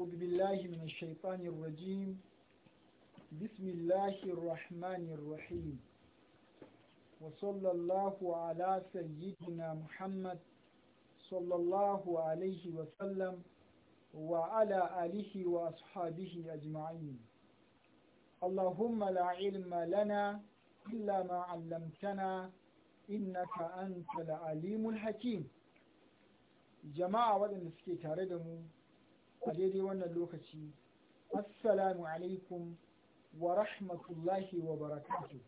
أعوذ بالله من الشيطان الرجيم بسم الله الرحمن الرحيم وصلى الله على سيدنا محمد صلى الله عليه وسلم وعلى آله وأصحابه أجمعين اللهم لا علم لنا إلا ما علمتنا إنك أنت العليم الحكيم jama'a waɗanda suke tare da mu a daidai wannan lokaci assalamu alaikum wa rahmatullahi wa barakatu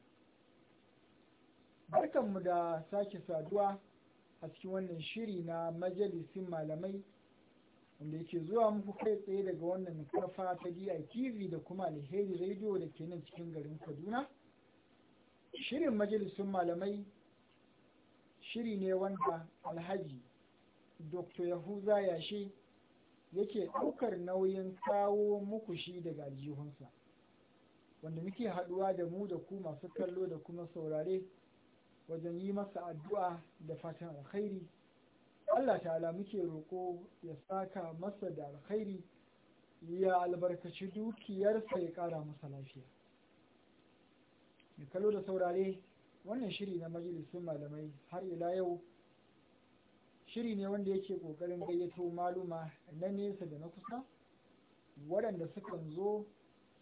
barkanmu da sake saduwa a cikin wannan shiri na majalisin malamai wanda yake zuwa muku kai tsaye daga wannan kafa ta DITV da kuma alheri radio da ke nan cikin garin Kaduna. Shirin majalisun malamai shiri ne wanda alhaji Dr. Yahuza Yashe yake ɗaukar nauyin kawo muku shi daga aljihunsa wanda muke haɗuwa da mu da ku masu kallo da kuma saurare wajen yi masa addu'a da fatan alkhairi Allah ta'ala muke roƙo ya saka masa da alkhairi ya albarkaci dukiyarsa ya ƙara masa lafiya kallo da saurare wannan shiri na majalisun malamai har ila yau shiri ne wanda yake kokarin gayyato maluma na nesa da na kusa waɗanda sukan zo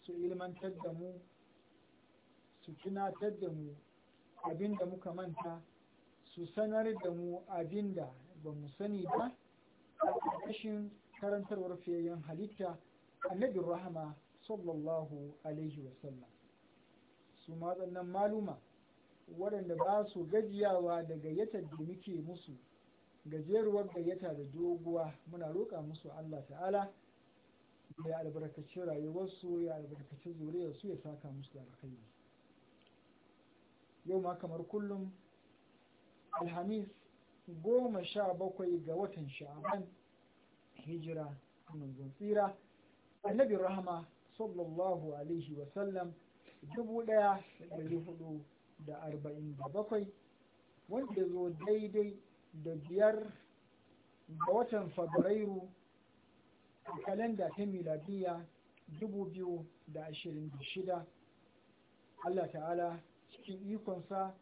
su ilmantar da mu su tunatar da mu abin da muka manta su sanar da mu abin da ba mu sani ba a ƙarƙashin karantarwar fiyayyen halitta annabin rahama sallallahu alaihi wasallam su matsannan maluma waɗanda ba su gajiyawa daga yatar da muke musu gajeruwar gayyata da doguwa muna roƙa musu Allah ta'ala ya albarkaci rayuwarsu ya albarkaci zuriyarsu ya saka musu da alkhairi yau ma kamar kullum alhamis goma sha bakwai ga watan sha'aban hijira manzon tsira annabi rahama sallallahu alaihi wasallam dubu ɗaya da ɗari hudu da arba'in da bakwai wanda ya zo daidai da biyar ga watan fabrairu a kalanda ta miladiya shida, Allah ta'ala cikin ikonsa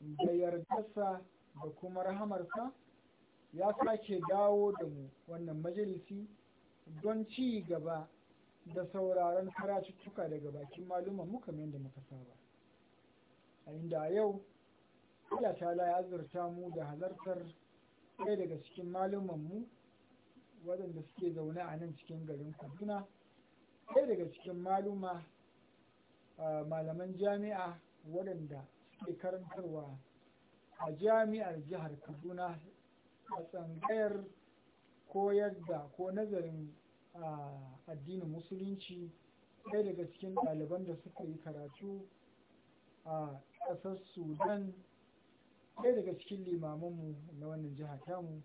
da yardarsa da kuma rahamarsa ya sake dawo da mu wannan majalisi don ci gaba da sauraron karatuttuka daga bakin malumar muka da muka saba a inda yau Allah ta ya azurta mu da halartar ɗaya daga cikin mu waɗanda suke zaune a nan cikin garin Kaduna ɗaya daga cikin maluma malaman jami'a waɗanda suke karantarwa a jami'ar jihar Kaduna a tsangayar koyar da ko nazarin addinin musulunci ɗaya daga cikin ɗaliban da suka yi karatu a ƙasar Sudan ɗaya daga cikin limamanmu na wannan jihar tamu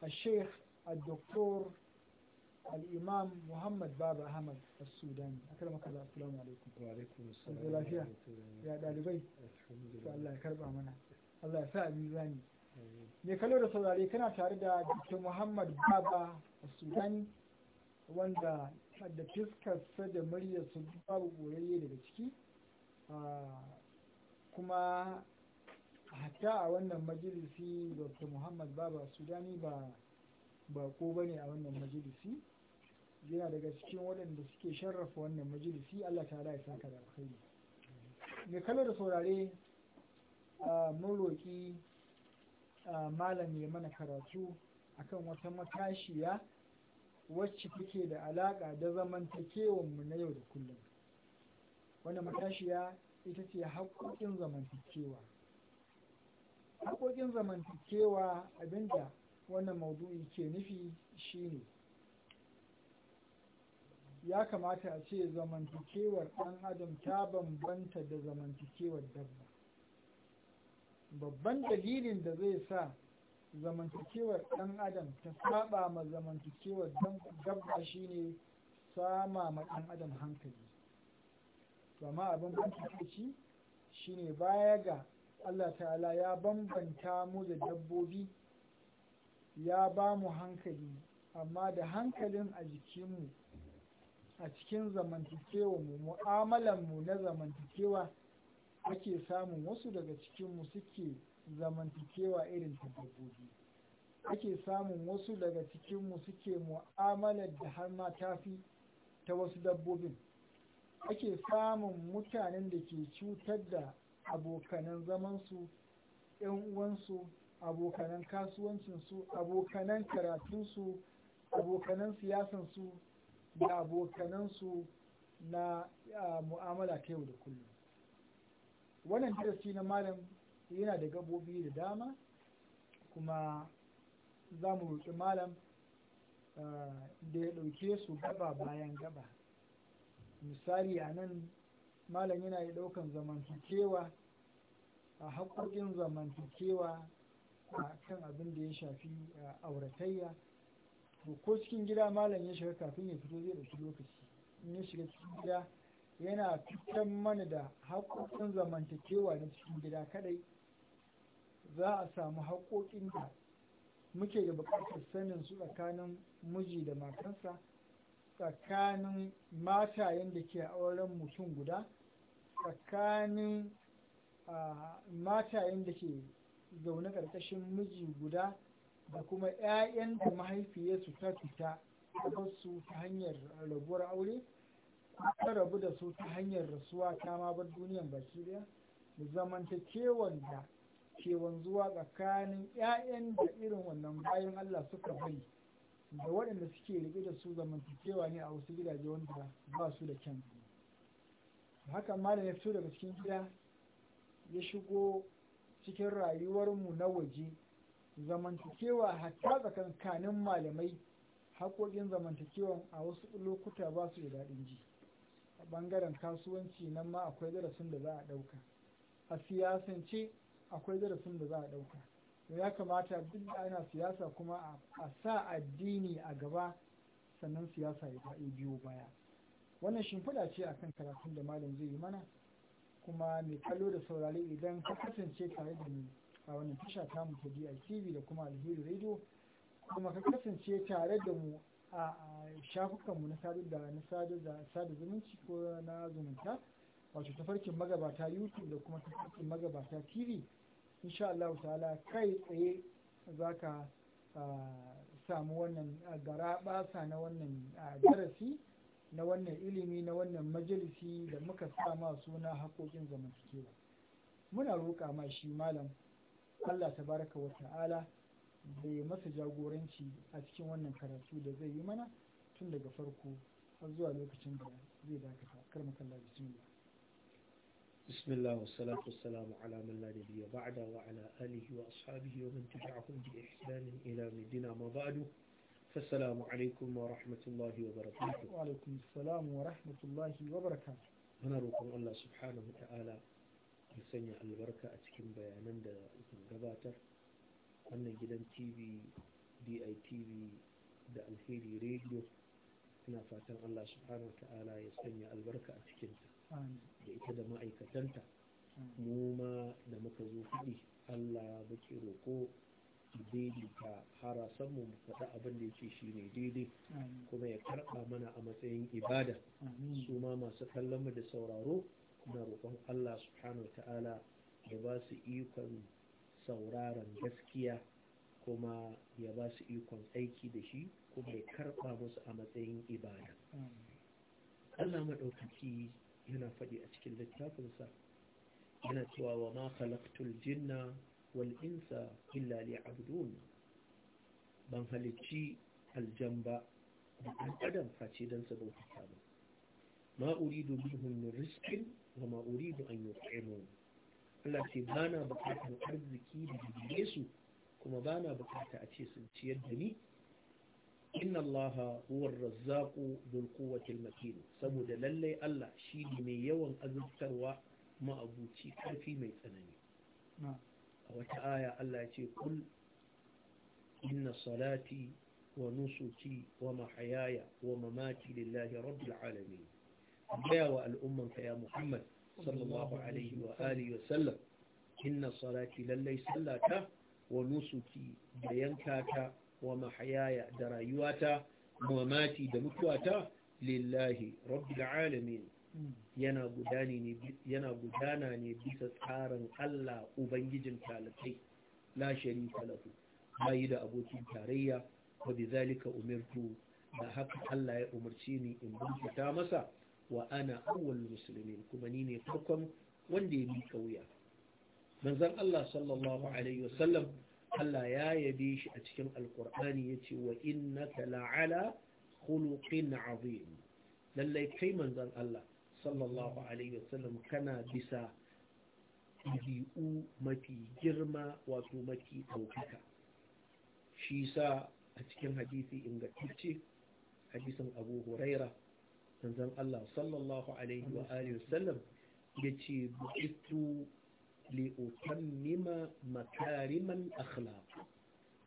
a sheikh a doktor al-imam muhammad baba ahmad a sudan a karama kaza assalamu alaikum wa alaikum lafiya ya dalibai Allah ya karba mana Allah ya sa a mizani me kallo da saurare kana tare da dr muhammad baba a sudan wanda da fiskarsa da muryarsa babu boyayye daga ciki ah, kuma hatta a wannan majalisi dr muhammad baba sudani ba ba ko bane a wannan majalisi yana daga cikin waɗanda suke sharrafa wannan majalisi allah ta ya saka da alkhairi mai kalar da saurare mun a malam ya mana karatu akan wata matashiya wacce take da alaƙa da zamantakewanmu na yau da kullum Wannan matashiya ita ce haƙƙoƙin zamantakewa harkokin zamantakewa abinda wannan maudu'i ke nufi shine ya kamata a ce zamantakewar ɗan adam ta bambanta da zamantakewar dabba babban dalilin da zai sa zamantakewar ɗan adam ta saba ma zamantakewar dabba shine sama ma ɗan adam hankali zama abin bankin shi shine baya ga Allah ta'ala ya bambanta mu da dabbobi ya ba mu hankali amma da hankalin a jikinmu a cikin zamantakewa mu mu'amalanmu na zamantakewa ake samun wasu daga cikinmu suke zamantakewa irin ta dabbobi ake samun wasu daga cikinmu suke mu'amalar da har ma fi ta wasu dabbobin ake samun mutanen da ke cutar da abokanan zamansu ‘yan uwansu abokanan kasuwancinsu abokanan karatunsu abokanan siyasansu da abokanansu na mu'amala ta yau da kullum wannan darasi na malam yana da gabobi da dama kuma za mu roƙi malam da ya ɗauke su gaba bayan gaba misali a nan malam yana yi ɗaukan zamantakewa a haƙoƙin zamantakewa a kan abin da ya shafi auratayya to ko cikin gida malam ya shiga kafin ya fito zai ɗauki lokaci in ya shiga cikin gida yana fitar mana da haƙoƙin zamantakewa na cikin gida kadai za a samu haƙoƙin da muke da buƙatar sanin su tsakanin miji da matansa tsakanin mata yadda ke auren mutum guda tsakanin matayen da ke zaune ƙarƙashin miji guda da kuma 'ya'yan da mahaifiyarsu ta fita ta su ta hanyar rabuwar aure ta rabu da su ta hanyar rasuwa ta ma bar duniyan baki daya da zamantakewar da ke wanzuwa tsakanin 'ya'yan da irin wannan bayan Allah suka bari da waɗanda suke riƙe da su zamantakewa ne a wasu gidaje wanda ba su da kyan haka malam ya fito daga cikin gida ya shigo cikin rayuwarmu na waje zamantakewa hatta tsakankanin malamai haƙoƙin zamantakewan a wasu lokuta ba su da daɗin ji a ɓangaren kasuwanci nan ma akwai darasin da za a ɗauka a siyasance akwai darasin da za a ɗauka ya kamata duk da ana siyasa kuma a sa addini a gaba sannan siyasa ya biyu baya wannan shimfida ce akan karatun da malam zai yi mana kuma mai kallo da saurari idan ka kasance tare da mu a wannan tasha ta mu ta DITV da kuma alheri radio kuma ka kasance tare da mu a shafukanmu na sada zumunci ko na zumunta wato tafarkin magabata youtube da kuma tafarkin magabata tv insha Allah ta'ala kai tsaye za ka samu wannan garaba sa na wannan darasi na wannan ilimi na wannan majalisi da muka sa ma suna haƙoƙin zamantakewa muna roƙa ma shi malam Allah tabaraka wa ta'ala da ya masa jagoranci a cikin wannan karatu da zai yi mana tun daga farko har zuwa lokacin da zai dakata kar mu kalla bismillah bismillah wassalatu wassalamu ala man la nabiyya ba'da wa ala alihi wa ashabihi wa man tabi'ahum bi ihsan ila madina ma ba'du Assalamu alaikum wa rahmatullahi wa barakatuh. Wa alaikum Muna roƙon Allah subhanahu ta'ala ya sanya albarka a cikin bayanan da zan gabatar. Wannan gidan TV, DITV da Alheri Radio ina fatan Allah subhanahu ta'ala ya sanya albarka a cikinta. Da ita da ma'aikatanta. muma da muka zo kuɗi Allah baki roko. daidaita harasan mu faɗa abin da yake shi ne daidai kuma ya karɓa mana a matsayin ibada su ma masu kallon da sauraro na roƙon Allah subhanahu wa ta'ala ya ba su ikon sauraron gaskiya kuma ya ba su ikon aiki da shi kuma ya karɓa musu a matsayin ibada Allah maɗaukaki yana faɗi a cikin littafinsa yana cewa wa ma khalaqtul jinna Wal'insa, illali illa ban halicci aljamba da ɗan adam face don sa bauta ba ma uridu minhum min rizqin wa ma uridu an Allah ce bana bukatar arziki da gare su kuma bana bukata a ce sun ciyar da ni inna Allah huwa ar kowa dhul quwwati saboda lallai Allah shi ne mai yawan azurtarwa ma'abuci karfi mai tsanani a wata aya Allah ya ce kul inna salati wa nusuki wa mahayaya wa mamati lillahi rabbil alamin gaya wa al'umman ka ya Muhammad sallallahu alaihi wa alihi wa sallam inna salati lallai sallata wa nusuki da yankata wa mahayaya da rayuwata mamati da mutuwata lillahi rabbil alamin yana gudana ne bisa tsarin Allah Ubangijin talatai la sharika lahu bayi da abokin tarayya wa bizalika umirtu da haka Allah ya umarci ni in bincika masa wa ana awal muslimin kuma ni ne farkon wanda ya bi kauya manzon Allah sallallahu alaihi wasallam Allah ya yabe shi a cikin alkur'ani yace wa innaka la'ala khuluqin azim lallai kai manzon Allah sallallahu alaihi wasallam kana bisa ɗabi'u mafi girma wato mafi ɗaukaka shi sa a cikin hadisi ingantacce hadisin abu huraira manzon Allah sallallahu alaihi wa alihi wasallam ya ce bu'itu li'utan nima makariman akhlaq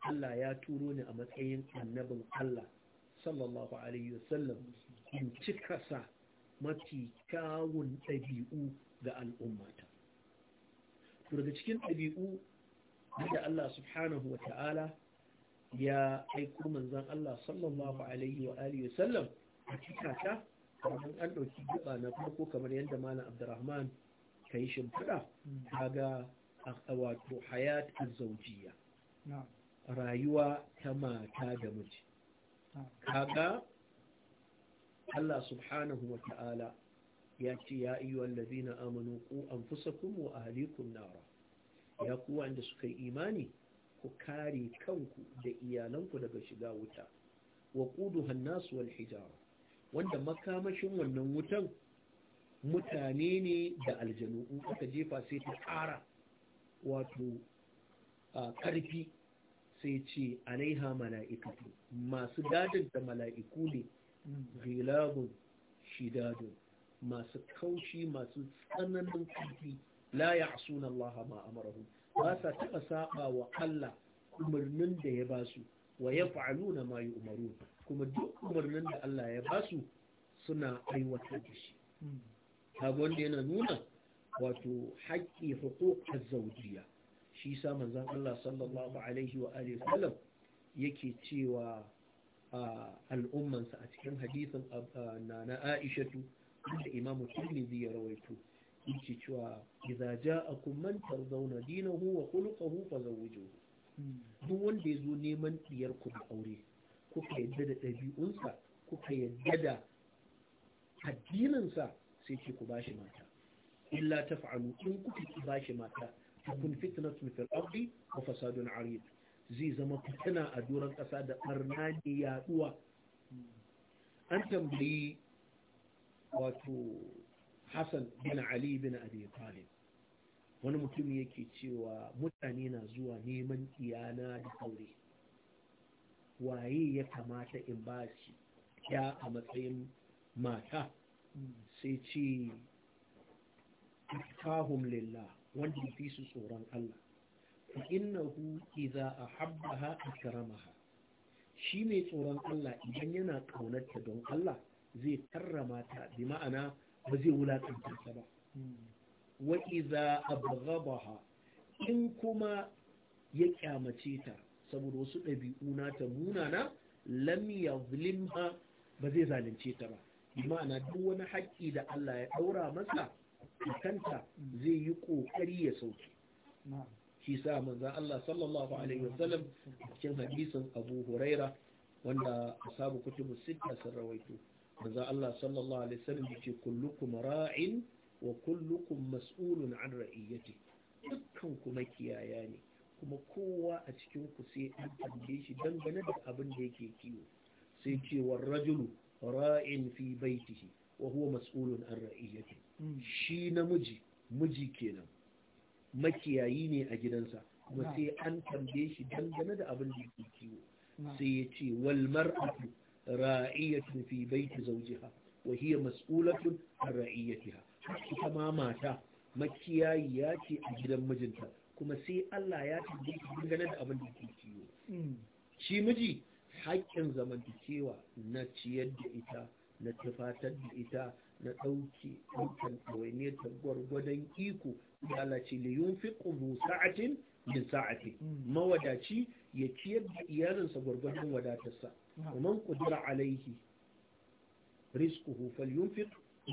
Allah ya turo ni a matsayin annabin Allah sallallahu alaihi wasallam in cika sa mafi kyawun ɗabi'u ga al'ummata daga cikin ɗabi'u da Allah subhanahu wa ta'ala ya aiko manzan Allah sallallahu alaihi wa alihi sallam a cikata kamar an ɗauki gaba na farko kamar yadda malam abdurrahman ka yi shimfiɗa kaga wato hayat zaujiya rayuwa ta mata da miji kaga Allah subhanahu wa ta'ala ya ce ya ayyuhal ladina amanu fusa anfusakum wa ahlikum nara ya ku wanda suka yi imani ku kare kanku da iyalanku daga shiga wuta wa ƙudu an wal hijara wanda makamashin wannan wutan mutane ne da aljanu in aka jefa sai ta ƙara wato ƙarfi sai ce alaiha mala'ikatu masu dajin da mala'iku ne gilabun shidadun masu kaushi masu tsananin kifi la ya asuna Allah ma amarahu ba sa taɓa saba wa Allah umarnin da ya basu wa ya fa'alu na mayu umaru kuma duk umarnin da Allah ya basu suna aiwatar da shi hagon da yana nuna wato haƙƙi hukukar zaujiya shi sa manzan Allah sallallahu alaihi wa alihi wasallam yake cewa al'ummansa a cikin hadisin na aishatu da imamu tirmidhi ya rawaito yake cewa idza ja'akum man tarzawna dinahu wa khuluquhu fazawwijuhu duk wanda ya zo neman diyar ku da aure kuka yadda da ɗabi'unsa kuka yadda da addininsa sai ki ku bashi mata illa taf'alu in kuka ki bashi mata takun fitnatun fil ardi wa fasadun arid zai zama fitina a doron ƙasa da ɓarna ne yaɗuwa an tambayi wato hassan bin ali bin abu wani mutum yake cewa mutane na zuwa neman iyana da aure waye ya kamata in ba shi ya a matsayin mata sai ce kahum lillah wanda fi su tsoron Allah فإنه إذا أحبها أكرمها shi mai tsoron Allah idan yana ƙaunarta don Allah zai karrama ta bi ma'ana ba zai wulaƙanta ta ba wa iza abghadaha in kuma ya kyamace ta saboda wasu ɗabi'u na ta munana lam yazlimha ba zai zalunce ta ba bi ma'ana duk wani haƙƙi da Allah ya ɗaura masa kanta zai yi ƙoƙari ya sauke shi sa manzan Allah sallallahu alaihi wasallam a cikin hadisin Abu Huraira wanda asabu kutubu sita sun rawaito manzan Allah sallallahu alaihi wasallam ce kullukum ra'in wa kullukum mas'ulun an ra'iyati dukkan ku makiyaya ne kuma kowa a cikin ku sai an tambaye shi dangane da abin da yake kiwo sai ce rajulu ra'in fi baitihi wa huwa mas'ulun an ra'iyati hmm. shi namiji miji kenan makiyayi ne a gidansa kuma sai an tambaye shi dangane da abin da ke kiwo sai ya ce wal mar'atu ra'iyatun fi baiti zawjiha wa hiya mas'ulatun an ra'iyatiha ita ma mata ya ce a gidan mijinta kuma sai Allah ya tambaye shi dangane da abin da ke kiwo hmm. shi miji haƙƙin zamantakewa na ciyar da ita na tufatar da ita na ɗauki ɗaukan ɗawainiyar gwargwadon iko ya lace liyun fi mu sa'atin min sa'ati mm. mawadaci ya ciyar da iyalinsa gwargwadon wadatarsa alaihi قدر عليه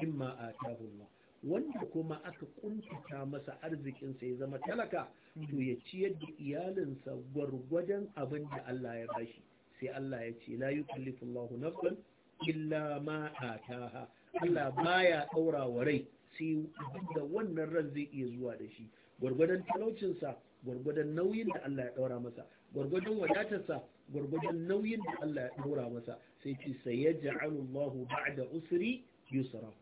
in ma a ta الله wanda kuma aka kuntata masa arzikinsa ya zama talaka mm. to ya ciyar da iyalinsa gwargwadon abin da Allah ya bashi sai Allah ya ce la yukallifullahu nafsan illa ma ataha Allah baya ɗaura wa rai sai da wannan ran zai iya zuwa da shi gwargwadon talaucinsa gwargwadon nauyin da Allah ya ɗaura masa gwargwadon wadatarsa gwargwadon nauyin da Allah ya ɗaura masa sai ce sayaj'alu Allahu ba'da usri yusra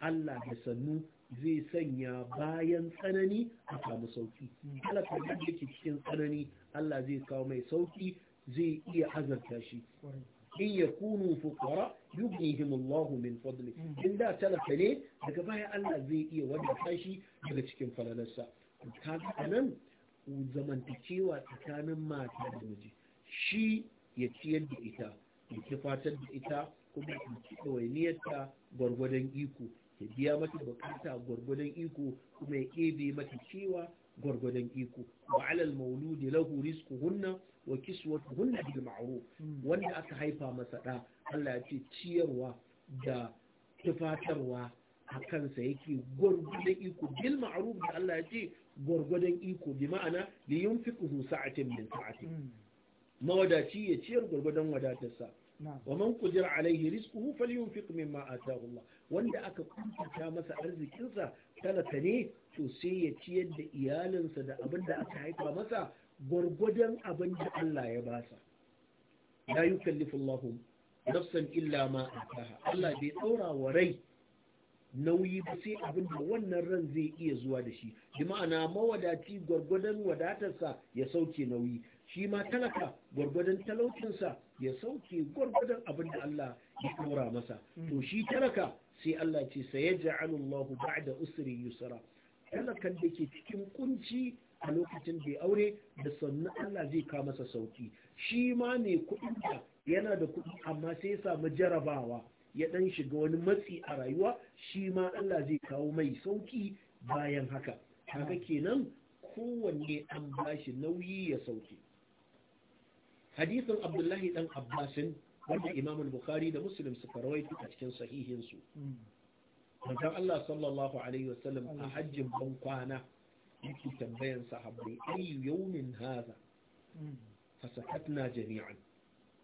Allah da sannu zai sanya bayan tsanani a samu sauki halakar da yake cikin tsanani Allah zai kawo mai sauki zai iya azarta shi in yakunu fuqara yughnihim min fadli in da talaka ne daga baya Allah zai iya wadata shi daga cikin falalarsa kaga anan zamantakewa tsakanin mata da miji shi ya ciyar da ita ya tufatar da ita kuma ya ci ɗawainiyarta gwargwadon iko ya biya mata bukata gwargwadon iko kuma ya ebe mata cewa gwargwadon iko wa alal mauludi lahu rizquhunna wa kiswatuhunna bil ma'ruf hmm. wanda aka haifa masa da Allah ya ce ciyarwa da tufatarwa a kansa yake gwargwadon iko bil ma'ruf da Allah ya ce gwargwadon iko bi ma'ana li yunfiquhu sa'atin min sa'ati hmm. mawadaci ya ciyar gwargwadon wadatarsa wa man qudira alaihi rizquhu falyunfiq mimma ataahu Allah wanda aka kunta masa arzikinsa talaka ne to sai ya ciyar da iyalinsa da abin da aka haifa masa gurgudan abin da Allah ya basa la yukallifu Allah nafsan illa ma ataha Allah bai daura wa rai nauyi ba sai abin da wannan ran zai iya zuwa da shi bi ma'ana mawadaci gwargwadon wadatarsa ya sauke nauyi shi ma talaka gwargwadon sa. ya sauke gwargwadon abin da Allah ya ɗora masa hmm. to shi talaka sai Allah ce saye ya ja'alullahu da usri yusra talakan da ke cikin kunci a lokacin da ya aure da sannan Allah zai ka masa sauki shi ma ne kuɗin da yana da kuɗi amma sai ya samu jarabawa ya ɗan shiga wani matsi a rayuwa shi ma Allah zai kawo mai sauki bayan haka haka kenan kowanne an bashi nauyi ya sauke hadisin abdullahi dan abbasin wanda imam bukhari da muslim suka rawaito a cikin sahihinsu manzon Allah sallallahu alaihi wasallam a hajjin ban kwana yake tambayan sahabbai ayyu yawmin hadha fasakatna jami'an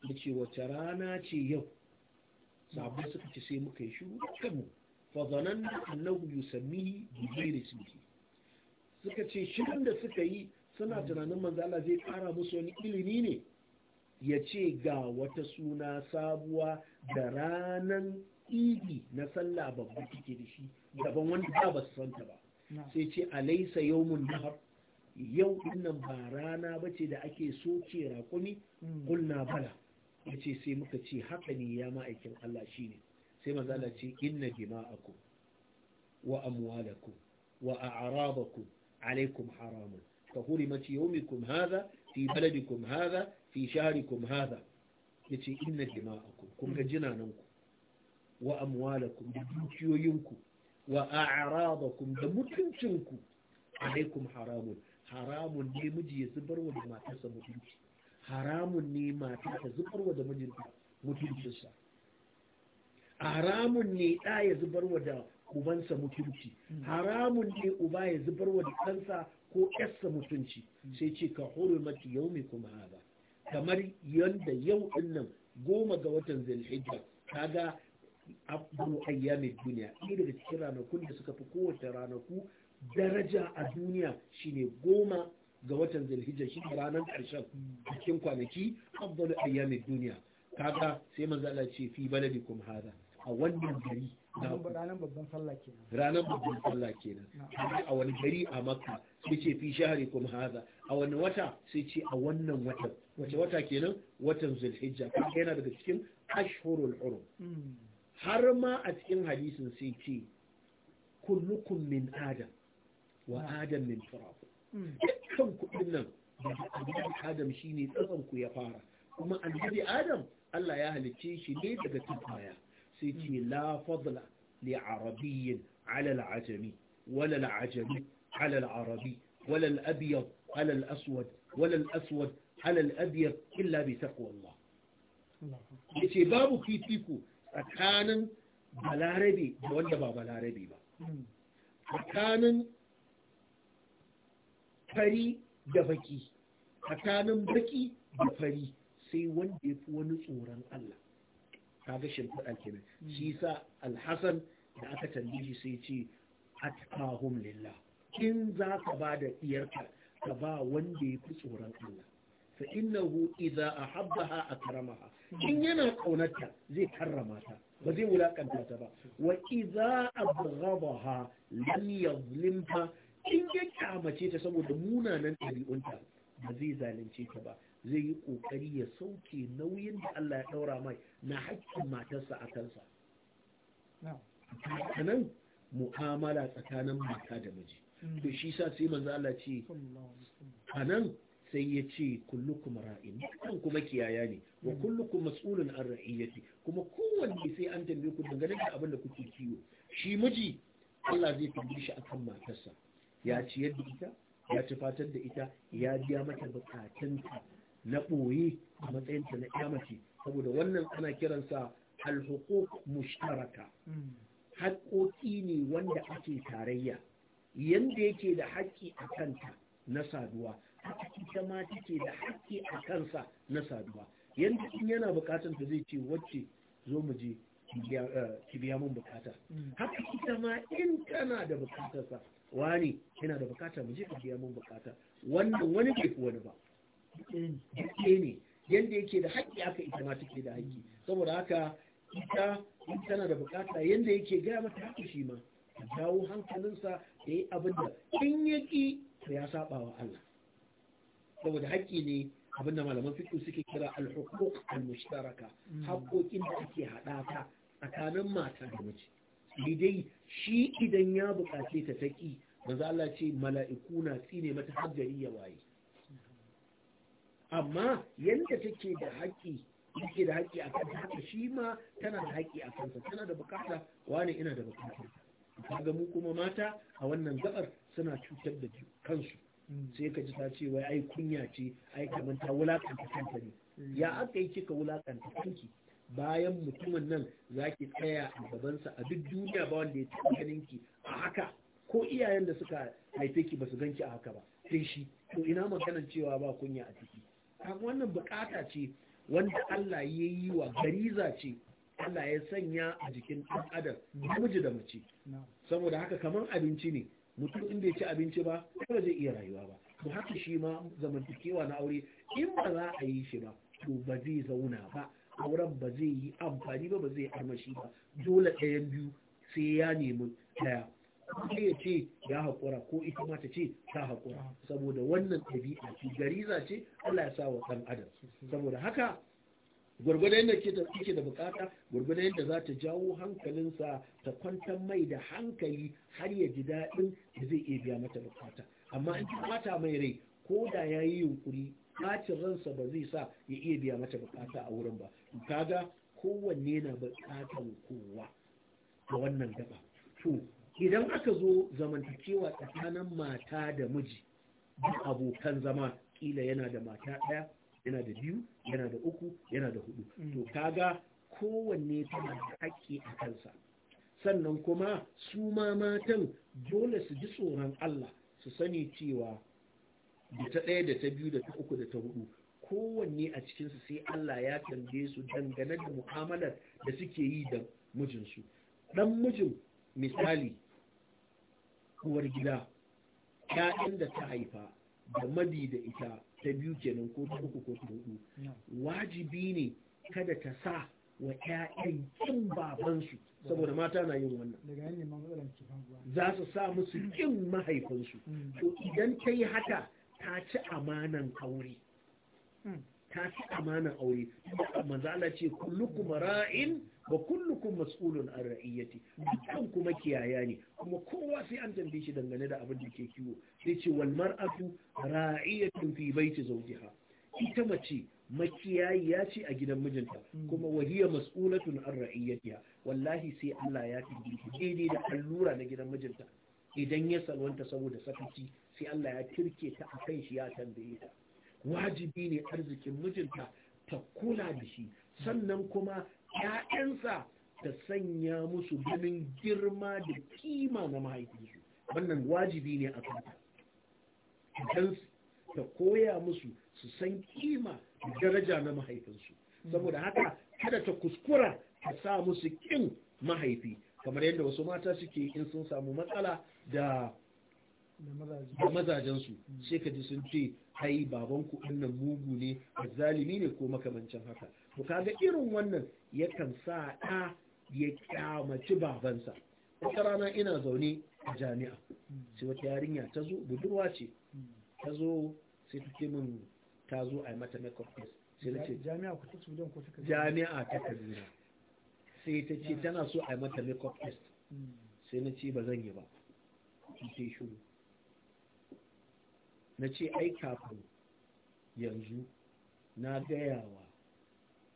yace wace rana ce yau sahabbai suka ce sai muka yi shiru kanmu fa zananna annahu yusammihi bi ghairi ismihi suka ce shirin da suka yi suna tunanin manzo Allah zai kara musu wani ilimi ne ya ce ga wata suna sabuwa da ranan idi na sallah babba take da shi daban wanda ba ba santa ba sai ce alaisa mun nahar yau dinnan ba rana ba ce da ake soke raƙumi kulna hmm. bala ya ce sai muka ce haka ne ya ma'aikin Allah shi ne sai mazala ce inna jima'akum wa amwalakum wa a'rabakum alaikum haramun ka hurimat yawmikum haza, fi baladikum haza. fi sharikum hadha yace inna dima'akum kun ga ku wa amwalakum da dukiyoyinku wa a'radakum da mutuncinku alaikum haramun haramun ne miji ya zubarwa da matarsa mutunci haramun ne mata ta zubarwa da mijinta sa haramun ne ɗa ya zubarwa da ubansa mutunci haramun ne uba ya zubarwa da kansa ko ƴarsa mutunci sai ce ka hurmati yaumi kuma kamar yanda yau ɗinnan goma ga watan zulhijja kaga abu ayyamin duniya ɗaya daga cikin ranakun da suka fi kowace ranaku daraja a duniya shine goma ga watan zulhijja shi ranar ƙarshen cikin kwanaki abdu ayyamin duniya kaga sai manzo Allah ce fi kuma hada a wannan gari ranar babban sallah kenan ranar babban sallah kenan a wani gari a makka sai ce fi shahari kuma haza a wani wata sai ce a wannan watan wace wata kenan watan zulhijja kuma yana daga cikin ashhurul hurum hmm. har ma a cikin hadisin sai ce kullukum min adam wa adam min turab hmm. dukkan kudin nan daga adam shine tsatsan ku ya fara kuma annabi adam Allah ya halicce shi ne daga turbaya سيتي لا فضل لعربي على العجمي ولا العجمي على العربي ولا الأبيض على الأسود ولا الأسود على الأبيض إلا بتقوى الله يتي بابو كي تيكو أكان بالعربي جوانا بابا العربي با أكان فري دفكي أكان بكي دفري سيوان دفوان سوران الله kaga shimfiɗa nan. Hmm. shi sa alhassan da aka tambaye sai ce atqahum lilla in za ka ba da iyarka ka ba wanda ya fi tsoron Allah fa a habbaha a akramaha hmm. in yana ƙaunarta zai karrama ta ba zai wulaƙanta ta ba wa idza abghadaha lam Kin in ya kyamace ta saboda munanan ɗabi'unta ba zai zalunce ta ba zai yi ƙoƙari ya sauke nauyin da Allah ya ɗaura mai na hakkin matarsa a kansa nan mu'amala tsakanin mata da miji mm. to shi sa sai manzo Allah ce nan sai ya ce kullukum ra'in kan kuma kiyaya ne wa mm. kullukum mas'ulun an ra'iyati kuma kowanne sai an tambaye ku dangane da abin da kuke kiwo shi miji Allah zai tambaye shi akan matarsa ya mm. ciyar da ita ya tufatar da ita ya biya mata bukatunta na ɓoye a matsayinta na ƙyamace saboda wannan ana kiransa alhukuk mushtaraka haƙoƙi ne wanda ake tarayya yanda yake da haƙƙi a kanta na saduwa haka ita ma take da haƙƙi a kansa na saduwa yanda in yana buƙatar ta zai ce wacce zo mu je ki biya eh, mun bukata mm. haka ita ma in tana da sa, wani yana da bukata mu je ki biya mun bukata wannan wani ke wani ba ne yadda yake da haƙƙi aka ita ma take da haƙƙi saboda haka ita in tana da bukata yadda yake gaya mata haƙƙi shi ma dawo hankalinsa da yi abin da in ya ƙi ta ya saba wa Allah saboda haƙƙi ne abin da malaman fito suke kira al al-mushtaraka mm. haƙƙoƙin da ake haɗaka tsakanin mata da mace dai shi idan ya buƙace ta taƙi maza Allah ce mala'iku na tsine mata har gari ya waye amma yadda take da haƙi yake da haƙi a kanta haka shi ma tana da haƙi a kansa tana da bukata wani ina da bukata ga mu kuma mata a wannan gabar suna cutar da kansu mm. sai ka ji ta ce wai ai kunya ce ai kamar ta wulakanta kanta ne mm. ya aka yi kika wulakanta kanki bayan mutumin nan zaki tsaya a gabansa a duk duniya ba wanda ya taɓa ganin ki a haka ko iyayen da suka haife ki ba su ganki a haka ba sai shi to ina maganar cewa ba kunya a ciki wannan bukata ce wanda Allah ya yi wa gariza ce Allah ya sanya a jikin ɗan adam namiji da mace saboda haka kamar abinci ne mutum inda ya ci abinci ba ba zai iya rayuwa ba to haka shi ma zamantakewa na aure in ba za a yi shi ba to ba zai zauna ba auren ba zai yi amfani ba ba zai armashi ba dole ɗayan biyu sai ya nemi ɗaya sai ya ce ya haƙura ko ita ma ta ce ta haƙura saboda wannan ɗabi'a ce gariza ce Allah ya sa wa ɗan adam saboda haka gwargwada yadda ke da bukata gwargwada yadda za ta jawo hankalinsa ta kwantar mai da hankali har ya ji daɗin da zai iya biya mata bukata amma in mata mai rai ko da ya yi yunkuri ɓacin ransa ba zai sa ya iya biya mata bukata a wurin ba kaga kowanne na bukatan kowa ga wannan gaba to idan aka zo zamantakewa tsakanin mata da miji duk abokan zama kila yana da mata ɗaya yana da biyu yana da uku yana da hudu mm. to kaga kowanne tana da haƙƙi a kansa sannan kuma su ma matan dole su ji tsoron Allah su sani cewa da ta ɗaya da ta biyu da ta uku da ta hudu kowanne a cikinsu sai Allah ya tambaye su dangane da mu'amalar da suke yi da mijinsu dan mijin misali uwar gida yayan da ta haifa da mabi da ita ta biyu kenan ko ta uku ko ta hudu wajibi ne kada ta sa wa 'ya'yan kin babansu saboda mata na yin wannan za su sa musu kin mahaifinsu mm. to idan ta yi haka ta ci amanan aure mm. ta fi amana aure manzala Allah ce kullukum ra'in wa kullukum mas'ulun an ra'iyyati dukkan kuma kiyaya ne kuma kowa sai an tambaye shi dangane da abin da ke kiwo sai ce wal mar'atu ra'iyatun fi baiti zawjiha ita mace makiyayiya ce a gidan mijinta kuma wahiya mas'ulatun an ra'iyyatiha wallahi sai Allah ya ke daidai da allura na gidan mijinta idan ya salwanta saboda sakaci sai Allah ya kirke ta akan shi ya tambaye ta wajibi ne arzikin mijinta ta kula da shi sannan kuma ‘ya'yansa ta sanya musu ganin girma da kima na mahaifinsu wannan wajibi ne a kanta idan ta koya musu su san kima da daraja na mahaifinsu saboda haka kada ta kuskura ta sa musu kin mahaifi kamar yadda wasu mata suke in sun samu matsala da da mazajensu hmm. sai ka ji sun ce baban babanku nan mugu ne a zalimi ne ko makamancin haka to kaga irin wannan yakan sa ɗa ya kyamaci babansa wata rana ina zaune a jami'a hmm. sai wata yarinya ta zo budurwa ce hmm. ta zo sai ta min ta zo a yi mata makeup test sai ta ce jami'a ku ta don ko ta jami'a ta kaduna sai ta ce tana so a yi mata makeup test sai na ce ba zan yi ba ta shuru na ce ai kafin yanzu na gayawa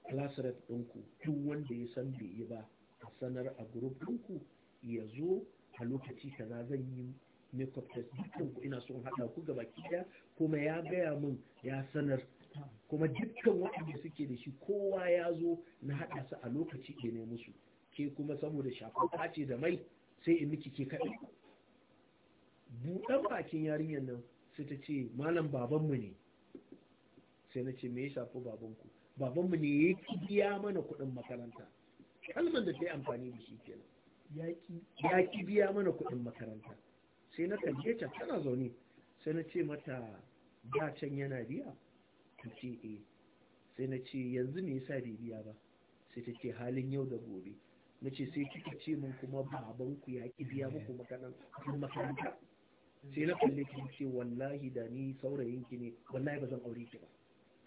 class ɗinku duk wanda ya san bai yi ba a sanar a group ɗinku ya zo a lokaci kaza zan yi makeup test dukkan ina son haɗa ku gaba kiya kuma ya gaya min ya sanar kuma dukkan waɗanda suke da shi kowa ya zo na haɗa su a lokaci da ne musu ke kuma saboda shafin ce da mai sai in miki ke kaɗai buɗan bakin yarinyar nan sai ta ce malam babanmu ne sai na ce me ya shafi babanku babanmu ne ya ki biya mana kuɗin makaranta kalmar da ta yi amfani da shi kenan ya ki biya mana kuɗin makaranta sai na kalle ta tana zaune sai na ce mata da can yana biya ta ce e sai na ce yanzu me yasa bai biya ba sai ta ce halin yau da gobe na ce sai kika ce min kuma babanku ya ki biya muku makaranta sai na kalle ki ce wallahi da ni saurayin ki ne wallahi ba zan aure ki ba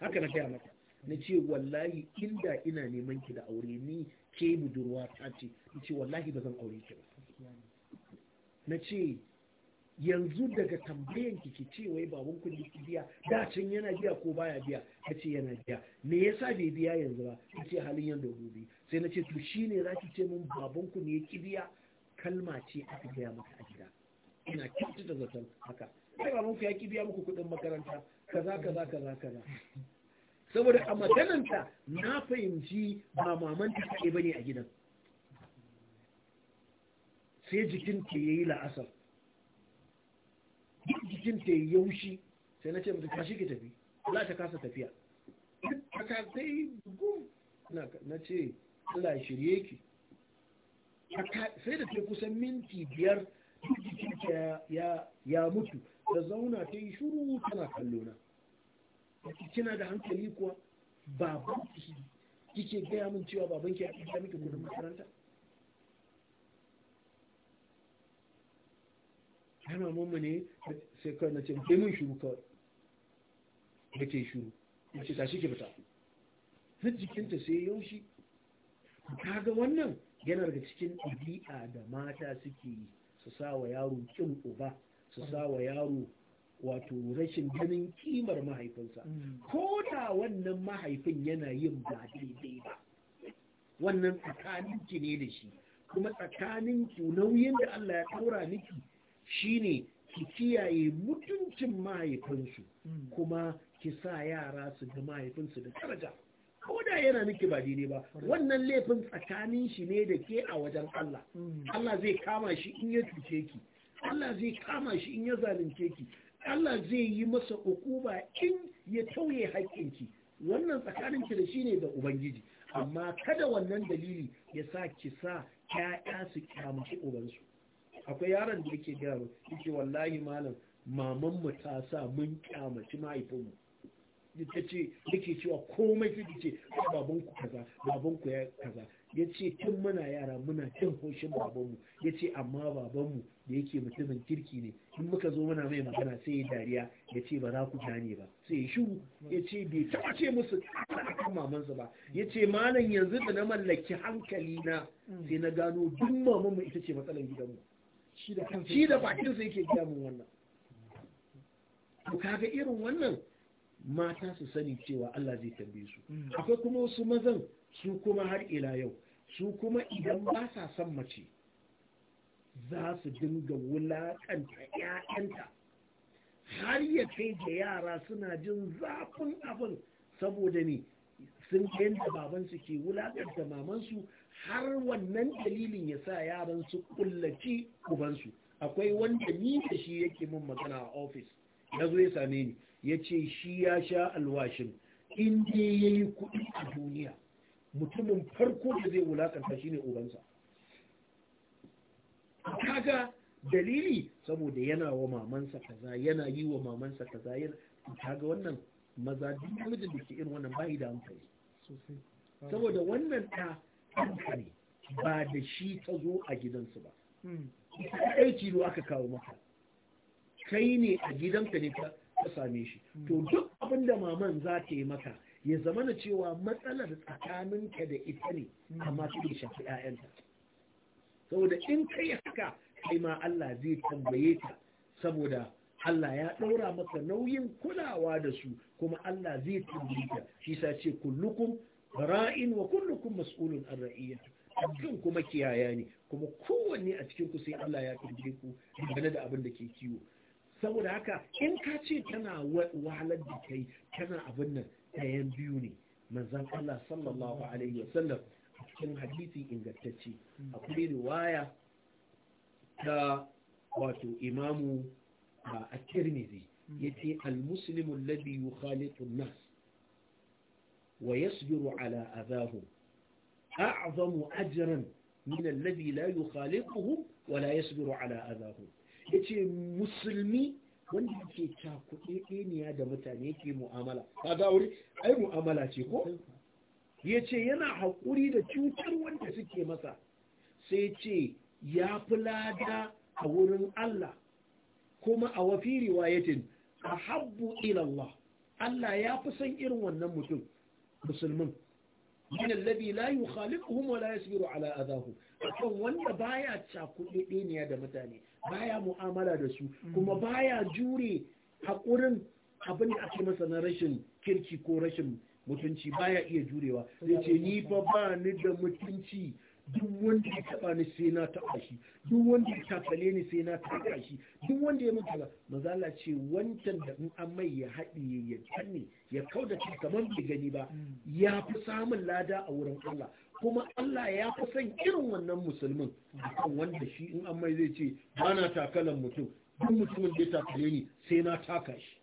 haka na gaya maka na ce wallahi inda ina neman ki da aure ni ke budurwa ta ce na ce wallahi ba zan aure ki ba na ce yanzu daga tambayan ki ki ce wai baban ku ki biya da can yana biya ko baya biya ta ce yana biya me yasa bai biya yanzu ba ta ce halin yanda gobe sai na ce to shine zaki ce mun baban ku ne ki biya kalma ce aka gaya maka a gida ina kyautu da zaton haka sai ba muku ya ki biya muku kuɗin makaranta kaza kaza kaza kaza saboda a magananta na fahimci ba mamanta kaɗai bane a gidan sai jikinta ya yi la'asar duk jikinta ya yaushi sai na ce mata kashi ki tafi za ta kasa tafiya haka sai gum na ce Allah shirye ki sai da ta kusan minti biyar jikinta ya mutu da zauna ta yi shuru tana kallona kina da hankali kuwa baban ki kike gaya min cewa baban ki ya ɗiga miki gudun makaranta ana mamma ne sai kawai na ce ke min shuru kawai da ke shuru na ce tashi ki fita har jikinta sai yaushi kaga wannan yana daga cikin ɗabi'a da mata suke yi su sa wa yaro kin uba su sa wa yaro wato rashin ganin kimar mahaifinsa mm. ko da wannan mahaifin yana yin ba daidai ba wannan tsakanin ki ne da shi kuma tsakanin ki nauyin da Allah ya taura miki shine ki kiyaye mutuncin mahaifinsu mm. kuma ki sa yara su ga mahaifinsu da daraja ko da yana miki ba daidai ba wannan laifin tsakanin shi ne da ke a wajen Allah mm. Allah zai kama shi in ya cuce ki Allah zai kama shi in ya zalunce ki Allah zai yi masa ukuba in ya tauye haƙƙin ki. wannan tsakanin ki da shi ne da ubangiji amma kada wannan dalili ya sa ki sa ƴaƴa su uban ubansu akwai yaron da yake garo yake wallahi malam mamanmu ta sa mun kyamaci mahaifinmu ta ce yake cewa komai ta ce babanku kaza babanku ya kaza ya ce tun muna yara muna tun hoshin babanmu ya ce amma babanmu da yake mutumin kirki ne in muka zo muna mai magana sai ya dariya ya ce ba za ku gane ba sai ya shiru ya ce bai taɓa ce musu a kan mamansa ba ya ce malam yanzu da na mallaki hankali na sai na gano duk mamanmu ita ce matsalar gidanmu shi da bakinsa yake gaya mun wannan ka ga irin wannan mata su sani cewa Allah zai tambaye su hmm. akwai kuma wasu mazan su kuma har ila yau su kuma idan ba sa son mace za su dinga wulakanta ƴaƴanta har ya kai ga yara suna jin zafin abin saboda ne sun kai baban babansu ke wulaƙanta mamansu har wannan dalilin ya sa yaran su kullaci ubansu akwai wanda ni da shi yake min magana a ofis ya zo ya same ni ya ce shi ya sha alwashin in ya yi kuɗi a duniya mutumin farko da zai wulakanta shi ne ubansa kaga dalili saboda yana wa mamansa kaza yana yi wa mamansa kaza yana kaga wannan maza duk namijin da ke irin wannan bayi da hankali saboda wannan ta hankali ba da shi ta zo a gidansu ba hmm. aiki aka kawo maka kai ne a gidanka ne ka ta same shi to duk abin da maman za ta yi maka ya zama na cewa matsalar tsakaninka da ita ne amma ta ke shafi 'ya'yanta saboda in ka yi haka kai ma Allah zai tambaye ta saboda Allah ya ɗaura maka nauyin kulawa da su kuma Allah zai tambaye ka shi sa ce kullukum ra'in wa kullukum mas'ulun an ra'iyya dukkan kuma kiyaya ne kuma kowanne a cikin ku sai Allah ya tambaye ku dangane da abin da ke kiwo saboda haka in ka ce tana wahalar da kai tana abin nan ɗayan biyu ne manzan Allah sallallahu alaihi wasallam a cikin hadisi ingantacce akwai riwaya ta wato imamu a tirmidhi yace al-muslimu alladhi yukhalitu an-nas wa yasbiru ala adahum a'zamu ajran min alladhi la yukhalituhum wa la yasbiru ala adahum ya ce musulmi wanda yake cakuɗe ɗeniya da mutane ke mu'amala ba ga wuri ai mu'amala ce ko ya ce yana haƙuri da cutar wanda suke masa sai ce ya fi lada a wurin Allah kuma a wafi riwayatin a habbu ilallah Allah ya fi san irin wannan mutum musulmin min alladhi la yukhaliquhum wa la ala adahum wanda baya cakudiniya da mutane baya mu'amala da su kuma baya jure hakurin abin da ake masa na rashin kirki ko rashin mutunci baya iya jurewa zai ce ni fa ba ni da mutunci duk wanda ya taba ni sai na taba shi duk wanda ya takale ni sai na taka shi duk wanda ya mutu ba Allah ce wancan da in an mai ya haɗi ya tanne ya kauda shi kamar bai gani ba ya fi samun lada a wurin Allah kuma Allah ya fi son irin wannan musulmin akan wanda shi in an mai zai ce ba na takalan mutum duk mutumin da ya takale ni sai na taka shi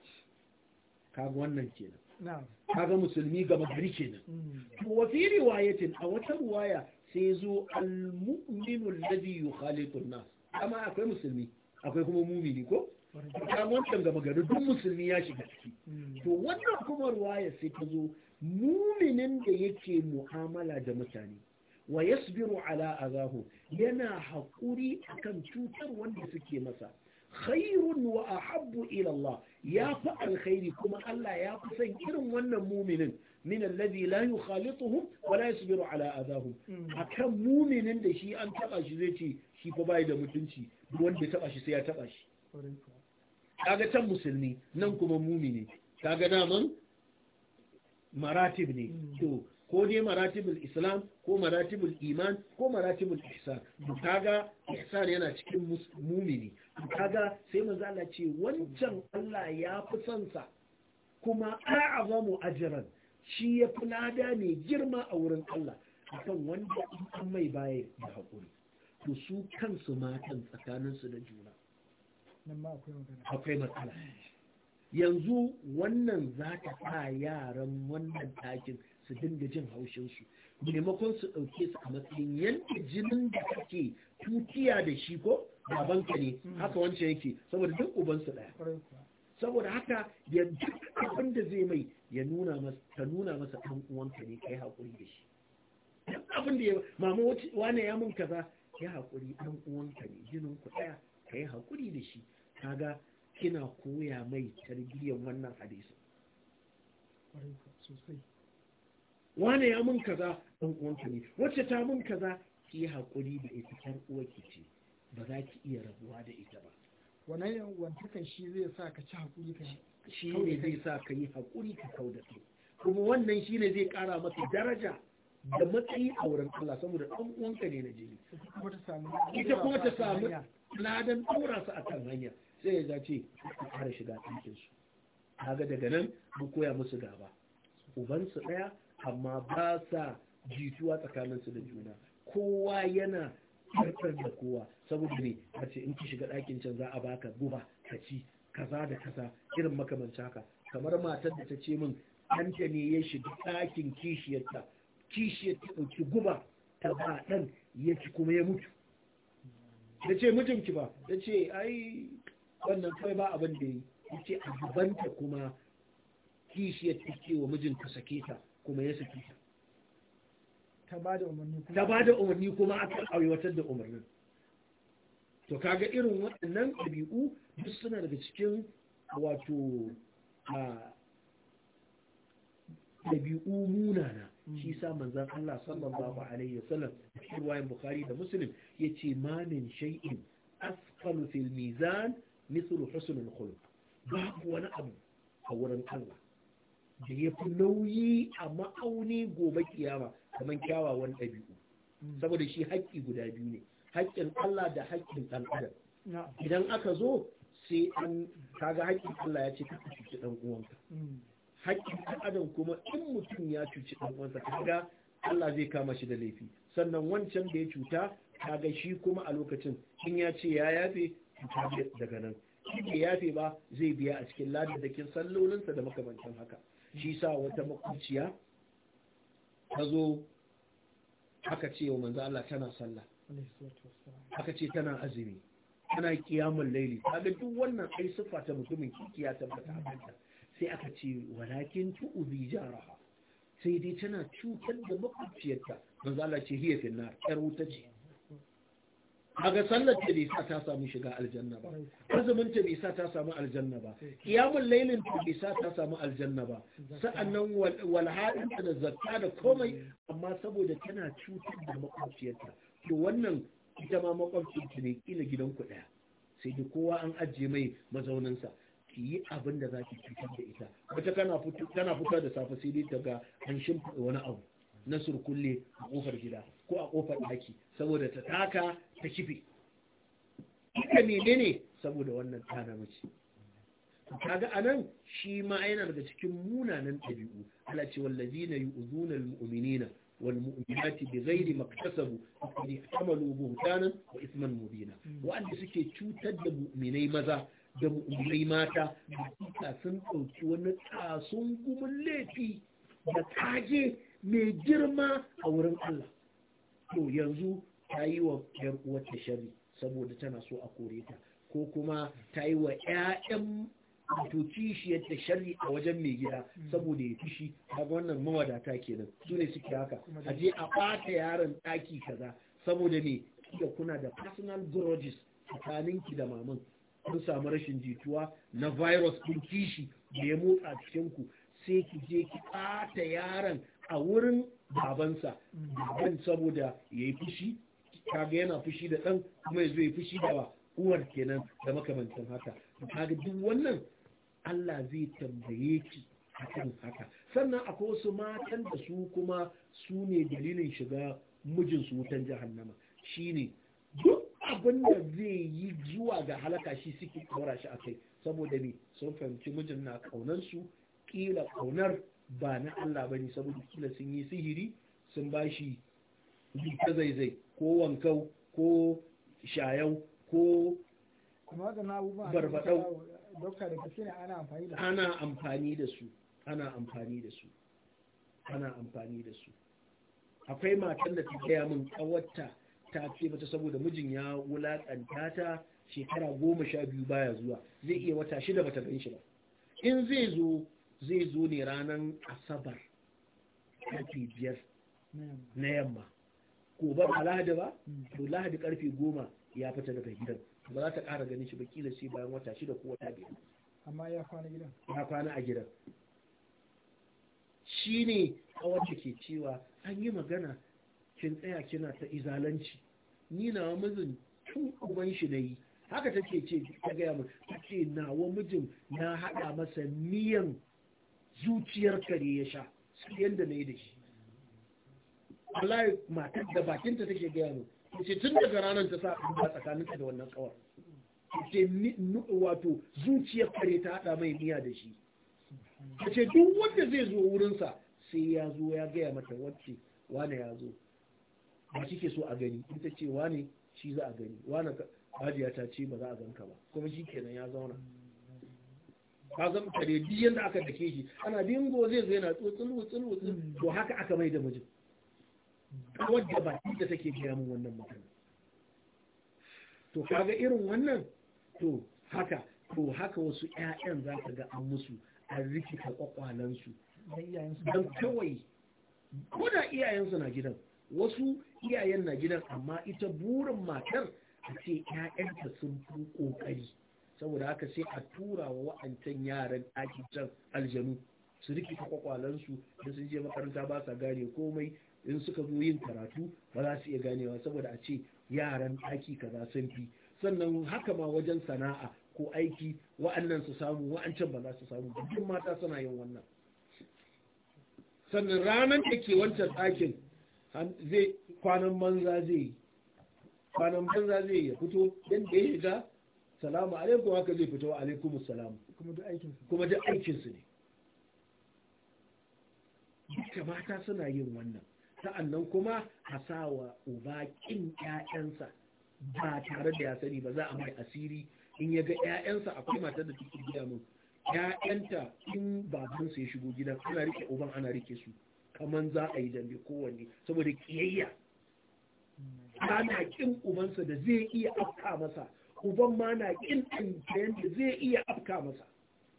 kaga wannan kenan kaga musulmi gaba gari kenan mm. to wa fi riwayatin a wata riwaya sai zo al-mu'minu alladhi yukhalitu an-nas amma akwai musulmi akwai kuma mumini ko ta wancan gaba gari duk musulmi ya shiga ciki hmm. to wannan kuma ruwaya sai ta zo muminin da yake mu'amala da mutane wa yasbiru ala azahu yana haƙuri akan cutar wanda suke masa khairun wa ahabbu ila Allah ya fi alkhairi kuma Allah ya fi son irin wannan muminin min alladhi la yukhalituhum wa la yasbiru ala adahum mm. akan muminin da shi an taba shi zai ce shi fa bai da mutunci wanda ya taba shi sai ya taba shi kaga can musulmi nan kuma mumini kaga naman maratib ne mm. to ko dai maratibul islam ko maratibul iman ko maratibul ihsan kaga ihsan yana cikin mumini kaga sai manzo Allah ce wancan Allah ya fi son sa kuma a'azamu ajran shi ya fi lada mai girma a wurin Allah akan wanda an mai baya da haƙuri to su kansu matan tsakaninsu da juna akwai matsala yanzu wannan za ta sa yaran wannan takin su dinga jin haushinsu maimakon su ɗauke su a matsayin yanke jinin da kake tutiya da shi ko babanka ne hmm. haka wancan yake saboda duk ubansu ɗaya saboda haka ya duk abin da zai mai ya nuna masa ta nuna masa ɗan uwanka ne kai hakuri da shi duk abin da ya mama wace ya mun kaza ya hakuri ɗan uwanka ne jinin ku ɗaya kai hakuri da shi kaga kina koya mai tarbiyyar wannan hadisi Wani ya mun kaza ɗan uwanka ne wacce ta mun kaza ki hakuri da ita ƴar ki ce ba za ki iya rabuwa da ita ba wannan wantakan shi zai sa ka ci hakuri ka shi ne zai sa ka yi haƙuri ka kuma wannan shi ne zai ƙara maka daraja da matsayi a wurin Allah saboda ɗan uwanka ne na jini ita kuma ta samu ladan ɗora su kan hanya sai ya zace ka fara shiga ɗinkin su kaga daga nan mu koya musu gaba Uban su ɗaya amma ba sa jituwa tsakaninsu da juna kowa yana karkar da kowa saboda ne a ce in ki shiga ɗakin can za a baka guba ka ci kaza da kaza irin makamanci haka kamar matar da ta ce min ɗanta ne ya shiga ɗakin kishiyarta kishiyar ta ɗauki guba ta ba ɗan ya ci kuma ya mutu da ce mijinki ba da ce ai wannan kai ba abin da yi ya ce a gabanta kuma kishiyar ta ce wa mijinta sake ta kuma ya sake ta ta ba da umarni kuma aka aiwatar da umarnin to kaga irin waɗannan ɗabi'u duk suna daga cikin wato ɗabi'u munana hmm. shi sa manzan Allah sallallahu alaihi wasallam cikin ruwayan Bukhari da Muslim yace ma min shay'in asqalu fil mizan mithlu husnul khuluq babu wani abu a wurin Allah da yafi nauyi a ma'auni gobe kiyama kamar kyawawan ɗabi'u saboda shi haƙƙi guda biyu ne haƙƙin Allah da haƙƙin ɗan adam idan aka zo sai an kaga haƙƙin Allah ya ce ka cuci ɗan uwanka mm. haƙƙin ɗan adam kuma in mutum ya cuci ɗan uwansa kaga Allah zai kama shi da laifi sannan wancan da ya cuta kaga shi kuma a lokacin in ya ce ya yafe cuta daga nan shi bai yafe ba zai biya a cikin kin sallolinsa da makamancin haka shi sa wata makwanciya ta zo aka ce wa manzo Allah tana sallah aka ce tana azumi tana kiyamul laili kaga duk wannan ai sifa ta mutumin kikiya ta bata a sai aka ce walakin tu'zi jaraha sai dai tana cutar da makwabciyarta manzo Allah ce hiya finnar yar wuta ce kaga sallar ta bai sa ta samu shiga aljanna ba azumin ta bai sa ta samu aljanna ba kiyamul lailin ta bai sa ta samu aljanna ba sa'annan wal ta da zakka da komai amma saboda tana cutar da makwabciyarta to wannan ita ma makwabciyarta ne kila gidan ku daya sai da kowa an ajiye mai mazauninsa ki yi abin da za ki cutar da ita wata kana fita da safe sai dai ta ga an shimfiɗa wani abu na surkulle a ƙofar gida ko a kofar daki saboda ta taka ta kife ita menene saboda wannan tana mace kaga anan shi ma yana daga cikin munanan ɗabi'u Allah ce muminina yu'zuna almu'minina والمؤمنات بغير ما اكتسبوا فقد احتملوا بهتانا واثما مبينا وان suke cutar da mu'minai maza da mu'minai mata da sun dauki wani tasun gumin laifi da kaje mai girma a wurin Allah to yanzu ta yi wa yar uwarta shari saboda tana so a kore ta ko kuma ta yi wa 'ya'yan wato kishiyar da shari a wajen mai gida hmm. saboda ya fushi daga wannan mawadata kenan su ne suke haka a je a ɓata yaron ɗaki kaza saboda me kila kuna da personal grudges tsakaninki da maman kun samu rashin jituwa na virus ɗin kishi da ya motsa cikinku ku sai ki je ki ɓata yaron a wurin babansa baban saboda ya yi fushi kaga yana fushi da ɗan kuma ya zo ya fushi da uwar kenan da makamantan haka kaga duk wannan Allah zai tambaye ki akan haka sannan akwai wasu matan da su kuma su ne dalilin shiga mijinsu wutan jahannama shine duk abin da zai yi zuwa ga halaka shi suke kawara shi a kai saboda ne sun fahimci mijin na su kila kaunar ba na Allah ba ne saboda kila sun yi sihiri sun bashi ta zaizai ko wankau ko shayau ko barbadau ana amfani da su ana amfani da su ana amfani da su akwai matan da ta gaya min kawarta ta ce mata saboda mijin ya wulaƙanta ta shekara goma sha biyu baya zuwa zai iya wata shida bata gan shi ba in zai zo zai zo ne ranar asabar karfe biyar na yamma ko ba ba lahadi ba to lahadi karfe goma ya fita daga gidan ba za ta ƙara ganin shi ba kila sai bayan wata shida ko wata biyar amma ya kwana gidan ya kwana a gidan shi ne a wacce ke cewa an yi magana kin tsaya kina ta izalanci ni nawa mijin tun uban shi na yi haka take ce ta gaya min ta ce nawa mijin na haɗa masa miyan zuciyar kare ya sha su yadda na yi da shi wallahi matar da bakinta take gaya ta ce tun daga ranar ta sa ba tsakaninta da wannan kawar ce wato zuciyar kare ta haɗa mai miya da shi ta ce duk wanda zai zo wurinsa sai ya zo ya gaya mata wacce wane ya zo ba shi ke so a gani in ta ce wane shi za a gani wane hajiya ta ce ba za a ganka ba kuma shi kenan ya zauna ka zama kare duk yanda aka dake shi ana dingo zai zai na tsotsin wutsin wutsin mm. to haka aka mai da mijin wadda ba da take gaya min wannan mutum to kaga irin wannan to haka to haka wasu ƴaƴan za ka ga an musu an rikita kwakwalansu Dan kawai ko da iyayensu na gidan wasu iyayen na gidan amma ita burin matar a ce ƴaƴanta sun fi ƙoƙari saboda haka sai a tura wa wa'ancan yaran ɗakin can aljanu su ta kwakwalansu da sun je makaranta ba sa gane komai in suka zo yin karatu ba za su iya ganewa saboda a ce yaran ka kaza sun fi sannan haka ma wajen sana'a ko aiki wa'annan su samu wa'ancan ba za su samu duk mata suna yin wannan sannan ranar da ke wancan ɗakin zai kwanan banza zai kwanan banza zai ya fito yadda ya shiga salamu alaikum haka zai fita wa alaikum salamu kuma duk su ne duka mata suna yin wannan ta'annan kuma a sa wa uba ƙin ‘ya'yansa ba tare da ya sani ba za a mai asiri in ya ga ‘ya'yansa akwai matar da take gida min ‘ya'yanta in babansa ya shigo gidan ana rike uban ana rike su kaman za a yi dambe kowanne saboda ƙiyayya ana ƙin ubansa da zai iya afka masa uban ma na kin ɗanɗan da zai iya afka masa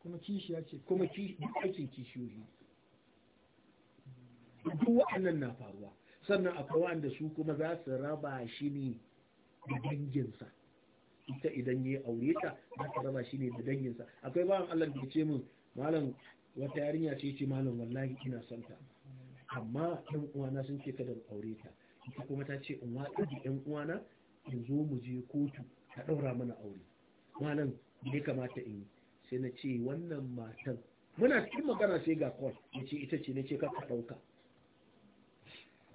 kuma kishi ya ce kuma duk ake kishiyoyi duk wa'annan na faruwa sannan akwai wa'anda su kuma za su raba shi ne da danginsa ita idan ya aure ta za ta raba shi ne da danginsa akwai bawan Allah da ce min malam wata yarinya ce ce malam wallahi ina son ta amma ɗan uwana sun ce kada aure ta ita kuma ta ce in watsa da ɗan uwana In zo mu je kotu ta ɗaura mana aure malam ne kamata in yi sai na ce wannan matan muna cikin magana sai ga kwan na ce ita ce na ce ka ɗauka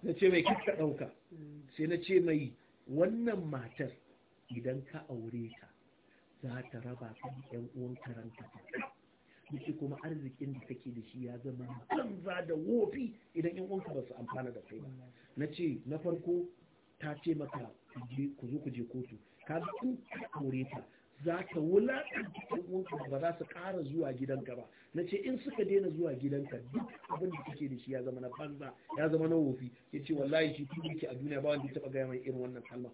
na ce mai kika ɗauka sai na ce mai wannan matar idan ka aure ta za ta raba ta da uwan karanta ta kuma arzikin da kake da shi ya zama banza da wofi idan ƴan uwanka ba su amfana da kai ba na ce na farko ta ce maka ku zo ku je kotu ka ga in ka ta za ka wula ɗan uwanka ba za su ƙara zuwa gidanka ba na ce in suka daina zuwa gidanka duk abin da kake da shi ya zama na banza ya zama na wofi ya ce wallahi shi tun yake a duniya ba wanda ya taɓa gaya mai irin wannan kalma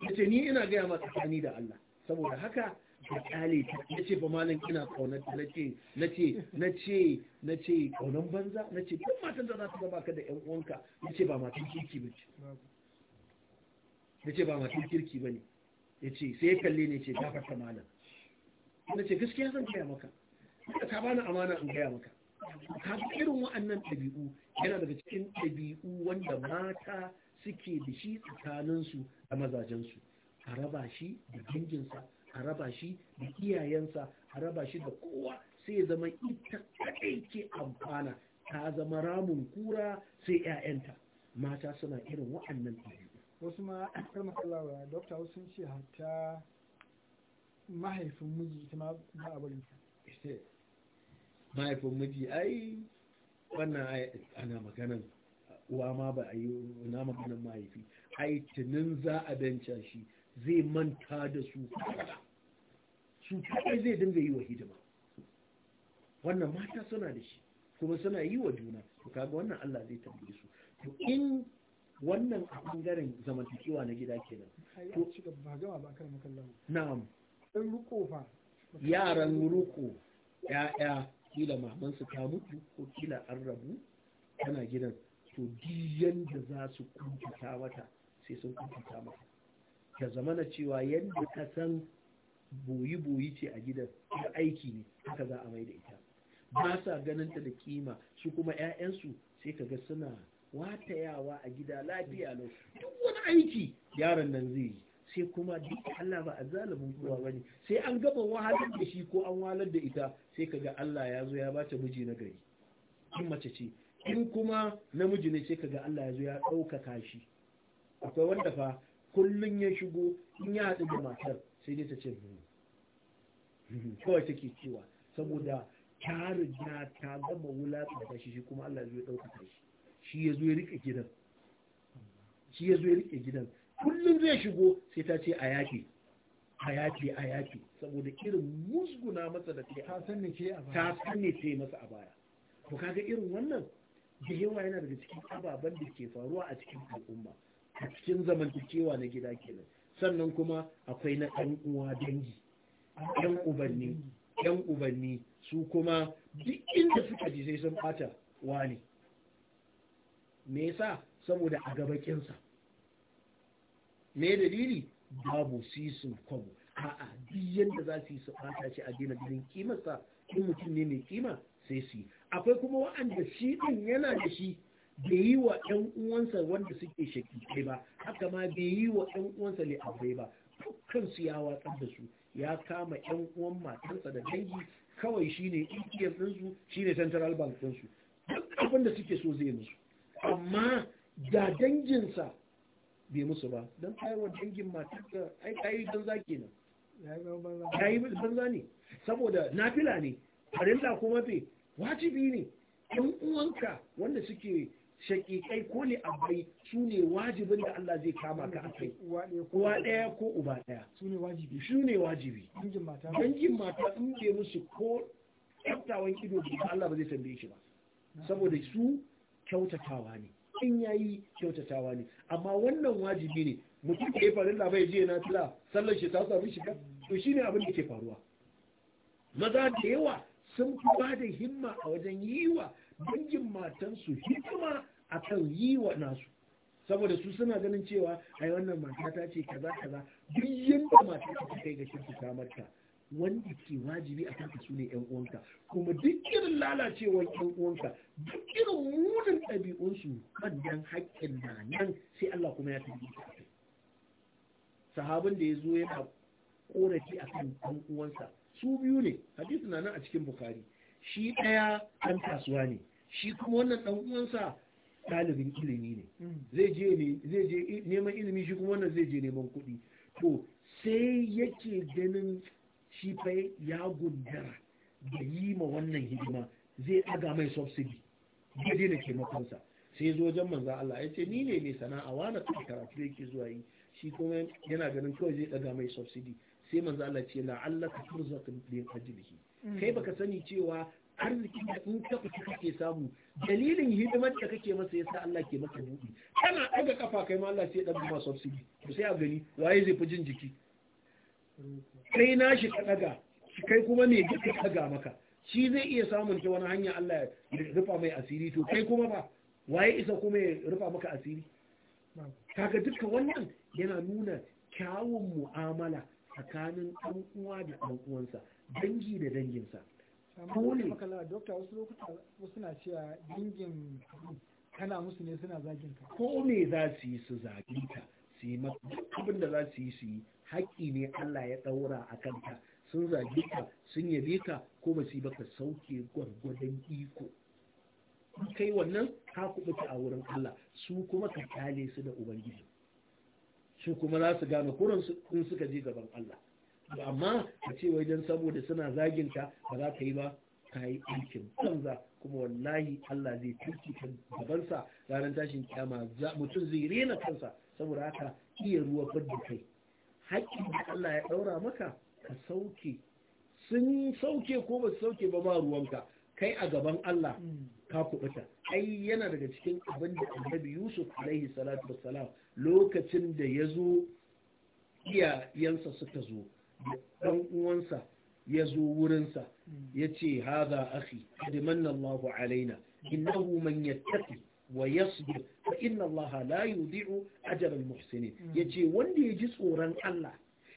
ya ce ni ina gaya ma tsakani da Allah saboda haka da ƙyale ya ce ba malam ina ƙaunar ta nace nace nace nace ƙaunar banza nace duk matan da za ta gaba ka da ƴan uwanka ya ce ba matan kiki ba Yace ce ba matan kirki ba ne ya ce sai ya kalle ne ce ta malam na ce gaskiya zan gaya maka wanda ta bani amana in gaya maka Kaka irin wa'annan ɗabi'u yana daga cikin ɗabi'u wanda mata suke da shi tsakaninsu da mazajensu a raba shi da danginsa a raba shi da iyayensa a raba shi da kowa sai zama ita kaɗai ke amfana ta zama ramin kura sai 'ya'yanta mata suna irin wa'annan ɗabi'u wasu ma kar dokta wasu sun ce hatta mahaifin miji ta ma ba a mahaifin miji ai wannan ana maganan uwa ma ba a yi na maganan mahaifi ai tunin za a danca shi zai manta da su su kaɗai zai dinga yi wa hidima wannan mata suna da shi kuma suna yi wa juna to kaga wannan Allah zai tabbata su to in wannan a bangaren zamantakewa na gida kenan to na'am in ruko yaran ruko ya'ya kila maman ta mutu ko kila an rabu tana gidan to diyan da za su kuntuta mata sai sun kuntuta mata ta zamana cewa yadda ka san boyi-boyi ce a gidan da aiki ne haka za a mai da ita ba sa ganin ta da kima su kuma 'ya'yansu sai ka ga suna watayawa a gida lafiya lau duk wani aiki yaron nan zai yi sai kuma duk Allah ba a zalimin kowa bane sai an gaba wahalar da shi ko an wahalar da ita sai kaga Allah ya zo ya bace miji na gari in mace ce in kuma namiji ne sai kaga Allah ya zo ya ɗaukaka shi akwai wanda fa kullum ya shigo in ya haɗu da matar sai dai ta ce hmm. kawai take cewa saboda ta riga ta gama wulaƙanta shi shi kuma Allah ya zo ya ɗaukaka shi shi ya zo ya rike gidan shi ya zo ya rike gidan kullum zai shigo sai ta ce a yaƙi a yaƙi a yaƙi saboda irin musguna masa da ta sanne ce a baya ta sanne ce masa a baya to kaga irin wannan da yana daga cikin ababen da ke faruwa a cikin al'umma a cikin zamantakewa na gida kenan sannan kuma akwai na ɗan uwa dangi ɗan ubanni ɗan ubanni su kuma duk inda suka ji sai sun ɓata wani me yasa saboda a gabakinsa me dalili babu sisin kwabo a'a duk yanda za su yi su fata shi a dina ganin kimarsa in mutum ne mai kima sai su yi akwai kuma wa'anda shi din yana da shi bai yi wa ɗan uwansa wanda suke shakikai ba haka ma bai yi wa ɗan uwansa li'abai ba dukkan su ya watsar da su ya kama ɗan uwan matarsa da dangi kawai shine ATM ɗinsu shine central bank su. duk abin da suke so zai musu amma da danginsa bai musu ba don kaiwa dangin matar da ai kayi banza nan kayi banza ne saboda nafila ne farilla kuma bai wajibi ne ɗan uwanka wanda suke shakikai ko ne abai su ne wajibin da Allah zai kama ka a kai uwa ɗaya ko uba ɗaya su ne wajibi su ne wajibi dangin mata in bai musu ko tsaftawan ido da Allah ba zai tambaye shi ba saboda su kyautatawa ne in yayi kyautatawa ne amma wannan wajibi ne mutum da ya faru da bai je na tila sallar shi ta samu shiga to shine abin da ke faruwa maza da yawa sun fi ba da himma a wajen yi wa dangin matansu hikima akan yi wa nasu saboda su suna ganin cewa ai wannan mata ta ce kaza kaza duk yanda mata ta kai ga shirki ta mata wanda ke wajibi a kanka su ne ‘yan uwanka kuma duk irin lalacewar ‘yan uwanka duk irin munin ɗabi'unsu dan haƙƙin na nan sai Allah kuma ya tafi ka sahabin da ya zo yana ƙorafi a kan ɗan uwansa su biyu ne hadisi na nan a cikin bukari shi ɗaya ɗan kasuwa ne shi kuma wannan ɗan uwansa ɗalibin ilimi ne zai je neman ilimi shi kuma wannan zai je neman kuɗi to sai yake ganin shi fai ya gundara da yi ma wannan hidima zai ɗaga mai subsidy dina ke taimakonsa sai zo wajen manzan Allah ya ce ni ne mai sana'a wani karatu yake zuwa yi shi kuma yana ganin kawai zai ɗaga mai subsidi sai manza Allah ce turza ka bi ajlihi mm. kai baka sani cewa arziki da in ka fita kake samu dalilin hidimar da kake masa yasa Allah ke maka buɗi kana daga kafa kai ma Allah sai dan ma subsidi to sai a gani waye zai fi jin jiki kai nashi ka daga shi kai kuma ne ka daga maka shi zai iya samun ta wani hanya Allah ya rufa mai asiri to kai kuma ba waye isa kuma ya rufa maka asiri kaga duka wannan yana nuna kyawun mu'amala tsakanin ɗan uwa da ɗan uwansa dangi da danginsa dole makala dokta wasu lokuta wasu na cewa dangin kana musu ne suna zagin ka ko ne za su yi su zagin ka su yi abin da za su yi su yi haƙƙi ne Allah ya ɗaura a kanta sun zage ka sun yabe ka ko ba su baka sauke gwargwadon iko kai wannan ka ta a wurin Allah su kuma ka kyale su da ubangiji su kuma za su gane kurin in suka je gaban Allah amma ka ce wai dan saboda suna zagin ka ba za ka yi ba ka yi aikin banza kuma wallahi Allah zai tuki kan gabansa ranar tashin kyama mutum zai rena kansa saboda haka iya ruwa fadda kai haƙƙin da Allah ya ɗaura maka ka sauke sun sauke ko ba su sauke ba ma ruwanka kai a gaban Allah hmm. ka kuɓuta ai yana daga cikin abin da annabi Yusuf alaihi salatu wassalam lokacin da ya zo iyayensa suka zo ɗan uwansa ya zo wurinsa hmm. ya ce haza akhi kad Allahu alaina innahu man yattaqi wa فإن الله لا يضيع أجر المحسنين يجي وندي يجي صورا wanda ya ji tsoron Allah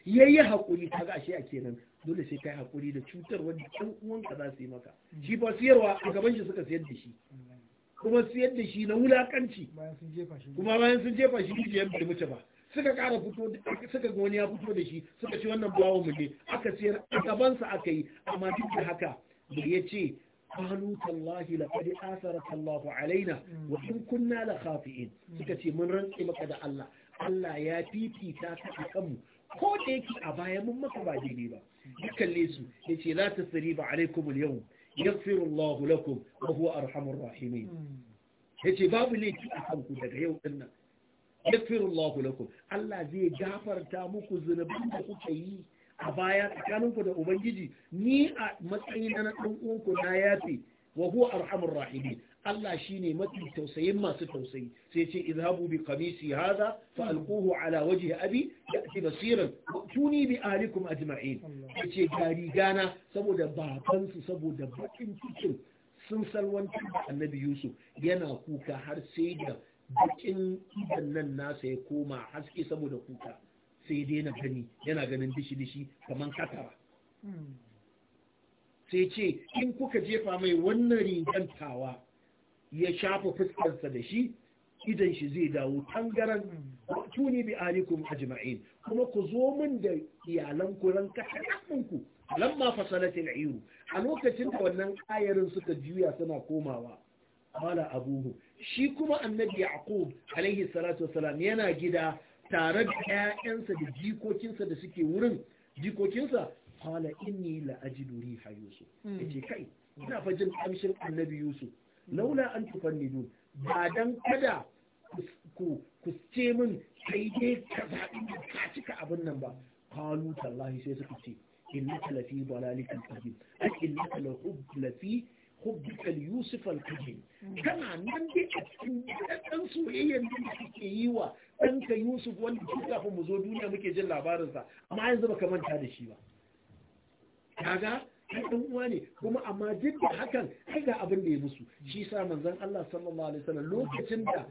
yayi hakuri kaga ashe a kenan dole sai kai hakuri da cutar wanda ɗan uwanka za su yi maka shi ba a gaban shi suka da shi kuma da shi na wulakanci kuma bayan sun jefa shi ba suka kara fito suka ga wani ya fito da shi suka ci wannan bawo mu ne aka siyar gabansa aka amma duk da haka yace qalu tallahi laqad atharaka Allahu alaina wa in kunna la khafi'in suka ce mun rantse maka da Allah Allah ya fifita ka akan mu ko da a baya mun maka ba daidai ba ya kalle su yace la tasriba alaikum al-yawm yaghfiru Allahu lakum wa huwa arhamur rahimin yace babu laifi a kanku daga yau dinnan yaghfiru Allahu lakum Allah zai gafarta muku zunubin da kuka yi a baya tsakaninku da ubangiji ni a matsayin na ɗan uwanku na yafe wa huwa arhamur rahimin Allah shine mafi tausayin masu tausayi sai ce izhabu bi qamisi hadha fa alquhu ala wajhi abi ya'ti basiran tuni bi ahlikum ajma'in yace gari gana saboda babansu saboda bakin cikin sun salwantar da annabi Yusuf yana kuka har sai da bakin idan nan nasa ya koma haske saboda kuka sai dai na gani yana ganin dishi-dishi kamar katara sai ce in kuka jefa mai wannan rigantawa ya shafa fuskarsa da shi idan shi zai dawo tangaran tuni bi alikum ajma'in kuma ku zo min da iyalan ku ran ka ku lamma fasalatil ayu a lokacin da wannan ayarin suka juya suna komawa qala abuhu shi kuma annabi yaqub alaihi salatu wasalam yana gida tare da ƴaƴansa da jikokinsa da suke wurin jikokinsa qala inni la ajidu riha yusuf hmm. yace kai ina fa jin kamshin annabi yusuf laula an tufannidun ba dan kada ku ku ce min kai dai ka zaɓi ka cika abin nan ba qalu tallahi sai suka ce innaka lafi dalalika al-qadim ai innaka lafi hubbika al-yusuf al hmm. kana nan dai a cikin dan soyayya da kake yi wa ɗanka yusuf wanda tun kafin mu zo duniya muke jin labarinsa amma yanzu baka manta da shi ba kaga ɗan ɗan uwa ne kuma amma duk da hakan kai ga abin da ya musu shi sa manzon Allah sallallahu alaihi wasallam lokacin da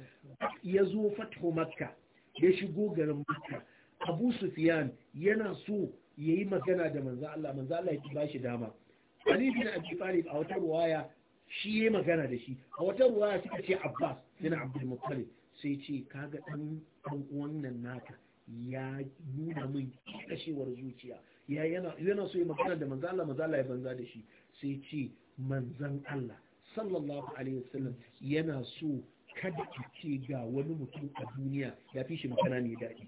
ya zo fatho makka ya shigo garin makka abu sufyan yana so ya yi magana da manzon Allah manzon Allah ya ba shi dama ali bin abi talib a wata ruwaya shi yayi magana da shi a wata ruwaya suka ce abbas bin abdul muttalib sai ce kaga ɗan ɗan wannan naka ya nuna min kashewar zuciya ya yana yana so ya magana da manzo Allah manzo Allah ya banza da shi sai ce manzon Allah sallallahu alaihi wasallam yana so kada ki ce ga wani mutum a duniya ya fi shi magana ne daɗi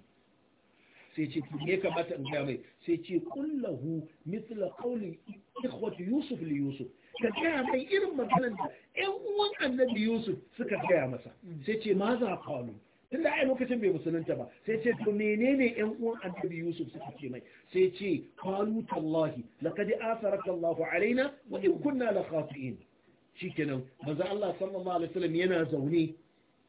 sai ce ki ne kamata in ga mai sai ce kullahu mithla qawli ikhwat yusuf li yusuf ka gaya mai irin maganar da yan uwan annabi Yusuf suka gaya masa sai ce ma za kalu tunda ai lokacin bai musulunta ba sai ce to menene yan uwan annabi Yusuf suka ce mai sai ce qalu tallahi laqad atharaka Allah alaina wa in kunna la shi kenan manzo Allah sallallahu alaihi wasallam yana zaune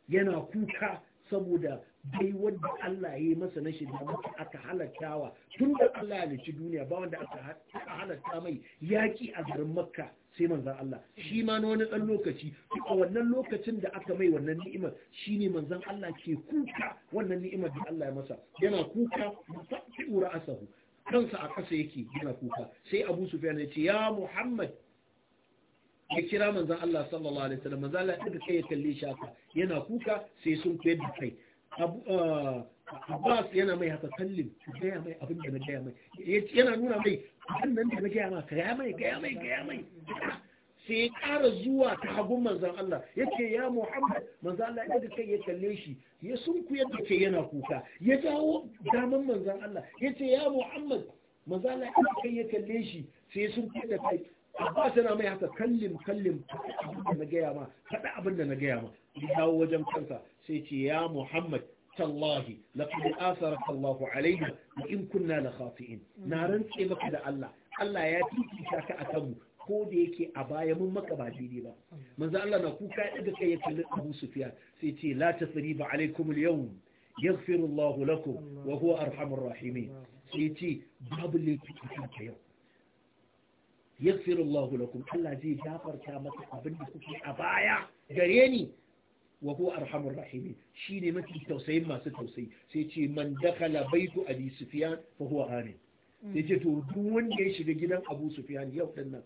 yana kuka saboda bai wanda Allah ya yi masa na shirya masa aka halattawa tun da Allah ya ci duniya ba wanda aka halatta mai yaƙi a garin makka sai manzan Allah shi ma na wani ɗan lokaci a wannan lokacin da aka mai wannan ni'imar shi ne manzan Allah ke kuka wannan ni'imar da Allah ya masa yana kuka mutafi ra'asahu kansa a ƙasa yake yana kuka sai Abu Sufyan ya ce ya Muhammad ya kira manzan Allah sallallahu alaihi wasallam manzan Allah daga kai ya kalle shi yana kuka sai sun koyar da kai ah, Abbas yana mai haka sallin gaya mai abin da na gaya mai yana nuna mai abin nan da na gaya mai gaya mai gaya mai gaya mai sai ya ƙara zuwa ta hagun manzan Allah ya ce ya Muhammad manzan Allah ya kai ya kalle shi ya ku yadda ke yana kuka ya jawo daman manzan Allah ya ce ya Muhammad manzan Allah ya kai ya kalle shi sai ya ku yadda kai Abbas yana mai haka kallin kallin abin da na gaya ma faɗa abin da na gaya ma ya dawo wajen kansa sai ce ya Muhammad tallahi laqad asaraka Allah in kunna la na rantse maka da Allah Allah ya fifita ka akan mu ko da yake a baya mun maka ba daidai ba manzo Allah na kuka daga kai ya kalli Abu Sufyan sai ce la ba alaikum al yaghfiru Allah lakum wa huwa arhamur rahimin sai ce babu ka yau yaghfiru Allah lakum Allah zai gafarta maka abin da kuke a baya gare ni wa huwa arhamur rahim shine mafi tausayin masu tausayi sai ce man baitu abi sufyan fa huwa amin sai ce to duk wanda ya shiga gidan abu sufyan yau din nan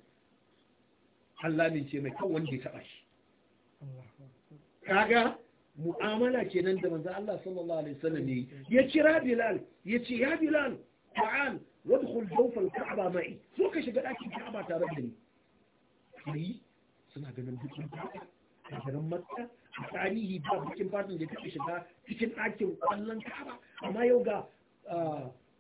Allah min ce mai kan wanda ya taba shi kaga mu'amala kenan da manzo Allah sallallahu alaihi wasallam ya kira Bilal ya ce ya Bilal ta'al wadkhul jawf al-ka'ba ma'i so ka shiga dakin ka'aba tare da ni suna ganin dukkan ka'aba a garin makka a tarihi ba bikin fatan da taɓa shiga cikin ɗakin ƙwallon kaba amma yau ga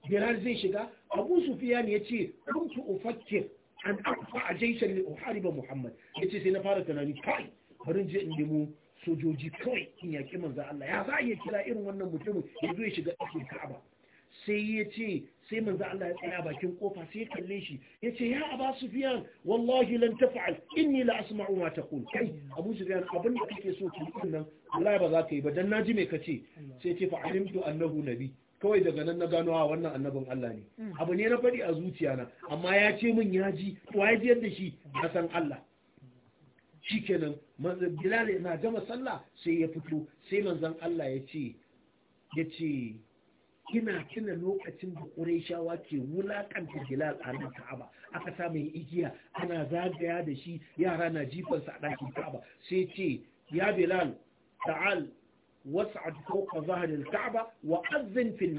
biran ah, zai shiga abu sufiyan ya ce kuntu ufakkir an akfa a jaishan li uhariba muhammad ya ce sai na fara tunani kai bari je in nemo sojoji kawai in yaƙi manzan Allah ya za a iya kira irin wannan mutumin ya zo ya shiga ɗakin kaba sai ya ce sai manzo Allah ya tsaya bakin kofa sai ya kalle shi ya ce ya Aba sufiyan wallahi lan taf'al inni la asma'u ma taqul kai Abu sufiyan abin da kake so ki yi nan wallahi ba za ka yi ba dan naji me kace sai ce fa alimtu annahu nabi kawai daga nan na gano a ah, wannan annabin Allah ne hmm. abu ne na faɗi a zuciya na amma ya ce min ya ji to ya ji yadda shi Na san Allah shikenan Bilal na gama sallah sai ya fito sai manzon Allah ya ce ya ce kina tuna lokacin da Qurayshawa ke wulaƙanta Bilal a nan Ka'aba aka sa mai igiya ana zagaya da shi yara na jifan sa a ɗakin Ka'aba sai ce ya Bilal ta'al was'ad fawqa zahr al Ka'aba wa adhin fi an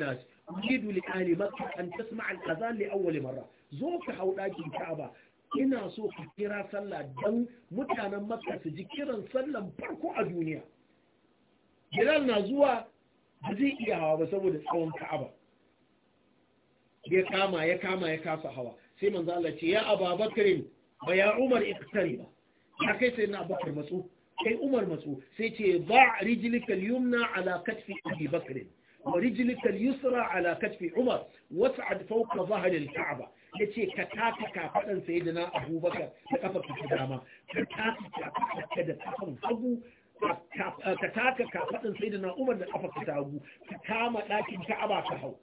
li ahli Makkah an tasma' li marra zo ka hau ɗakin Ka'aba ina so ka kira sallah dan mutanen Makka su ji kiran sallan farko a duniya Bilal na zuwa ba zai iya hawa ba saboda tsawon ka'aba ya kama ya kama ya kasa hawa sai manzo Allah ce ya ababakarin ba ya umar ba. ya kai sai na abakar matsu kai umar matsu sai ce ba rijlika al-yumna ala katfi abi bakr wa rijlika al-yusra ala katfi umar was'ad fawqa dhahr al-ka'ba yace ka taka kafadan sayyidina abubakar da kafa ta dama ka taka kafadan hagu ka taka kafaɗin sai da na'umar da kafa ka tagu ka kama ɗakin ka'aba ka hau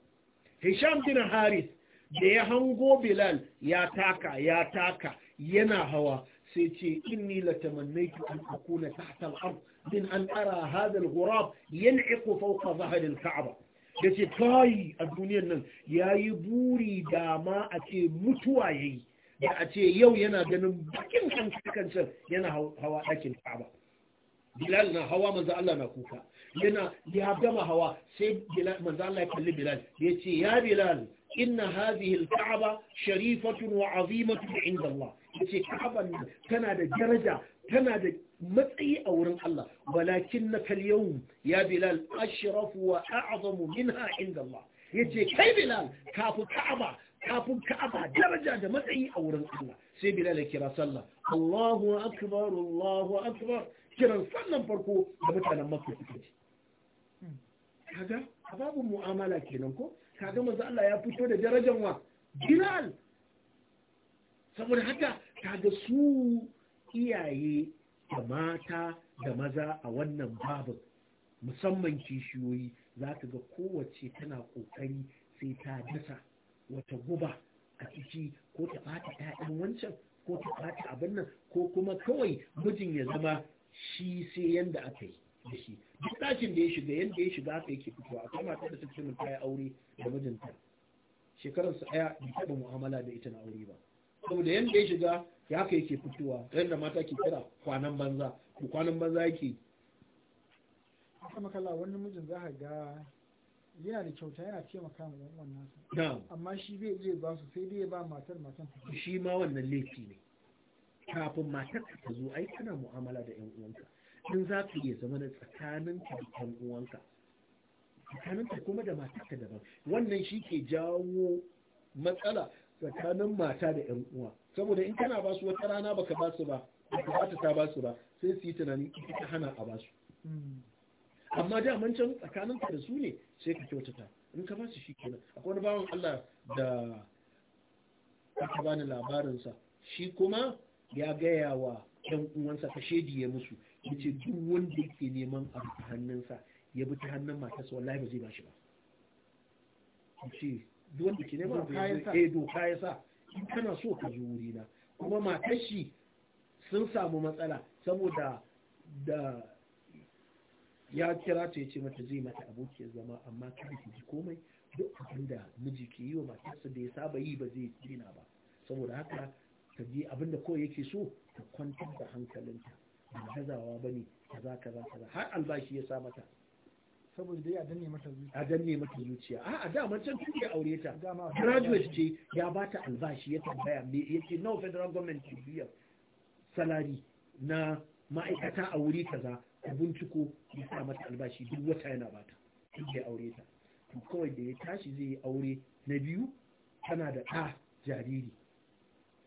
hisham bin haris da ya hango bilal ya taka ya taka yana hawa sai ce inni la tamannaitu an akuna tahta al-ard min an ara hadha al-ghurab yan'iqu fawqa dhahr al Da yace kayi a duniyar nan yayi buri dama ma a ce mutuwa yayi da a ce yau yana ganin bakin kan yana hawa ɗakin ka'aba bilal na hawa manzo Allah na kuka yana ya gama hawa sai bilal manzo Allah ya kalli bilal yace ya bilal inna hadhihi al-ka'ba sharifatun wa 'azimatun 'inda Allah yace ka'ban tana da daraja tana da matsayi a wurin Allah walakin na kalyau ya bilal ashrafu wa a'zamu minha inda Allah yace kai bilal kafu ka'aba kafin ka'aba daraja da matsayi a wurin Allah sai bilal ya kira sallah Allahu akbar Allahu akbar kiran sannan farko da mutanen makka suka ci hmm. kaga babu mu'amala kenan ko kaga manzo Allah ya fito da darajar wa bilal saboda haka kaga su iyaye da mata da maza a wannan babin musamman kishiyoyi za ka ga kowace tana kokari sai ta dasa wata guba a ciki ko ta ɓata 'ya'yan wancan ko ta ɓata abin nan ko kuma kawai mijin ya zama shi sai yanda aka yi da shi duk ɗakin da ya shiga yanda ya shiga aka yake fitowa akwai matar da suke mun yi aure da mijinta su ɗaya bai taɓa mu'amala da ita na aure ba saboda yanda ya shiga ya aka yake fitowa ta yanda mata ke kira kwanan banza ko kwanan banza yake haka makalla, wani mijin za ka ga yana da kyauta yana taimaka ma 'yan uwan nasa amma shi bai je ba su sai dai ya ba matar matan shi ma wannan laifi ne kafin matarka ta zo ai kana mu'amala da yan uwanka in za ka iya zama da tsakanin ka da yan uwanka tsakanin ka kuma da matarka daban wannan shi ke jawo matsala tsakanin mata da yan uwa saboda in kana ba su wata rana baka ba su ba baka ba ta ba su ba sai su yi tunanin ki ta hana a ba su hmm. amma da man can tsakanin ka da su ne sai ka kyautata in ka ba su shi kenan akwai wani bawan Allah da aka bani labarinsa shi kuma ya gaya wa ɗan uwansa ka ya musu ya ce duk wanda yake neman a hannunsa ya bi ta hannun matarsa wallahi ba zai ba shi ba ce, duk wanda ke neman ba eh doka ya sa in kana so ka zo wuri na kuma matar shi sun samu matsala saboda da ya kira ta ya ce mata zai mata abokiyar zama amma ka ki ji komai duk abin da miji ke yi wa matarsa da ya saba yi ba zai dina ba saboda haka ta ji abinda kawai yake so ta kwantar da hankalinta ba gazawa ba ne kaza kaza kaza har albashi ya sa mata saboda dai a danne mata zuciya a danne mata zuciya a a dama can tun da aure ta graduate ce ya ba ta albashi ya tambaya me ce no federal government ki biya salari na ma'aikata a wuri kaza ta binciko ya sa mata albashi duk wata yana bata tun da aure ta to kawai da ya tashi zai yi aure na biyu tana da ɗa jariri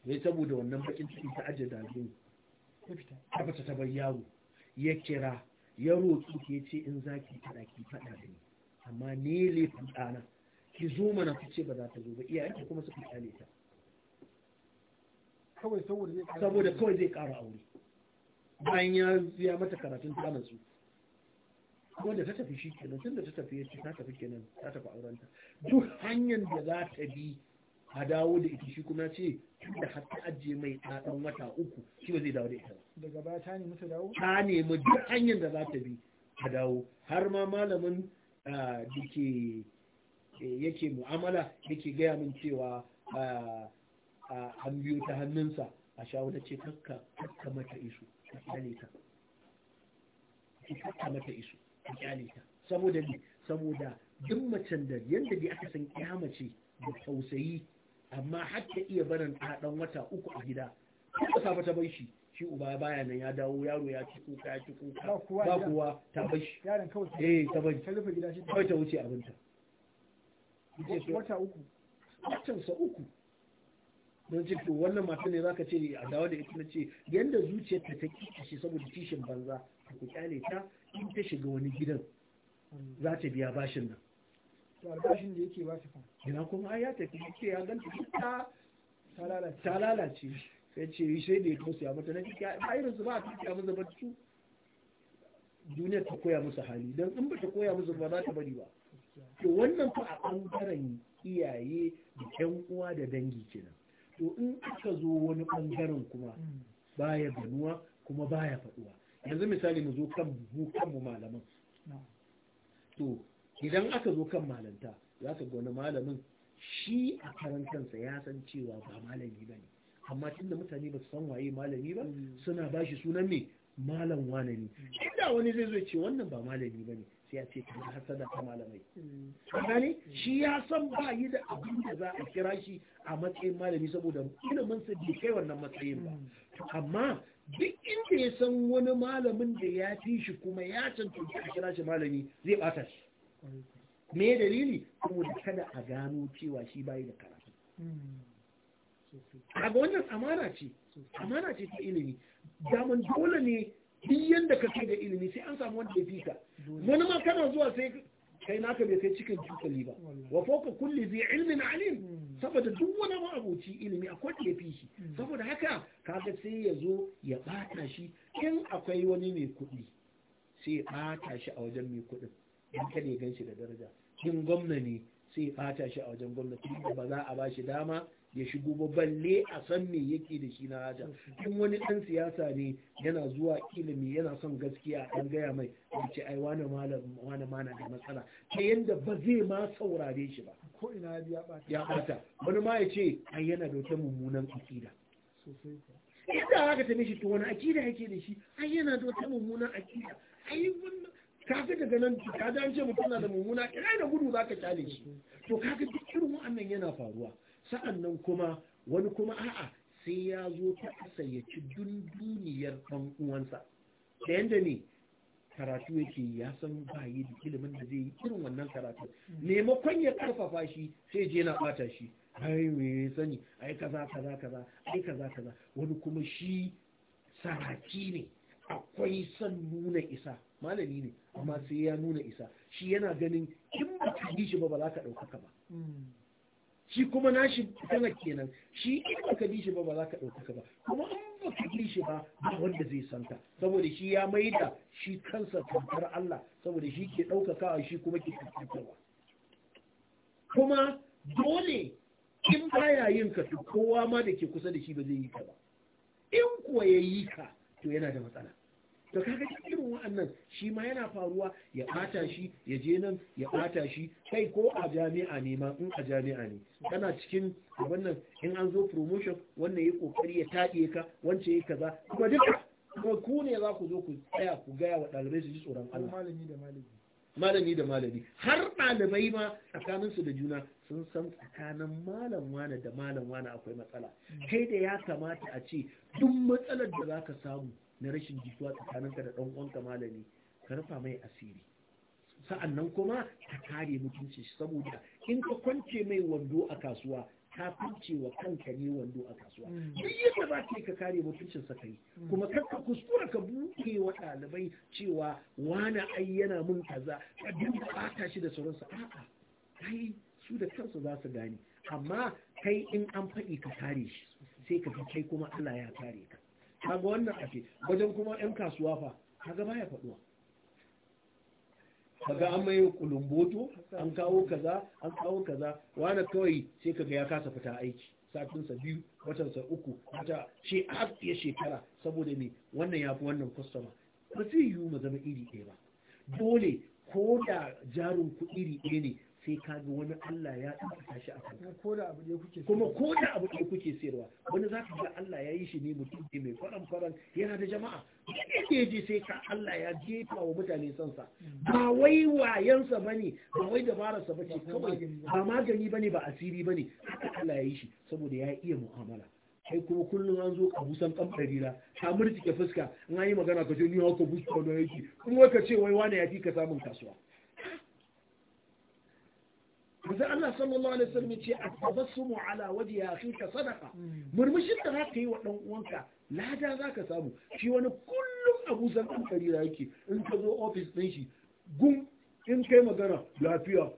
ne saboda wannan bakin ciki ta aje dalilin ta fita ta bar yaro ya kira ya roƙi ke ce in za ki faɗa ki faɗa da ni amma ne laifin ɗana ki zo mana ku ce ba za ta zo ba iyayenki kuma suka kyale ta kawai saboda kawai zai ƙara aure bayan ya ziya mata karatun nan su wanda ta tafi shi kenan tun da ta tafi ya ce ta tafi kenan ta tafi aurenta duk hanyar da za ta bi a dawo da ita shi kuma ce da har ajiye mai ɗan wata uku shi ba zai dawo da ita ba daga baya ta nemi ta dawo ta nemi duk hanyar da za ta bi a dawo har ma malamin da ke yake mu'amala yake gaya min cewa an biyo ta hannunsa a shawara ce kakka kakka mata isu a kyale ta kakka mata isu a kyale ta saboda ne saboda duk macen da yadda dai aka san kyamace da tausayi amma hatta iya barin ta dan wata uku a gida ko safa ta bai shi shi uba baya nan ya dawo yaro ya ci kuka ya ci kuka ba kuwa ta bai shi yaron kawai eh ta bai ta rufe gida shi kawai ta wuce abinta wata uku wata sa uku don ce to wannan mata ne zaka ce a dawo da ita na ce yanda zuciyarta ta take shi saboda kishin banza ku kyale ta in ta shiga wani gidan hmm. za ta biya bashin nan to albashin da yake ba su fa ina kuma ai ya tafi ce ya ganta ta ta lalace sai ce sai da ya tosu ya mata na ciki ba irin su ba a tuki a maza ba duniya ta koya musu hali don in ba ta koya musu ba za ta bari ba to wannan fa a ɓangaren iyaye da ƴan uwa da dangi kenan to in aka zo wani ɓangaren kuma mm. baya ganuwa kuma baya faɗuwa yanzu misali mu zo kan mu kan mu malaman to idan aka zo kan malanta za ka wani malamin shi a karan kansa ya san cewa ba malami ba ne amma tunda mutane ba su san waye malami ba hmm. suna ba shi sunan ne malam wane ne hmm. inda wani zai zo ce wannan ba malami ba ne sai ya ce kuma hasada ta malamai hmm. gane shi ya san ba yi da abin da za a kira shi a matsayin malami saboda ilimin sa bai kai wannan matsayin ba amma duk inda ya san wani malamin da ya fi shi kuma ya cancanci a kira shi malami zai bata shi me dalili saboda kada a gano cewa shi bayi da karatu A ga wannan amana ce amana ce ta ilimi daman dole ne duk da ka da ilimi sai an samu wanda ya fi ka wani ma kana zuwa sai kai naka bai kai cikin cokali ba wa foka kulli zai ilmin alim saboda duk wani ma abuci ilimi akwai da fi shi saboda haka kaga sai ya zo ya bata shi in akwai wani mai kuɗi sai ya bata shi a wajen mai kuɗin don kada ya gan shi da daraja kin gwamna ne sai ya bata shi a wajen gwamnati da ba za a ba shi dama ya shigo ba balle a san me yake da shi na haja kin wani dan siyasa ne yana zuwa ilimi yana son gaskiya an gaya mai wace ai wani malam wani mana da matsala ta yanda ba zai ma saurare shi ba ko ina ya bata ya bata wani ma ya ce ai yana da wata mummunan akida sosai inda aka ta mishi to wani akida yake da shi ai yana da wata mummunan akida ai wannan ka fi ka nan ka dace mutum na da mummuna kira da gudu zaka ka kyale shi to kaga duk irin wannan yana faruwa sa'an nan kuma wani kuma a'a sai ya zo ta ƙasa ya ci dunduniyar ɗan uwansa da yadda ne karatu yake ya san ba da ilimin da zai yi irin wannan karatu maimakon ya karfafa shi sai je na bata shi ai me sani ai kaza kaza kaza ai kaza kaza wani kuma shi saraki ne akwai son nuna isa malami ne amma sai ya nuna isa shi yana ganin in ba ka bi shi ba ba za ka ɗaukaka ba shi kuma na shi kana kenan shi in ba ka bi shi ba ba za ka ɗaukaka ba kuma in ba ka bi shi ba ba wanda zai santa saboda shi ya maida shi kansa tantar Allah saboda shi ke ɗaukakawa shi kuma ke tantarwa kuma dole in ya yin ka to kowa ma da ke kusa da shi ba zai yi ka ba in kuwa ya yi ka to yana da matsala to kaga irin wa'annan shi ma yana faruwa ya ɓata shi ya je nan ya ɓata shi kai ko a jami'a ne ma in a jami'a ne kana cikin wannan in an zo promotion wannan ya kokari ya taɗe ka wance ya kaza kuma duka kuma ku ne za ku zo ku tsaya ku gaya wa ɗalibai su ji tsoron Allah malami da malami malami da malami har ɗalibai ma tsakaninsu da juna sun san tsakanin malam wane da malam wane akwai matsala hmm. kai da ya kamata a ce duk matsalar da za ka samu na rashin jituwa tsakaninka da ɗan uwanka malami ka rufa mai asiri Sa'an nan kuma ka kare mutunci saboda in ka kwance mai wando a kasuwa ka fice wa kanka ne wando a kasuwa hmm. duk yadda ba ka ka kare mutuncin sa kai hmm. kuma kar ka kuskura ka buke wa ɗalibai cewa wani ai yana mun kaza ka dinga bata shi da sauransu a'a kai su da kansu za su gane amma kai in an faɗi ka kare shi sai ka ga kai kuma Allah ya kare ka kaga wannan ake wajen kuma yan kasuwa fa kaga baya faduwa kaga an mai kulumboto an kawo kaza an kawo kaza wani kawai sai kaga ya kasa fita aiki sa biyu sa uku wata ce har ya shekara saboda me wannan ya fi wannan kwastama ba zai yiwu mu zama iri ɗaya ba dole ko da jarin ku iri ɗaya ne sai ka ga wani Allah ya ɗaukaka shi a kanka kuma ko da abu da kuke sayarwa wani za ka ga Allah ya yi shi ne mutum ne mai faran faran yana da jama'a yake ji sai ka Allah ya jefa wa mutane sansa ba wai wayansa bane ba wai ba bace kawai ba magani bane ba asiri bane haka Allah ya yi shi saboda ya iya mu'amala kai kuma kullum an zo ka busan kamfari na ta murtike fuska in an yi magana ka ce ni ka busa wani yaki kuma ka ce wai wani ya fi ka samun kasuwa Idan Allah sallallahu alaihi wasallam a at-tabassumu ala wajhi ka sadaka hmm. murmushin da zaka yi wa ɗan uwanka lada zaka samu shi wani kullum abu zan kan kari yake in ka zo ofis din shi gum in kai magana lafiya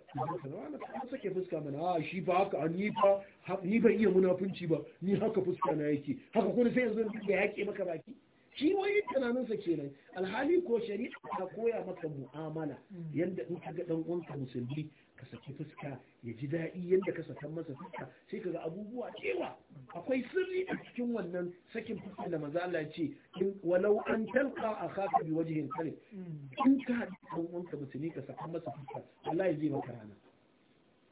ka sake fuska mana a ah, shi ba haka ni ba ni ban iya munafunci ba ni haka fuska na yake haka kuma sai yanzu da yake maka baki shi wani tunaninsa kenan alhali ko shari'a ta koya maka mu'amala hmm. yadda in ka ga ɗan uwanka musulmi ka saki fuska ya ji daɗi yadda ka sakan masa fuska sai ka ga abubuwa cewa akwai sirri a cikin wannan sakin fuska da maza Allah ce in walau an a kafin bi wajhin kare. in ka kan wanka musulmi ka sakan masa fuska ya zai maka rana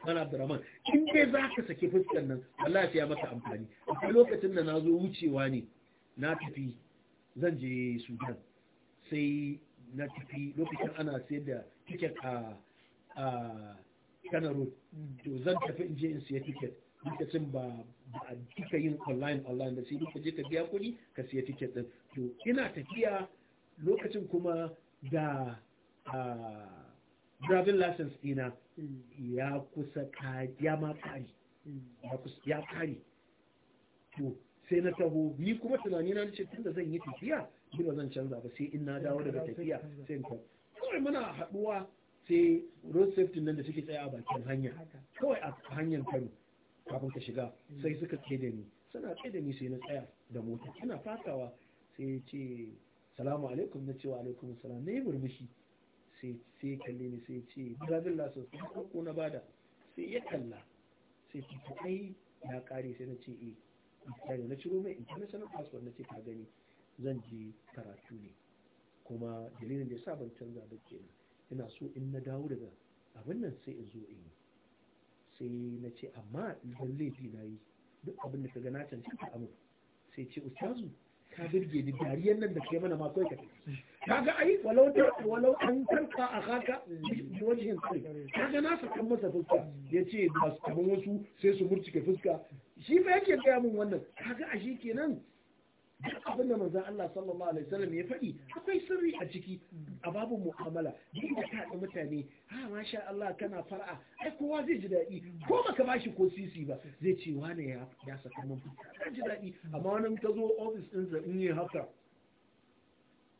Mana Abdurrahman in dai za ka saki fuskan nan Allah ya maka amfani akwai lokacin da na zo wucewa ne na tafi zan je Sudan sai na tafi lokacin ana sayar da tiket a kana road to zan tafi in je in siya ticket lokacin ba a duka yin online online da sai ka je ka biya kuɗi ka siya ticket din to ina tafiya lokacin kuma da driving license dina ya kusa ya ma kari ya kari to sai na taho ni kuma tunani na ce tunda zan yi tafiya ni ba zan canza ba sai in na dawo daga tafiya sai in kawai muna haɗuwa sai road safety nan da suke tsaye a bakin hanya kawai a hanyar kano kafin ka shiga sai suka ke da ni suna ke da ni sai na tsaya da mota ina fatawa sai ce salamu alaikum na cewa alaikum salam na yi murmushi sai sai kalle ni sai ce driving license na ko na bada sai ya kalla sai ce ta ya kare sai na ce eh kare na ciro mai international passport na ce ka gani zan je karatu ne kuma dalilin da ya sa ban canza ba kenan ina so in na dawo daga abin nan sai in zo in yi sai na ce amma idan laifi na yi duk abin da ka ga na a amin sai ce ustazu ka birge ni dariyar nan da kai mana ma kai ka ga ai walau walau an tarka a haka bi wajen sai ka na saka masa fuska yace ba su kaman wasu sai su murtuke fuska shi fa yake ga mun wannan ka ga shi kenan duk abin da manzon Allah sallallahu alaihi wasallam ya faɗi akwai sirri a ciki a babu mu'amala duk da ka mutane ha ah, masha Allah kana fara ai kowa zai ji daɗi ko baka bashi ko sisi ba zai ce wane ya ya saka mun ka ji daɗi amma wani ka zo ofis ɗin sa in yi haka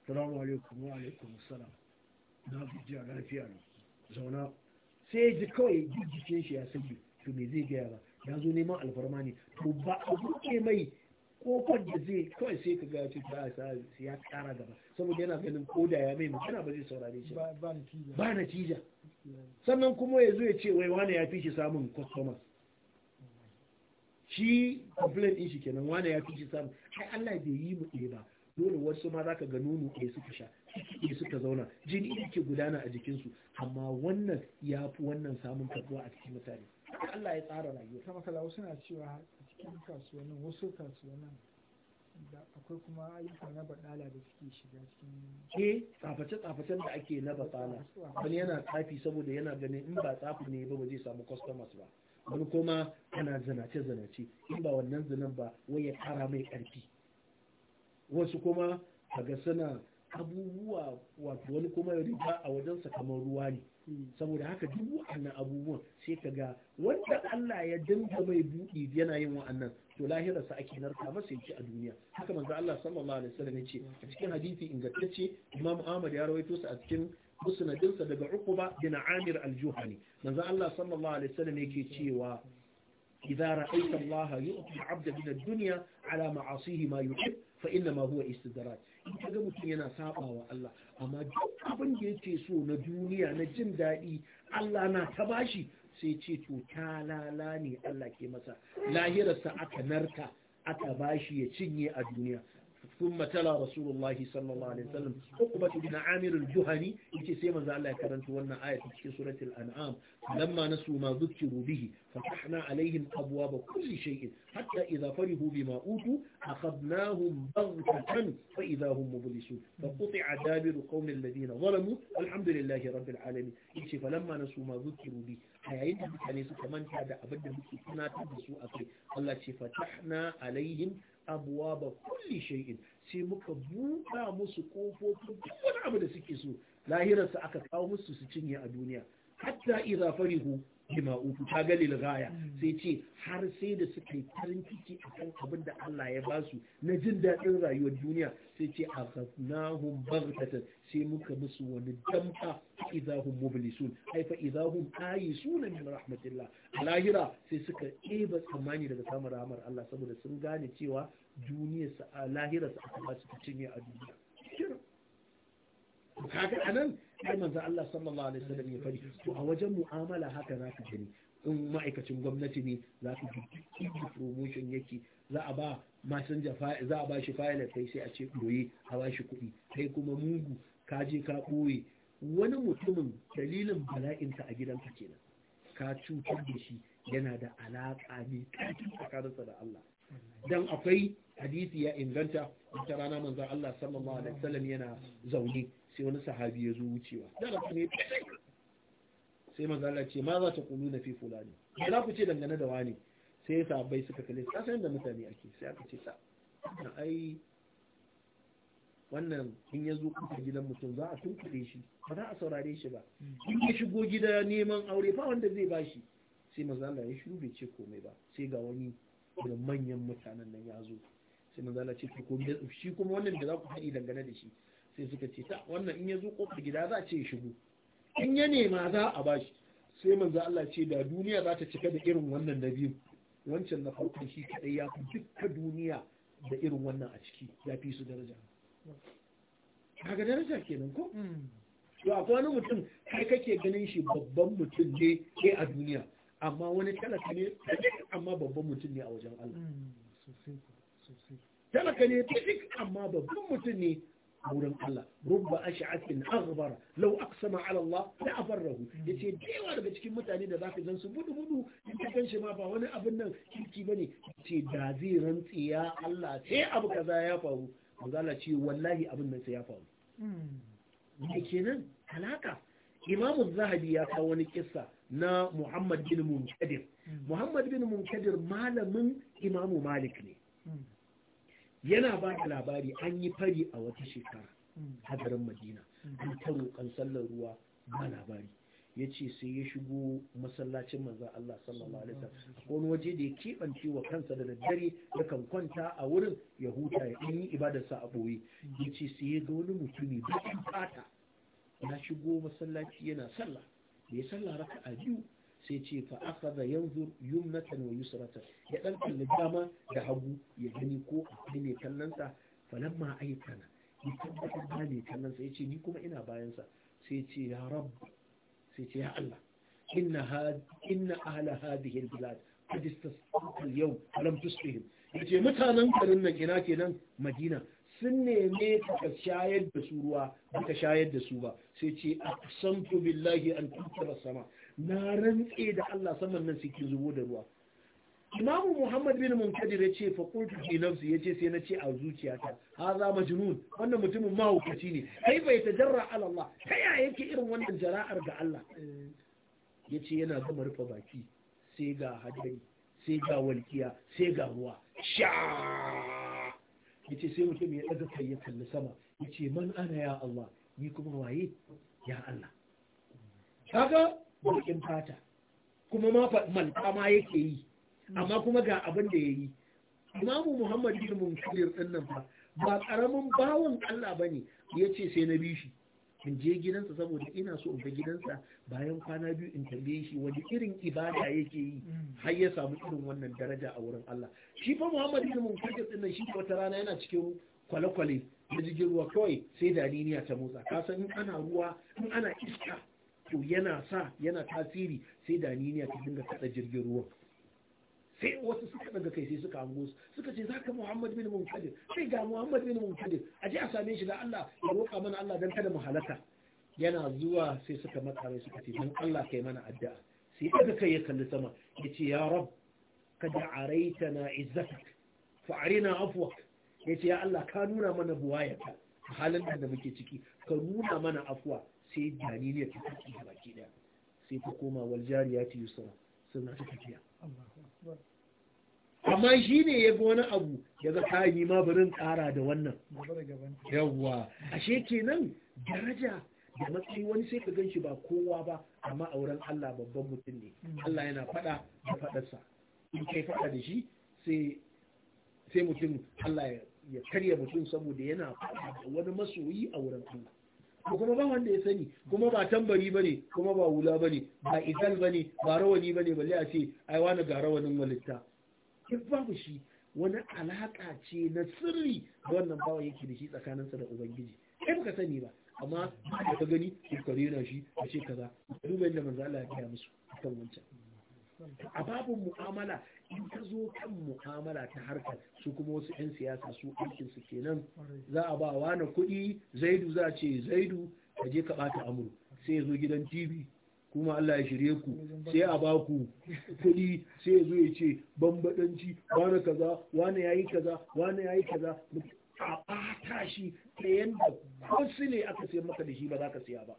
Salamu alaikum wa alaikum na ji lafiya na zauna sai ji kawai jikin shi ya sanyi to me zai gaya ba ya zo neman alfarma ne to ba a buɗe mai kofar da zai kawai sai ka ga cikin ba sa ya kara gaba saboda yana ganin ko da ya mai magana ba zai saurare shi ba na tija sannan kuma ya zo ya ce wai wane ya fi shi samun kwastoma shi complain din shi kenan wane ya fi shi samun ai Allah bai yi mu ɗaya ba dole wasu ma ka ga nono ɗaya suka sha ɗaya suka zauna jini ɗaya ke gudana a jikinsu amma wannan ya fi wannan samun karɓuwa a cikin mutane Allah ya tsara rayuwa. Kama kala wasu na cewa cikin kasuwannin wasu kasuwannin da akwai kuma ayyuka na baɗala da suke shiga cikin ke tsaface tsafacen da ake na baɗala wani yana tsafi saboda yana ganin in ba tsafi ne ba ba zai samu customers ba wani kuma yana zanace zanace in ba wannan zanen ba wai ya kara mai karfi wasu kuma kaga suna abubuwa wato wani kuma ya riba a wajensa kamar ruwa ne saboda haka duk wa'annan abubuwan sai ka ga wanda Allah ya dinga mai buɗi yana yin wa'annan to lahirarsa ake narka masa yake a duniya haka manzo Allah sallallahu alaihi wasallam yace a cikin hadisi ingantacce Imam Ahmad ya rawaito sa a cikin musnadinsa daga Uqba bin Amir al-Juhani manzo Allah sallallahu alaihi wasallam yake cewa إذا رأيت الله يؤتي العبد من الدنيا على معاصيه ما يحب فإنما هو استدراج إن كذا متن ينا سابا والله أما duk abin da yake so na duniya na jin daɗi Allah na ta bashi sai ce to talala ne Allah ke masa lahirarsa aka narka aka bashi ya cinye a duniya ثم تلا رسول الله صلى الله عليه وسلم عقبة بن عامر الجهني يتي سيما ذا الله كرنت وانا آية في سورة الأنعام لما نسوا ما ذكروا به فتحنا عليهم أبواب كل شيء حتى إذا فرحوا بما أوتوا أخذناهم بغتة فإذا هم مبلسون فقطع دابر قوم الذين ظلموا والحمد لله رب العالمين يتي فلما نسوا ما ذكروا به hayayin da mutane suka manta da abin da muke tunatar da su a kai Allah ce fatahna alaihim abuwa ba kulli shay'in sai muka buɗa musu kofofin wani abu da suke so lahirarsa aka kawo musu su cinye a duniya hatta idza farihu bima uku ta gali lagaya hmm. sai ce har sai da suka yi farin ciki akan abin da Allah ya ba su na jin daɗin rayuwar duniya sai ce a kafnahum baghtatan sai muka musu wani damka idahum mublisun ai fa sunan yin rahmatullah a lahira sai suka ɗeba tsammani daga samun rahmar Allah saboda sun gane cewa duniyar sa aka ba su cinye a duniya kaga anan ai manzo Allah sallallahu alaihi wasallam ya fari to a wajen mu'amala haka za ka gani in ma'aikacin gwamnati ne za ka ji promotion yake za a ba masanja za a ba shi fayil kai sai a ce boye a ba shi kuɗi kai kuma mugu ka je ka ɓoye wani mutumin dalilin bala'inka a gidanka kenan ka cutar da shi yana da alaƙa ne tsakaninsa da Allah dan akwai hadisi ya inganta wata rana manzon Allah sallallahu alaihi wasallam yana zaune sai wani sahabi ya zo wucewa sai mazala ce ma za ta kulu na fi ne za ku ce dangane da wani sai ya sabai suka kalli ta san da mutane ake sai aka ce sa na ai wannan in ya zo kuka gidan mutum za a tunkuɗe shi ba za a saurare shi ba mm. in ya shigo gida neman aure ba wanda zai bashi sai mazala ya shiru bai ce komai ba sai ga wani da manyan mutanen nan ya zo sai mazala ce ko shi kuma wannan da za ku haɗi dangane da shi sai suka ce ta wannan in ya zo kofar gida za a ce ya shigo in ya nema za a bashi sai manzo Allah ce da duniya za ta cika da irin wannan da biyu wancan na farko shi kadai ya fi duka duniya da irin wannan a ciki ya fi su daraja kaga daraja kenan ko hmm. to akwai wani mutum kai kake ganin shi babban mutum ne ke eh, a duniya amma wani talaka ne amma babban mutum ne a wajen Allah hmm, talaka ne eh, amma babban mutum ne a wurin Allah rubba ash'atin aghbar law aqsama ala Allah la abarrahu yace dewa daga cikin mutane da zaka gan budu budu in ka ganshi shi ma ba wani abin nan kirki bane yace da zai ya Allah sai abu kaza ya faru manzala ce wallahi abin nan sai ya faru hmm. me kenan alaka imamu zahabi ya kawo wani kissa na Muhammad bin Munkadir hmm. Muhammad bin Munkadir malamin imamu Malik ne hmm. yana ba da labari an yi fari a wata shekara mm. hadarin madina mm. an ta roƙon sallar ruwa ba labari ya ce sai ya shigo masallacin manza Allah sallallahu alaihi wasallam wani waje da ya keɓance wa kansa da daddare ya kan kwanta a wurin ya huta ya yi ibadarsa a ɓoye mm. ya ce sai ya ga wani mutumi bakin fata ya shigo masallaci yana sallah da ya sallah raka'a biyu sai ce fa akhadha yanzur yumnatan wa yusratan ya dan kalli dama da hagu ya gani ko akwai ne kallon sa falamma aykana ya tabbatar da ne kallon sa ce ni kuma ina bayansa. sai ce ya rabb sai ce ya Allah inna had inna ahla hadhihi albilad qad istasqatu al-yawm falam tusbihim ce mutanen garin nan ina kenan Madina sun neme ka shayar da su ruwa ba ka shayar da su ba sai ce a aqsamtu billahi an tutira sama na rantse da Allah saman nan suke zubo da ruwa imamu muhammad bin munkadir ya ce fa qultu fi nafsi ya ce sai na ce a zuciyata za majnun wannan mutumin mahaukaci ne kai bai tajarra ala Allah ta ya yake irin wannan jara'ar ga Allah ya ce yana gama rufe baki sai ga hadari sai ga walkiya sai ga ruwa sha ya ce sai mutum ya ɗaga kai ya kalli sama ya ce man ana ya Allah ni kuma waye ya Allah kaga bakin fata kuma ma manta ma yake yi amma kuma ga abin da ya yi imamu muhammad bin munkir din nan fa ba karamin bawon Allah bane yace sai na bi shi in je gidansa saboda ina so in ga gidansa bayan kwana biyu in tambaye shi wani irin ibada yake yi har ya samu irin wannan daraja a wurin Allah shi fa Muhammad bin munkir din nan shi wata rana yana cikin kwale-kwale na jirgin ruwa kawai sai Adiniya ta motsa kasan san in ana ruwa in ana iska to yana sa yana tasiri sai da a ta dinga kada jirgin ruwan sai wasu suka daga kai sai suka hango suka ce zaka Muhammad bin Munkadir sai ga Muhammad bin a aje a same shi da Allah ya roƙa mana Allah dan kada mu halaka yana zuwa sai suka mai suka ce dan Allah kai mana addu'a sai daga kai ya kalli sama yace ya rab kada araitana izzatak fa arina afwak yace ya Allah ka nuna mana buwayarka halin da muke ciki ka nuna mana afwa sai jaririya ta tafi da baki daya sai ta koma wal jariya ta yusra na ta tafiya amma shi ne ya ga wani abu ya ga kayi ma barin kara da wannan yawwa ashe kenan daraja da matsayi wani sai ka ganshi ba kowa ba amma auren Allah babban mutum ne Allah yana fada da fadarsa in kai fada da shi sai sai mutum Allah ya karya mutum saboda yana fada da wani masoyi a wurin Allah ko kuma ba wanda ya sani kuma ba tambari bane kuma ba wula bane ba izal bane ba rawani bane balle a ce ai wani ga rawanin walitta babu shi wani alaka ce na sirri da wannan bawa yake da shi tsakaninsa da ubangiji kai baka sani ba amma ba ka gani kare na shi a ce kaza duba yadda manzo Allah ya kiya musu kan wancan a babu mu'amala in ka zo kan mu'amala ta harka su kuma wasu 'yan siyasa su aikinsu kenan za a ba wani kuɗi zaidu za a ce zaidu ka je ka ɓata amuru sai ya zo gidan tv kuma Allah ya shirye ku sai a ba ku kuɗi sai ya zo ya ce bambadanci wani kaza wani yi kaza wani yi kaza a bata shi ta yadda ko ne aka siya maka da shi ba za ka siya ba.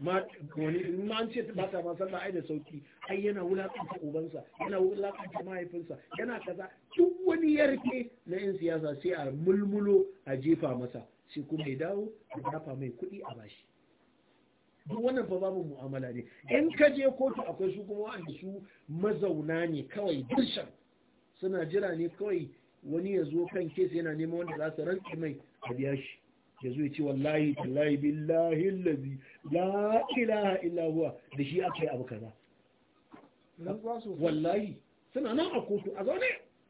Ma an ce ba ta ma sallah ai da sauki ai yana wulakanta ubansa yana wulakanta mahaifinsa yana kaza duk wani yarke na yan siyasa sai a mulmulo a jefa masa sai kuma ya dawo a dafa mai kuɗi a bashi. duk wannan fa babu mu'amala ne in ka je kotu akwai su kuma wa'anda su mazauna ne kawai dirshan suna jira ne kawai wani ya zo kan kesa yana neman wanda za su rantsi mai a biya shi ya zo ya ce wallahi tallahi billahi allazi la ilaha illa huwa da shi aka yi abu kaza wallahi suna nan a kotu a zaune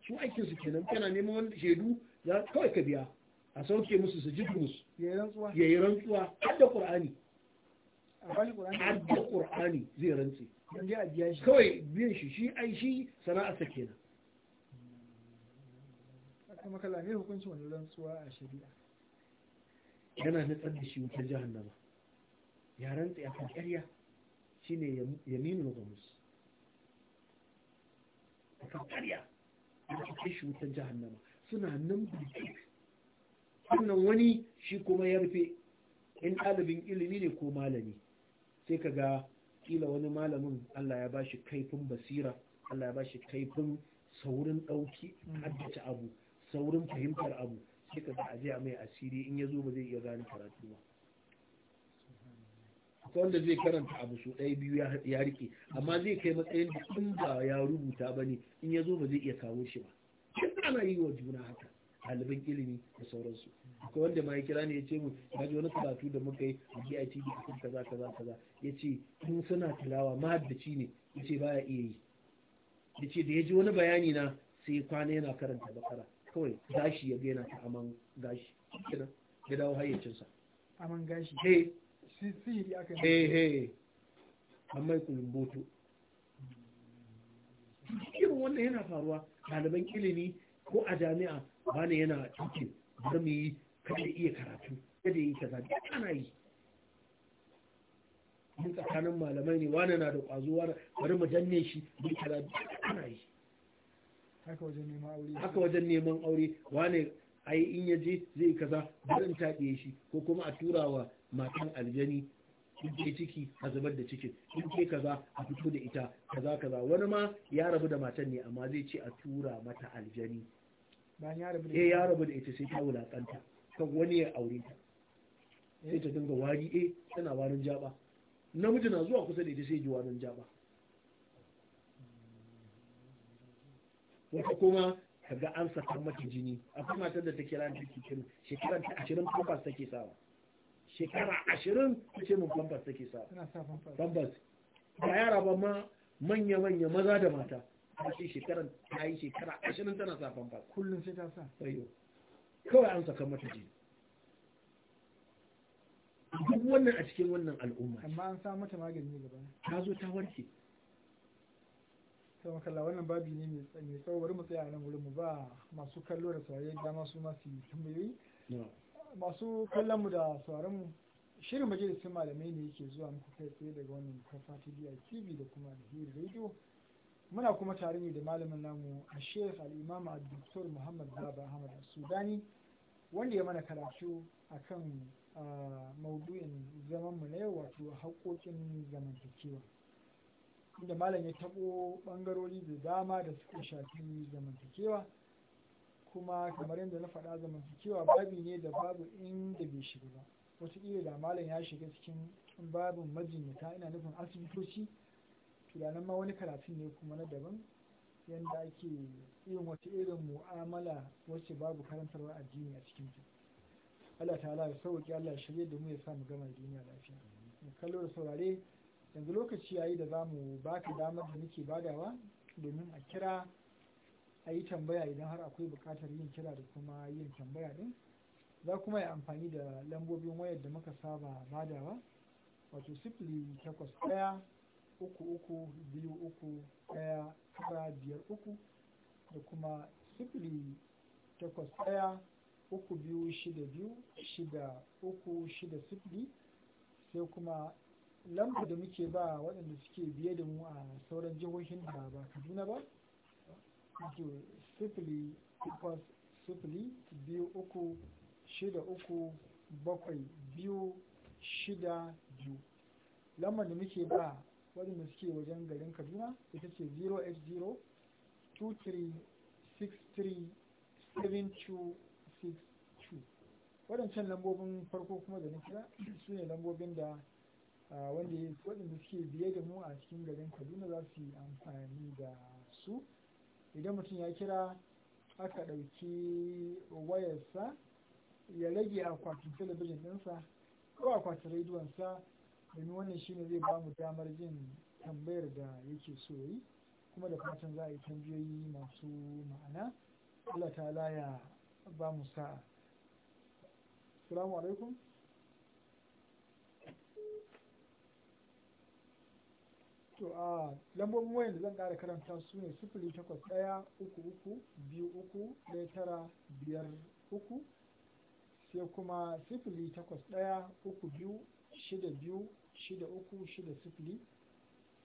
su aikin su kenan kana neman wanda shaidu za kawai ka biya a sauke musu su jidu musu ya yi rantsuwa hadda qur'ani hadda qur'ani zai rantsi kawai biyan shi shi ai shi sa kenan aka makala ne hukuncin wani rantsuwa a shari'a yana nutsar da shi wutar nama ya rantsa ya kan ƙarya shine yaminu ga musu a kan ƙarya ya kai shi wutar nama suna nan bulkik sannan wani shi kuma ya rufe in ɗalibin ilimi ne ko malami sai ka ga kila wani malamin Allah ya ba shi kaifin basira Allah ya ba shi kaifin saurin ɗauki haddace abu saurin fahimtar abu sai ka a jiya mai asiri in ya zo ba zai iya gane karatu ba wanda zai karanta abu su ɗaya biyu ya rike amma zai kai matsayin da in ba ya rubuta ba ne in ya zo ba zai iya kawo shi ba duk ana yi wa juna haka ɗaliban ilimi da sauransu akwai wanda ma ya kira ne ya ce mu ya ji wani karatu da muka yi a BIT da kan kaza kaza kaza ya ce in suna tilawa mahaddaci ne ya ce ba ya iya yi ya ce da ya ji wani bayani na sai kwana yana karanta bakara kawai gashi ya gaina ta aman gashi kenan ya dawo hayyacinsa aman gashi eh sihiri aka yi eh eh amma boto irin wannan yana faruwa ɗaliban ilimi ko a jami'a ne yana cikin bar mu yi kada iya karatu kada yi kaza da ana yi mun tsakanin malamai ne wani na da ƙwazo wani bari mu danne shi duk kaza da ana yi haka wajen neman aure wane ai in ya je zai kaza barin taɗe shi ko kuma a tura wa matan aljani in ke ciki a zubar da cikin in ke kaza a fito da ita kaza kaza wani ma ya rabu da matan ne amma zai ce a tura mata aljani eh ya rabu da ita sai ta wulakanta kan wani ya aure ta sai ta dinga wari eh tana warin jaba namiji na zuwa kusa da ita sai ji warin jaba wata kuma ka ga an sakar mata jini akwai matar da ta kira ni take kin shekara ta 20 pampers take sawa shekara 20 take mun pampers take sawa tana sa pampers pampers ba yara ba ma manya manya maza da mata ta ce shekarar ta yi shekara 20 tana sa pampers kullun sai ta sa ayyo kawai an sakar mata jini duk wannan a cikin wannan al'umma amma an sa mata magani gaba ta zo ta warke sai makalla wannan babi ne mai tsanyi sau bari mu tsaya a nan wurin mu ba masu kallo da saurayi dama su ma su tambayoyi masu kallon mu da sauraron mu shirin majalisun malamai ne yake zuwa muku kai tsaye daga wannan kafa ta biya tv da kuma alheri radio muna kuma tare ne da malamin namu a sheikh al'imam dr muhammad baba ahmad sudani wanda ya mana karatu a kan ah, maudu'in zaman mu na yau wato haƙoƙin zamantakewa inda malam ya taɓo ɓangarori da dama da suka shafi zamantakewa kuma kamar yadda na faɗa zamantakewa babu ne da babu inda bai shiga ba Wasu wataƙila da malam ya shiga cikin babin majinyata ina nufin asibitoci tunanin ma wani karatun ne kuma na daban yadda ake irin wata irin mu'amala wacce babu karantarwa addini a cikin ta Allah ta'ala ya sauke Allah ya shirye da mu ya sa mu gama duniya lafiya mu kallo da saurare yanzu lokaci yayi da za mu ba ka damar da muke badawa domin a kira a yi tambaya idan har akwai bukatar yin kira da kuma yin tambaya din za kuma yi amfani da lambobin wayar da muka saba badawa wato sifili takwas ɗaya uku uku biyu uku ɗaya tara biyar uku da kuma sifili takwas ɗaya uku biyu shida biyu shida uku shida sifili sai kuma lamba da muke ba waɗanda suke biye da mu a sauran jihohin da ba kaduna ba to sifili kufas sifili biyu uku shida uku bakwai biyu shida biyu lamba da muke ba waɗanda suke wajen garin kaduna ita ce 0 2363 waɗancan lambobin farko kuma da na kira su ne lambobin da wanda waɗanda suke biye da mu a cikin garin kaduna za su yi amfani da su idan mutum ya kira aka ɗauki wayarsa ya rage akwatin talabijin ɗinsa ko akwatin rediyonsa domin wannan shine zai ba mu damar jin tambayar da yake so yi kuma da fatan za a yi tambayoyi masu ma'ana Allah ta ya ba mu sa'a. Assalamu alaikum. to a lambobin wayan da zan ƙara karanta su ne sifili takwas ɗaya uku uku biyu uku ɗaya tara biyar uku sai kuma sifili takwas ɗaya uku biyu shida biyu shida uku shida sifili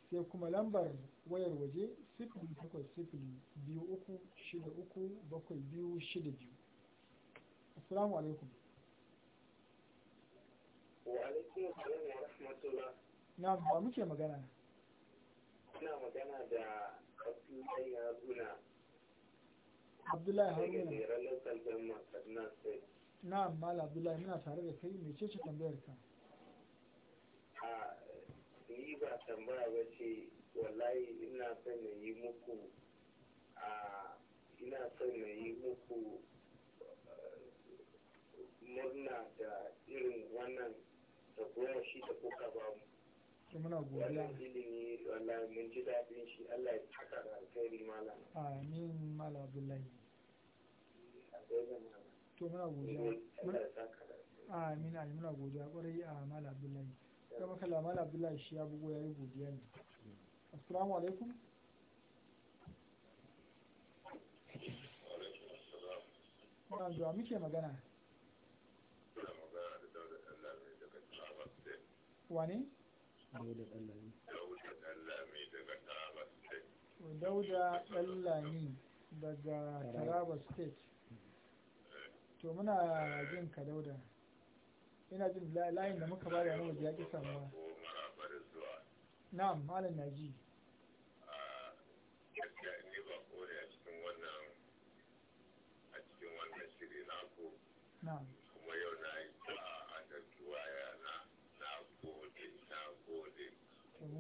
sai kuma lambar wayar waje sifili takwas sifili biyu uku shida uku bakwai biyu shida biyu assalamu alaikum wa alaikum salam wa rahmatullah na ba muke magana kana magana da Abdullahi Haruna. Abdullahi Haruna. Daga Jeren Local Government Kaduna State. Na'am Mala Abdullahi muna tare da kai mai ce tambayar ka? ni ba tambaya ba ce wallahi ina son na yi muku a ina son na yi muku eh, murna da irin wannan da goma shi da kuka ba mu to muna godiya ilimi wallahi mun ji dadin shi Allah ya saka da alkhairi malam amin malam abdullahi to muna godiya amin amin muna godiya kwarai a malam abdullahi kuma kala malam abdullahi shi ya bugo yayi godiya ne assalamu alaikum Wannan da muke magana? Wane? dauda dallami dauda dallami daga taraba state to muna jin ka dauda ina jin layin da muka bada na waje ya ki samuwa na'am malam naji na'am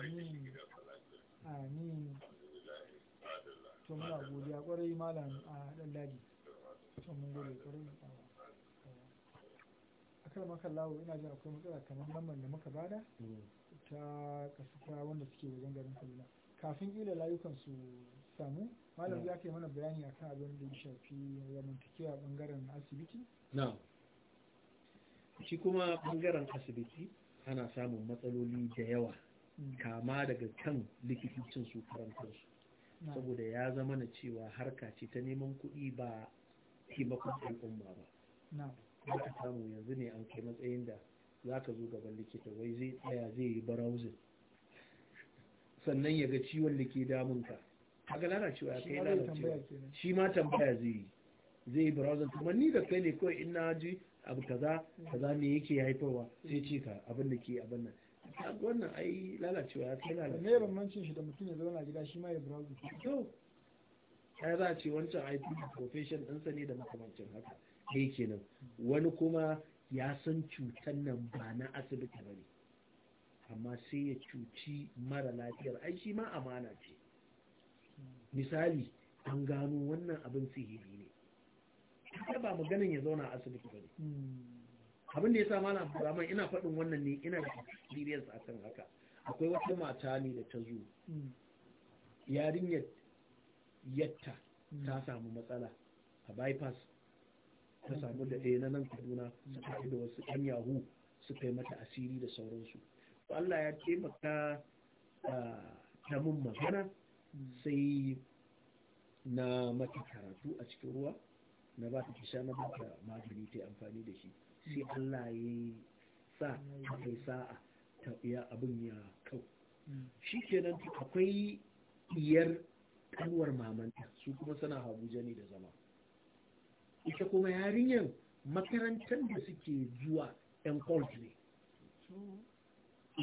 amin amin to muna godiya kwarai malam a dan to mun gode kwarai akan makan lawo ina jin akwai matsala kamar lambar da muka bada ta kasuwa wanda suke wajen garin kaduna kafin ila layukan su samu malam za ka yi mana bayani akan abin da ya shafi zamantakewa bangaren asibiti shi kuma bangaren asibiti ana samun matsaloli da yawa kama daga kan likitocin su su saboda ya zama na cewa harka ce ta neman kuɗi ba taimakon al'umma ba za ta samu yanzu ne an kai matsayin da za ka zo gaban likita wai zai tsaya zai yi barauzin sannan ya ga ciwon da ke ka haka lalacewa ya kai lalacewa shi ma tambaya zai yi zai yi barauzin kamar ni da kai ne kawai ina ji abu kaza kaza ne yake haifarwa sai ce ka abin da ke abin nan wannan ai lalacewa ya kai lalacewa me bambancin shi da mutum ya zauna gida shi ma ya browse to ya za a ce wancan ai profession ɗinsa ne da makamancin haka dai kenan wani kuma ya san cutan nan ba na asibiti ba ne amma sai ya cuci mara lafiyar ai shi ma amana ce misali an gano wannan abin sihiri ne ba maganin ya zauna asibiti ba ne hmm. abin da ya sa malam Abdurrahman ina faɗin wannan ne ina da experience akan haka akwai wata mata ne da ta zo yarinyar yatta ta samu matsala a bypass ta samu da ɗaya na nan kaduna su da wasu ɗan yahu su kai mata asiri da sauransu Allah ya taimaka ta mun magana sai na mata karatu a cikin ruwa na ba ta sha na ba ta magani ta amfani da shi sai Allah ya sa ta sa'a ta ya abin ya kau shi kenan akwai iyar kanwar mamanta su kuma suna Abuja ne da zama ita kuma yarinyar makarantar da suke zuwa yan college ne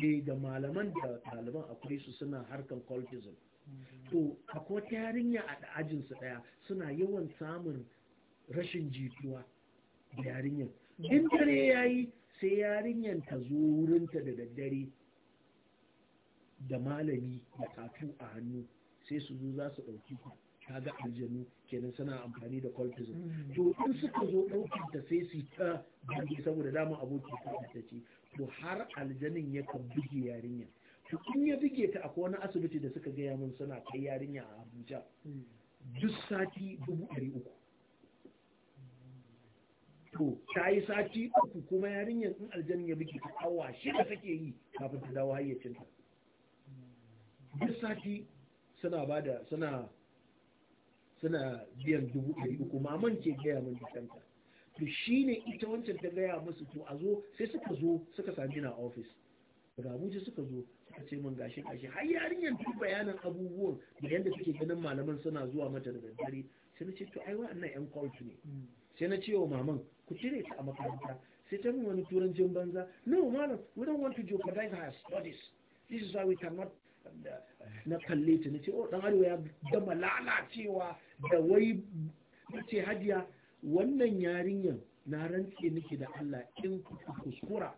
eh, da malaman da ɗaliban akwai su suna harkan cultism to akwai ta yarinya a ajinsu ɗaya suna yawan samun rashin jituwa da yarinyar in dare ya yi sai yarinyar ta zo wurinta da daddare da malami da tatu a hannu sai su zo za su ɗauki ta ga aljanu kenan suna amfani da cultism mm. to in suka zo ɗauki sai su ta dangi saboda dama aboki ta ta ce to har aljanin yakan buge yarinya to in ya buge ta akwai wani asibiti da suka gaya min suna kai yarinya a abuja mm. duk sati dubu ɗari uku to ta yi sati uku kuma yarinyar in aljan ya biki ta awa shida take yi kafin ta dawo hayyacinta duk sati suna bada suna suna biyan dubu ɗari uku maman ke gaya min dukanta to shi ne ita wancan ta gaya musu to a zo sai suka zo suka sami na ofis daga abuja suka zo suka ce min gashi gashi har yarinyar duk bayanan abubuwan da yadda suke ganin malaman suna zuwa mata da daddare sai na ce to ai wa'annan yan cult ne mm. sai na ce wa maman ku cire ta a makaranta sai ta wani turancin banza no malam we don't want to jeopardize our studies this is why we cannot uh, na kalle ta ce, oh dan arewa ya gama lalacewa da wai ce hajiya wannan yarinyar na rantse nake da Allah in ku kuskura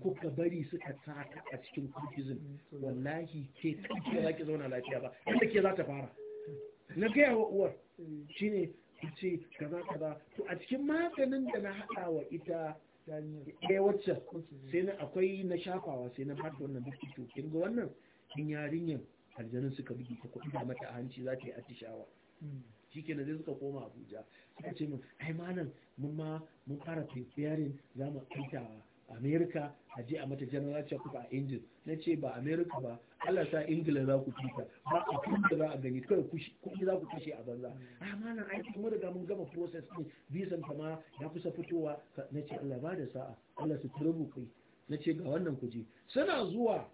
kuka bari suka taka a cikin kurkizin mm, wallahi ke za zauna lafiya ba inda ke za ta fara na gaya wa uwar mm. shine ce kaza kaza to a cikin maganin da na haɗa wa ita ɗaya wacce sai na akwai na shafawa sai na haɗa wannan duk to kin ga wannan in yarinyar aljanun suka bugi ta kuɗi da mata a hanci za ta yi atishawa na zai suka koma Abuja suka ce min ai malam mun ma mun fara preparing za mu amerika a je a mata general check-up a engine na ce ba amerika ba allah sa ingila za ku fita ba a kuma za a gani kawai kuɗi za ku kashe a banza ah, amma nan aiki kuma daga mun gama process ɗin visa ta ma ya kusa fitowa na ce allah ba da sa'a allah su turbu kai na ce ga wannan kuje suna zuwa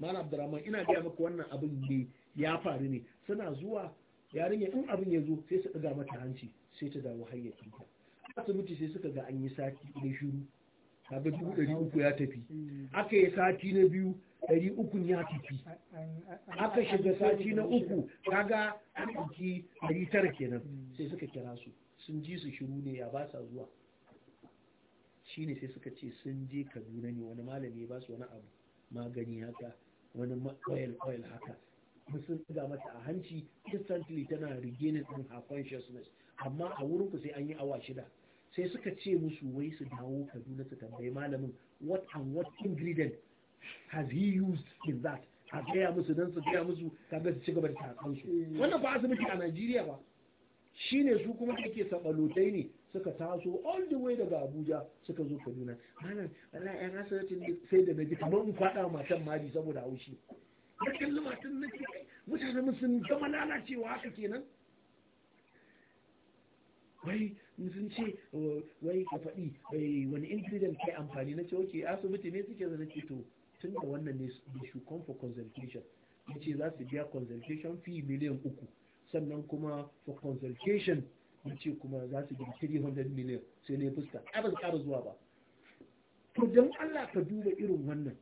malam abdurrahman ina gaya maka wannan abin ne ya faru ne suna zuwa yarinya in abin ya zo sai su ɗaga mata hanci sai ta dawo hayyacinta asibiti sai suka ga an yi sati da shiru kaga dubu ɗari uku ya tafi aka yi sati na biyu ɗari uku ya tafi aka shiga sati na uku kaga an ɗauki ɗari tara kenan sai suka kira su sun ji su shiru ne ya ba sa zuwa shine sai suka ce sun je kaduna ne wani malami ba su wani abu magani haka wani oil oil haka sun ga mata a hanci instantly tana regaining din her consciousness amma a wurin ku sai an yi awa shida sai suka ce musu wai su dawo kaduna su tambayi malamin what and what ingredient has he used in that a gaya musu don su gaya musu kaga su ci gaba da takansu wannan ba asibiti a najeriya ba shine su kuma ake sabalotai ne suka taso all the way daga abuja suka zo kaduna malam wala yan asibitin ne sai da naji kamar in faɗa matan mari saboda haushi da kalli matan naji mutane sun gama lalacewa haka kenan wai In sun ce oh, wai ka faɗi wani ingredient kai amfani na ce oke asibiti ne suke zana ce to tun da wannan ne da shukon for consultation ya ce za su biya consultation fee miliyan uku sannan kuma for consultation ya ce kuma za su biya 300 miliyan sai ne fuska abin ƙara zuwa ba to don allah ka duba irin wannan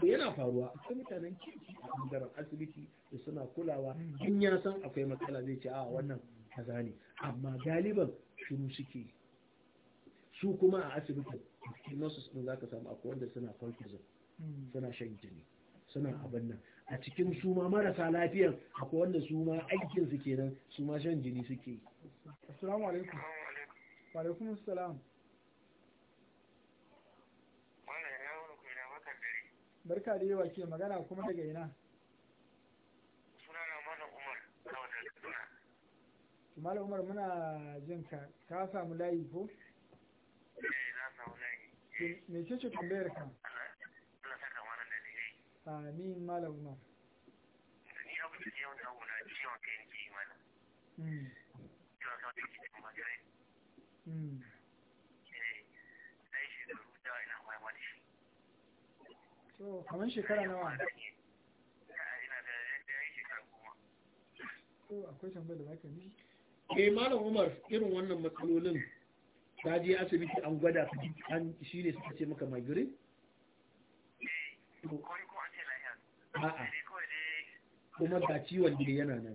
to yana faruwa akwai mutanen kirki a bangaren asibiti da suna kulawa in ya san akwai matsala zai ce a ah, wannan kaza ne amma galiban shiru suke su kuma a asibitin cikin suna za ka samu akwai wanda suna cortisone suna shan jini suna abin nan a cikin su ma marasa lafiyan akwai wanda su ma aikin su kenan su ma shan jini suke assalamu alaikum wa alaikum assalam barka da yawa ke magana kuma daga ina Malam Umar muna jin ka ka samu layi ko? Eh na samu layi. Me ce ce tambayar ka? Allah saka mana da dai. Amin Malam Umar. Ni abu da yau da wuna ciwon kai ne ke mana. Hmm. Mm. Ciwon kai ne ke magare. Mm. Eh sai shi da ruwa ina mai wani shi. So, kamar shekara nawa? Ina da ya yi shekara kuma. To akwai tambayar da baka mishi? eh malam umar irin wannan matsalolin ta je asibiti an gwada an shi ne suka ce maka migraine eh, a'a kuma ga ciwon da yana nan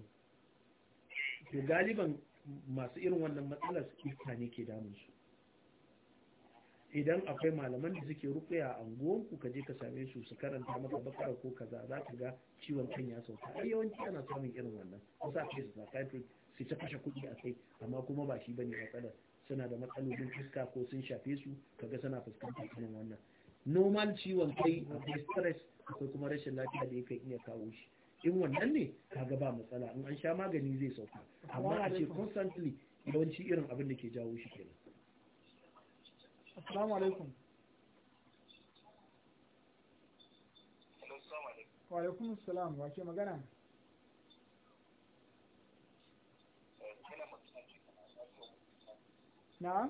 eh. to galiban masu irin wannan matsalar iska ne ke damun su idan akwai malaman da suke rukuya a unguwarku, ka je ka same su su karanta maka bakar ko kaza za ka ga ciwon kan ya sauka ai yawanci ana samun irin wannan kusa ce su psychiatrist sai ta kashe kuɗi a kai amma kuma ba shi bane matsalar suna da matsalolin fuska ko sun shafe su kaga suna fuskantar irin wannan normal ciwon kai akwai stress akwai kuma rashin lafiya da yake iya kawo shi in wannan ne kaga ba matsala in an sha magani zai sauka amma a ce constantly yawanci irin abin da ke jawo shi kenan assalamu alaikum wa alaikum wa ke magana na'am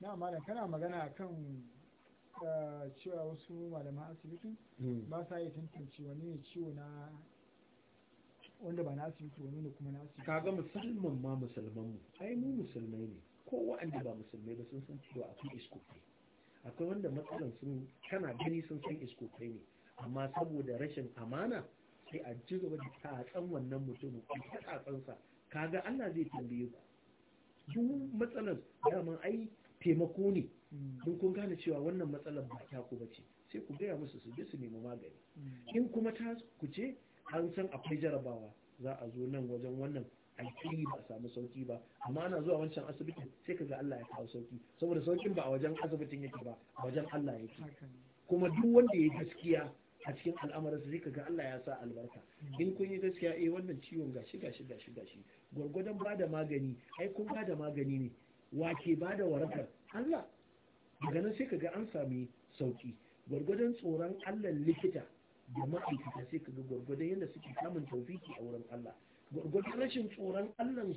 na'am malam kana magana akan uh, cewa wasu malaman asibiti hmm. ba sa yi tantance wani ne ciwo na wanda ba na asibiti wani ne kuma na asibiti kaga musulman ma musulman mu ai mu musulmai ne ko wa'anda ba musulmai ba sun san cewa akwai iskofai akwai wanda matsalan sun kana gani sun san iskofai ne amma saboda rashin amana sai a ci gaba da tatsan wannan mutumin a tatsansa kaga Allah zai tambaye ku duk matsalar daman ai taimako ne In hmm. kun gane cewa wannan matsalar ba ta ku bace sai ku gaya musu su je su nemi magani hmm. in kuma ta ku ce an san akwai jarabawa za a zo nan wajen wannan alkiri ba samu sauki ba amma ana zuwa wancan asibitin sai ka ga Allah ya kawo sauki saboda saukin ba a wajen asibitin yake ba a wajen Allah yake kuma duk wanda ya yi gaskiya a cikin al'amuransa sai kaga Allah ya sa albarka in kun yi gaskiya eh wannan ciwon gashi gashi gashi gashi gwargwadon bada magani ai kun bada magani ne wake bada warakar Allah daga nan sai kaga an sami sauki gwargwadon tsoron Allah likita da ma'aikata sai kaga gwargwadon yadda suke samun taufiki a wurin Allah gwargwadon rashin tsoron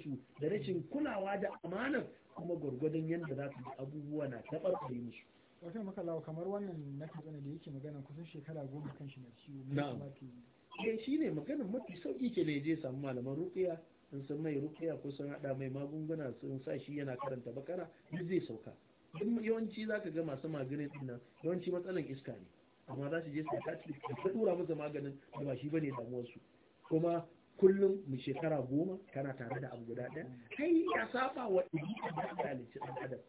su da rashin kulawa da amanar kuma gwargwadon yadda za su abubuwa na taɓarɓare musu wata makalawa kamar wannan na katsina da yake magana kusan shekara goma kan shi na ciwo ne eh, shi ne maganin mafi sauki ke ne je samu malaman rukiya sun san mai rukiya ko sun hada mai magunguna sun sa shi yana karanta bakara duk zai sauka duk yawanci ka ga masu maganin din nan yawanci matsalan iska ne amma za su je kaci ta dura masa maganin da ba shi bane damuwar su kuma kullum mu shekara goma kana tare da abu guda ɗaya kai ya saba wa ɗin da ɗalici ɗan adam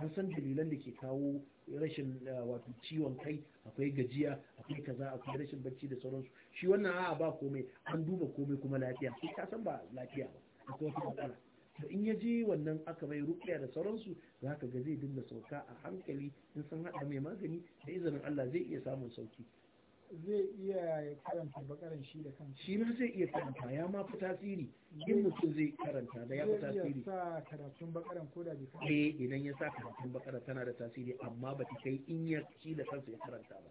an san dalilan da ke kawo rashin eh, wato ciwon kai akwai gajiya akwai kaza akwai rashin bacci da sauransu shi wannan a'a ba komai an duba komai kuma lafiya sai ka san ba lafiya ba akwai wata matsala to in ya je wannan aka bai rukiya da sauransu za ka ga zai dinga sauka a hankali in san haɗa mai magani da izinin Allah zai iya samun sauki zai iya karanta bakaran shi da kan shi ma zai iya karanta ya ma fi tasiri in mutum zai karanta da ya fi tasiri zai iya sa karatun bakaran ko da eh idan ya sa karatun bakaran tana da tasiri amma ba ta kai in ya shi da kansa ya karanta ba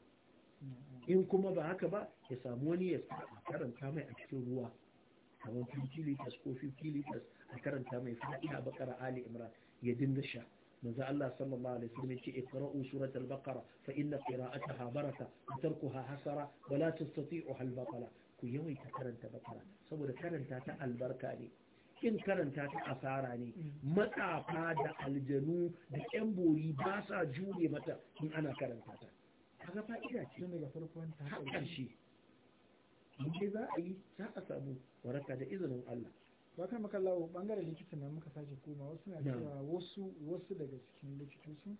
in kuma ba haka ba ya samu wani ya karanta mai a cikin ruwa kamar 50 liters ko 50 liters a karanta mai fa'ida bakara ali imran ya dinga sha manzo Allah sallallahu alaihi wasallam yace iqra'u surat al-baqara fa inna qira'ataha baraka wa tarkuha hasara wa la tastati'uha al-batala ku yawaita karanta bakara saboda karanta ta albarka ne kin karanta ta asara ne matsafa da aljanu da yan bori ba sa jure mata in ana karanta ta kaga fa'ida ce daga farkon ta har za a yi za a samu waraka da izinin Allah ba kan maka bangaren likita na muka sake koma wasu na cewa wasu wasu daga cikin likitocin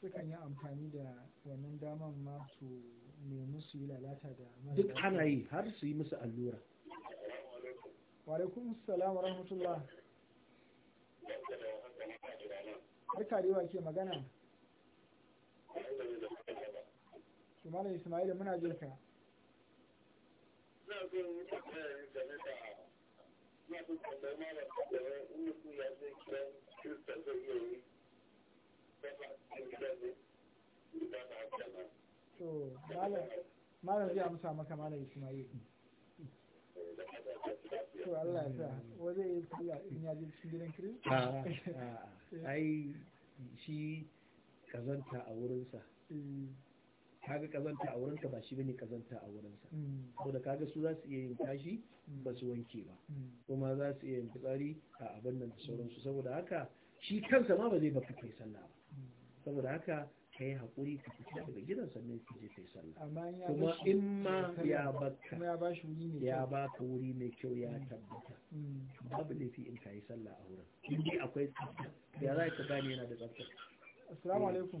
sukan yi amfani da wannan daman ma su nemi su yi lalata da duk ana yi har su yi musu allura wa salam wa rahmatullah har karewa ke magana Malam Ismail muna jirka. na ya a malam zai amsa maka malam ismail to Allah ya sa kula in ya cikin gidan ai shi kazanta a wurinsa. Eh. kaga kazanta a wurinka ba shi bane kazanta a wurinsa mm. saboda kaga su za su iya yin kashi mm. ba su wanke ba mm. kuma za su iya yin fitsari a abin nan da sauransu saboda haka shi kansa ma ba zai ba kai sallah ba saboda haka ka yi haƙuri ka fita daga gidan sannan ka je kai sallah kuma in ma ya baka ya baka wuri mai kyau ya tabbata babu laifi in ka yi sallah a wurin in akwai tsafta ya za ka gane yana da tsafta assalamu alaikum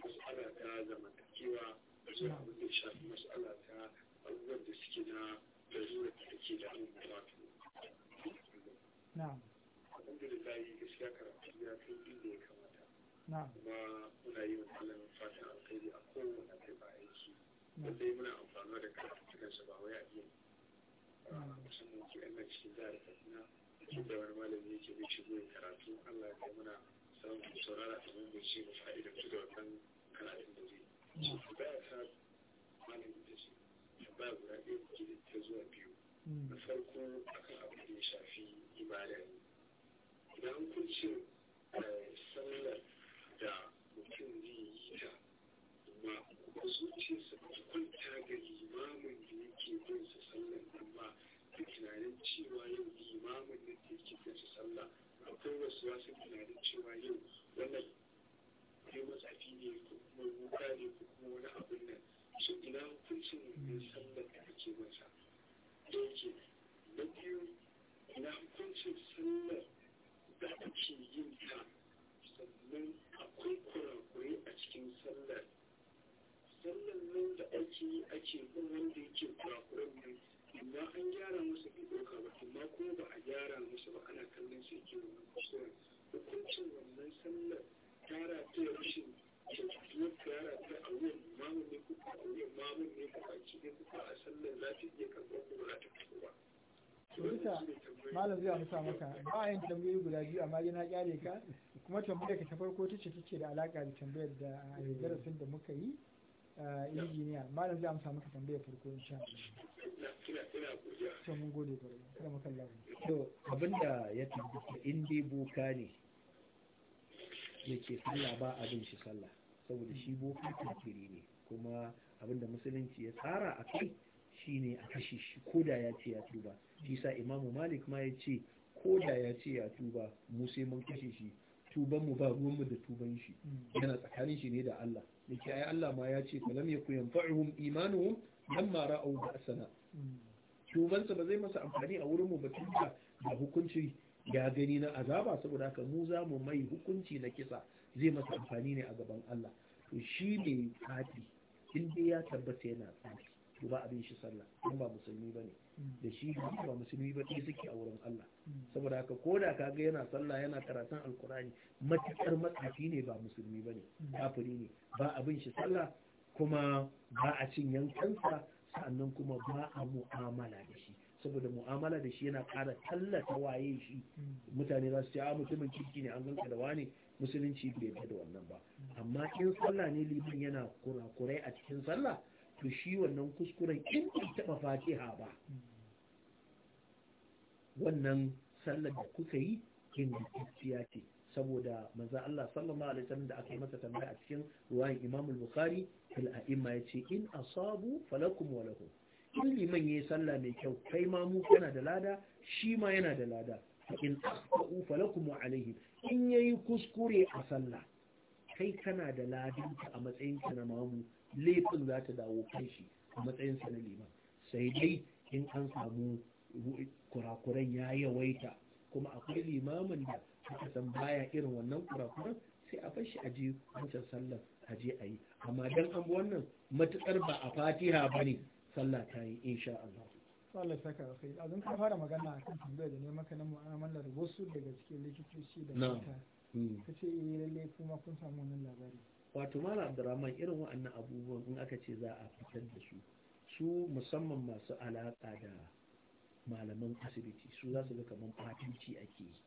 mas'ala ta zamantakewa da zuwa abin da shafi mas'ala ta abubuwan da suke na larurar da take da da wato alhamdulillah gaskiya karatu ya kai inda ya kamata kuma muna yi wa malamin fatan alkhairi a kowane kai ba aiki lallai muna amfani da karatu cikinsa ba wai a yi ah, musamman ke yan cikin jihar katsina da wani malami yake zai shigo ya karatu allah ya kai muna samun saurara a mummunci da fa'idar su da da zai baya da shi guda ɗaya ta zuwa biyu na farko akan abin da ya shafi ibada ne sallar da mutum zai yi ta kuma ga limamin da yake bin sa sallar amma da tunanin cewa yau limamin da yake bin sa sallah akwai wasu wasu tunanin cewa yau wannan yi matsafi ne ko kuma wuka ne ko kuma wani abin nan shi ina hukuncin ne sallar da ake masa da yake na biyu ina hukuncin sallar da ake yin ta sannan akwai kurakurai a cikin sallar sallar nan da ake yi ake bin wanda yake kurakuran nan amma an gyara musu bai ɗauka ba amma kuma ba a gyara musu ba ana kallon su ke wannan kusuran hukuncin wannan sallar tara ta rashin kyautuwar tara ta a wuyan mamun ne kuka a wuyan mamun ne kuka a cikin kuka a sallar za ta iya karɓar ko za ta fito ba. Bisa malam zai amsa maka ba yin tambayoyi guda biyu amma yana kyale ka kuma tambayar ka ta farko ta ce take da alaka da tambayar da eh, darasin da muka yi Eh, injiniya malam zai amsa maka tambayar farko sha Allah mun gode rai. kada mu to abinda ya tabbata in dai boka ne yake sallah ba abin shi sallah saboda shi boka kafiri ne kuma abinda musulunci ya tsara a kai shine a kashe shi koda ya ce ya tuba shi sa imamu malik ma ya ce koda ya ce ya tuba mu sai mun kashe shi tuban mu ba ruwan mu da tuban shi mm. yana tsakanin shi ne da Allah da ke ai Allah ma ya ce falam yaku yanfa'uhum imanuhum lamma ra'u ba'sana tubansa ba zai masa amfani a wurin mu ba tunda da hukunci ya gani na azaba saboda haka mu za mu mai hukunci na kisa zai masa amfani ne a gaban Allah to shi ne kafi in dai ya tabbata yana tsaki. to ba abin shi sallah in ba musulmi bane da shi ba musulmi ba ɗaya suke a wurin Allah saboda haka ko da kaga yana sallah yana karatun alkurani matakar matsafi ne ba musulmi bane kafiri ne ba abin shi sallah kuma ba a cin yankansa sannan kuma ba a mu'amala da shi saboda mu'amala da shi yana ƙara tallata waye shi mutane za su ce a mutumin kirki ne an ganka da wani musulunci bai da wannan ba amma in sallah ne liman yana kurakurai a cikin sallah to shi wannan kuskuren in bai taɓa fatiha ba wannan sallar da kuka yi ingantacciya ce saboda manzo Allah sallallahu alaihi wasallam da aka yi masa tambaya a cikin ruwan Imam al-Bukhari fil a'imma yace in asabu falakum wa lahu in liman yayi sallah mai kyau kai ma mu kana da lada shi ma yana da lada in asabu falakum wa alaihi in yayi kuskure a sallah kai kana da ladinka a matsayinka na mamu laifin za ta dawo kan a matsayin sa na liman sai dai in an samu kurakuran ya yawaita kuma akwai limamin da aka san baya irin wannan kurakuran sai a fashi a ji wancan sallar a je a yi amma don an wannan matuƙar ba a fatiha ba ne sallah ta yi insha Allah Allah saka kai azun ka fara magana akan tambayar da ne maka mu'amalar wasu daga cikin likitoci da mata hmm. kace eh lalle kuma kun samu wannan labari wato mala abdurrahman irin wa'annan abubuwan in aka ce za a fitar da su su musamman masu alaƙa da malaman asibiti su za su ga kamar fatanci ake yi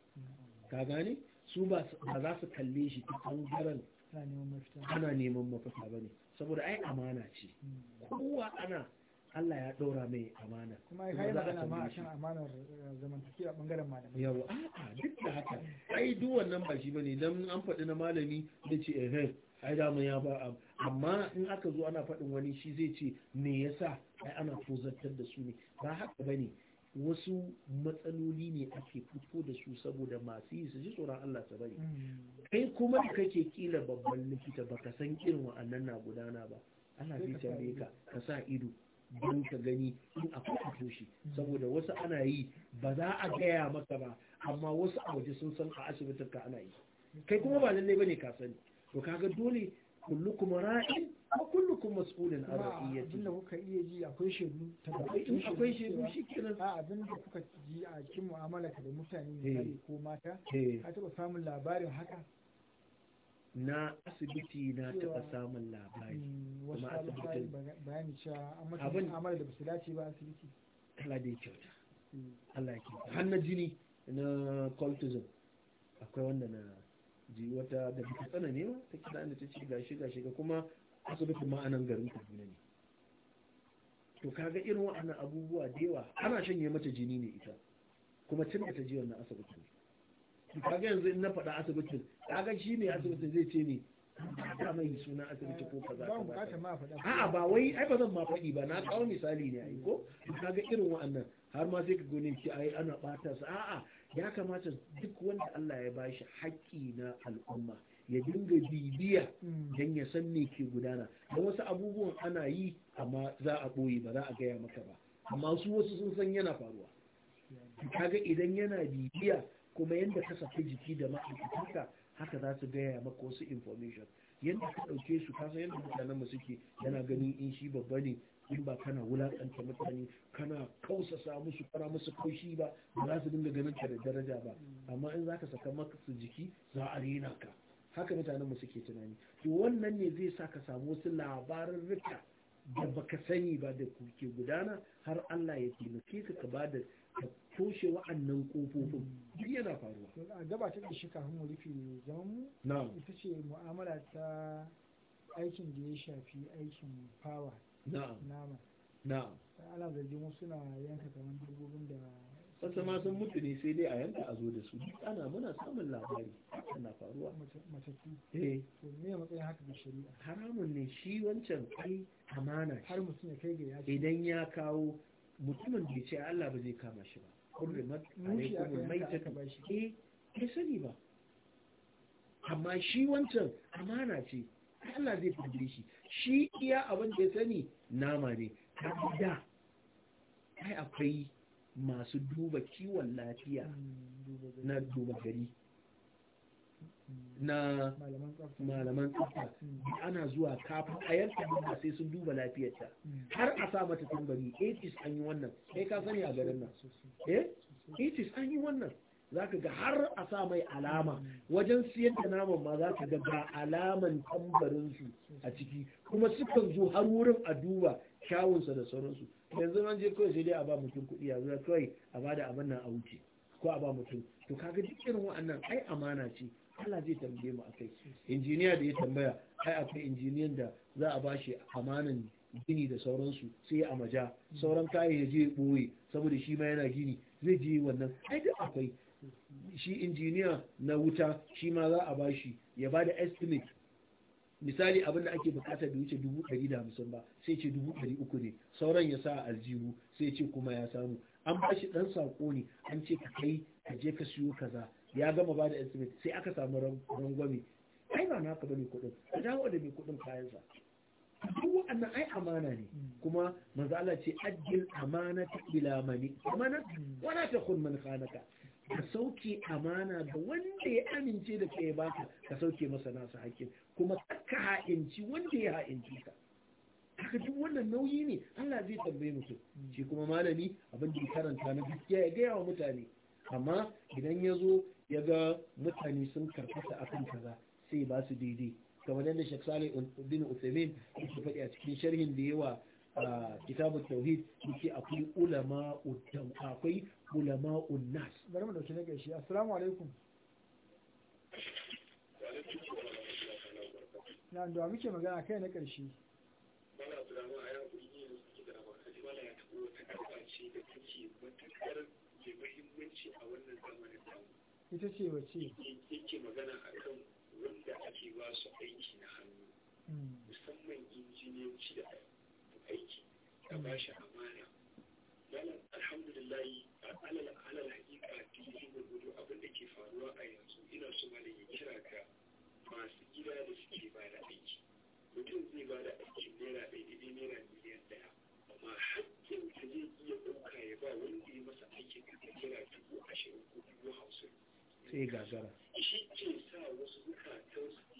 ka gane su ba za su kalle shi ta ɓangaren ana neman mafita ba ne saboda ai amana ce kowa ana Allah ya ɗora mai amana kuma ya kai magana ma a kan amanar eh, a ɓangaren malamai yawa a'a duk da haka ai duk wannan ba shi ba ne don an faɗi na malami da ce ehem ai da ya ba amma in aka zo ana faɗin wani shi zai ce me yasa ai ana kozantar da su ne ba haka bane wasu matsaloli ne ake fito da su saboda masu yi su ji tsoron Allah ta bari mm. kai kuma da kake kila babban likita baka san irin wa'annan na gudana ba ana zai tambaye ka ka sa ido don ka gani in akwai fito shi mm. saboda wasu ana yi ba za a gaya maka ba amma wasu a waje sun san a asibitin ka ana yi kai kuma ba lallai bane ka sani to kaga dole kullukum ra'in wa kullukum mas'ulun an ra'iyati inda da kuka iya ji akwai shedu tabbatun akwai shedu shikenan a abin da kuka ji a cikin mu'amala da mutane ne eh. ko mata eh. ka taba samun labarin haka na asibiti na taɓa samun labari hmm, kuma asibitin bayani cewa an mata mu'amala da basu dace ba asibiti Allah da ya kyauta hmm. Allah ya kyauta har na jini na cultism akwai wanda na ji wata da bata tsana ne ba ta kira da ta ce gashi gashi ga kuma asibitin ma anan garin kaduna ne to kaga irin wa'annan abubuwa da yawa ana shanye mata jini ne ita kuma tun da ta ji wannan To kaga yanzu in na faɗa asibitin kaga shi ne asibiti zai ce ne ta mai suna asibiti ko kaza a'a ba wai ai ba zan ma faɗi ba na kawo misali ne ai ko kaga irin wa'annan har ma sai ka gone ki ai ana ɓata su a'a ya kamata duk wanda Allah ya bashi haƙƙi na al'umma ya dinga bibiya mm. don ya san me ke gudana Da wasu abubuwan ana yi amma za a ɓoye ba za a gaya maka ba amma su wasu sun san yana faruwa ga idan yana bibiya kuma yadda ka safi jiki da ma'aikatanka haka za su gaya maka wasu information yadda ka ɗauke su kasa yadda mutanen mu suke yana ganin in shi babba ne in ba kana wulakanta mutane kana kausasa musu kana musu kaushi ba ba za su dinga ganin ka da daraja ba amma in zaka saka maka jiki za a rena ka haka mutanen mu suke tunani to wannan ne zai sa ka samu wasu labarin rika da baka sani ba da kuke gudana har Allah ya taimake ka ka bada ka toshe wa'annan kofofin duk yana faruwa gaba ta da shi kafin mu rufe mu ita ce mu'amala ta aikin da ya shafi aikin fawa nama na'am ana zargin wasu suna yanka kamar dabbobin da wasu ma sun mutu ne sai dai a yanka a zo da su duk ana muna samun labari na faruwa matattu eh to me matsayin haka da shari'a haramun ne shi wancan kai amana har mutum ya kai ga ya ce idan ya kawo mutumin da ce Allah ba zai kama shi ba hurrimat alaikum maitatu eh sani ba amma shi wancan amana ce Allah zai fadire shi shi iya abin da ya sani nama ne kaga da ai akwai masu duba kiwon lafiya na duba gari na malaman tsafta ana zuwa kafin a yanka duba sai sun duba lafiyarta har a sa mata tambari 80 an yi wannan kai ka sani a garin nan eh 80 an yi wannan za ka ga har a sa mai alama wajen siyan da naman ma za ka ga ba alaman tambarinsu a ciki kuma sukan zo har wurin a duba kyawunsa da sauransu yanzu an je kawai sai dai a ba mutum kuɗi a zuwa kawai a ba da abin nan a wuce ko a ba mutum to ga duk irin wa'annan ai amana ce Allah zai tambaye mu akai injiniya da ya tambaya ai akwai injiniyan da za a ba shi amanan gini da sauransu sai ya amaja sauran kayan ya je ya ɓoye saboda shi ma yana gini zai je wannan ai duk akwai shi injiniya na wuta shi ma za a bashi ya ba da estimate misali abin da ake bukata da wuce dubu ɗari da hamsin ba sai ce dubu ɗari uku ne sauran ya sa aljihu sai ce kuma ya samu an ba shi ɗan saƙo ne an ce ka kai ka je ka siyo kaza ya gama ba da estimate sai aka samu rangwame ai ba naka bane kuɗin ka dawo da mai kuɗin kayansa duk wannan ai amana ne kuma manzo Allah ce addil amanata bila mani amana wala takhun man khanaka ka sauke amana ga wanda ya amince da kai baka ka sauke masa nasa hakkin kuma ka ha'inci wanda ya ha'inci ka haka duk wannan nauyi ne Allah zai tambaye mutum shi kuma malami abin da karanta na gaskiya ya gaya wa mutane amma idan ya zo ya ga mutane sun karkata kan kaza sai ba su daidai kamar yadda shek sale bin Uthaymeen ya faɗi a cikin sharhin da yawa kitabu tauhid yake akwai ulama uddam akwai ulama unnas bari mu dauki na gaishe assalamu alaikum na da muke magana kai na karshe ita ce wace yake magana akan wanda ake ba su aiki na hannu hmm. musamman injiniyanci da aiki aiki ka ba shi amana malam alhamdulillah alal alal hakika da gudu abin da ke faruwa a yanzu ina so malam ya kira ka masu gida da suke ba da aiki mutum zai ba da aiki naira ɗaya daidai naira miliyan ɗaya amma hakkin ka zai iya ɗauka ya ba wanda ya masa aikin ka kira dubu ashirin ko dubu sai gagara shi ke sa wasu zukatansu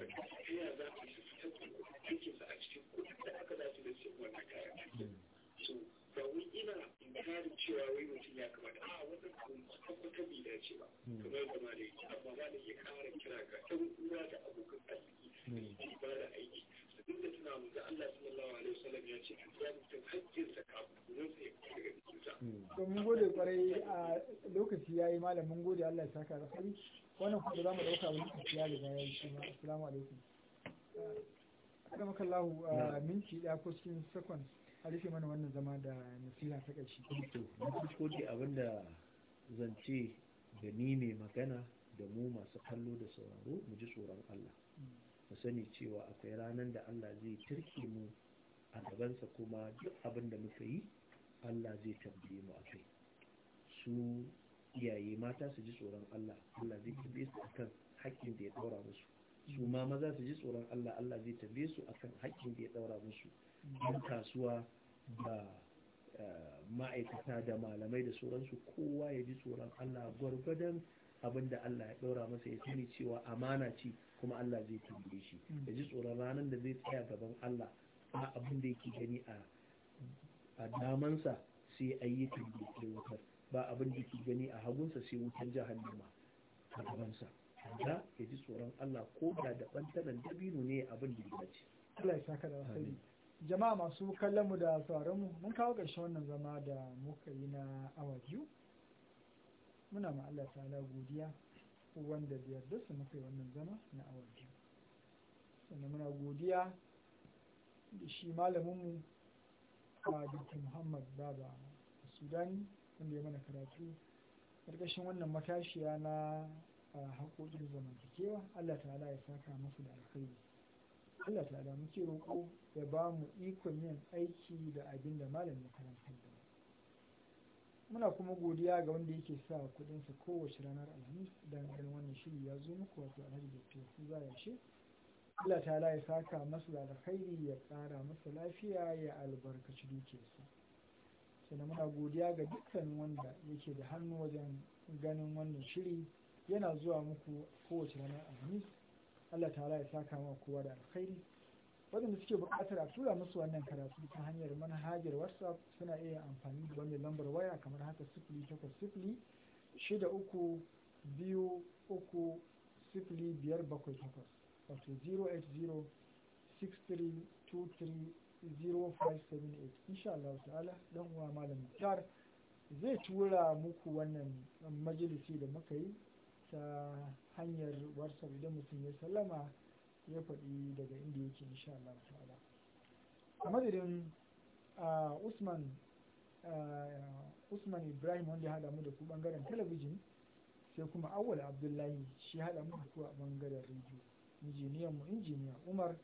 ya za ka su fitar da a cikin kudin da aka dace da su wannan kayan so ba ina inkarin cewa wai mutum ya kamata a wannan abun ba kamar da ma da amma ya kara kira ga ɗan da abokan arziki da ba da aiki da duk da Allah sallallahu alaihi wasallam ya ce ya mutum hakkinsa kafin domin gode kwarai a lokaci ya yi malamin gode Allah ya saka da hari wannan kuma za mu ɗauka wani lokaci ya da ya shi ma assalamu alaikum kada maka lahu a minti ɗaya ko cikin sakon a rufe mana wannan zama da nasiha ta ƙarshe. to na abin da abinda zance da ni mai magana da mu masu kallo da sauraro mu ji tsoron Allah mu sani cewa akwai ranar da Allah zai turke mu a gabansa kuma duk abin da muka yi Allah zai tambaye mu akai su iyaye mata su ji tsoron Allah Allah zai tambaye su akan haƙƙin da ya daura musu su ma maza su ji tsoron Allah Allah zai tambaye su akan haƙƙin da ya daura musu yan kasuwa da eh, ma'aikata da malamai da sauransu kowa ya ji tsoron Allah gwargwadon abin da Allah ya ɗaura masa ya sani cewa amana ce kuma Allah zai tambaye shi ya ji tsoron ranar da zai tsaya gaban Allah a abin da yake gani a a damansa sai ayyukan da ke wutar ba abin da ke gani a hagunsa sai wutar jahannama a gabansa da ya ji tsoron Allah ko da da bantanan dabino ne abin da ya ce Allah ya saka da wasali jama'a masu kallon mu da sauraron mu mun kawo ƙarshen wannan zama da muka yi na awa biyu muna ma Allah ta'ala godiya wanda da yarda su muka yi wannan zama na awa biyu muna godiya da shi malamin mu a dukkan muhammad baba sudan wanda ya mana karatu ƙarƙashin wannan matashiya na haƙoƙin zamantakewa allah ta'ala ya saka masu da alkhairi allah ta'ala muke roƙo ya ba mu ikon yin aiki da abin da malam ya karanta da muna kuma godiya ga wanda yake sa kuɗinsa kowace ranar alhamis don ganin wannan shiri ya zo muku wato alhaji da fiye za ya Allah ta ya saka masu da alkhairi ya ƙara masa lafiya ya albarkaci dukiyarsa sannan muna godiya ga dukkanin wanda yake da hannu wajen ganin wannan shiri yana zuwa muku kowace ranar alhamis Allah ta ya saka ma kowa da alkhairi waɗanda suke bukatar a tura musu wannan karatu ta hanyar manhajar whatsapp suna iya amfani da wannan lambar waya kamar haka sifili takwas sifili shida uku biyu uku sifili biyar bakwai takwas wato 08063230578 insha Allah ta'ala dan uwa malam Muktar zai tura muku wannan majalisi da muka yi ta hanyar WhatsApp idan mutum ya sallama ya faɗi daga inda yake insha Allah ta'ala a madadin Usman Usman Ibrahim wanda ya haɗa mu da ku ɓangaren talabijin sai kuma Awal Abdullahi shi haɗa mu da ku a ɓangaren rediyo injiniyan mu injiniya umar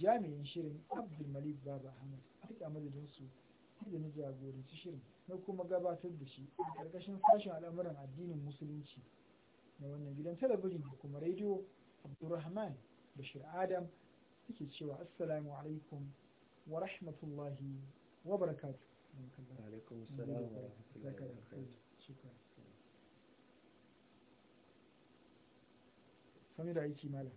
jami'in shirin abdulmalik baba hamad duk a madadin su da na jagoranci shirin na kuma gabatar da shi a ƙarƙashin sashen al'amuran addinin musulunci na wannan gidan talabijin da kuma rediyo abdulrahman bashir adam suke cewa assalamu alaikum wa rahmatullahi wa barakatuh. 他们在一起买了。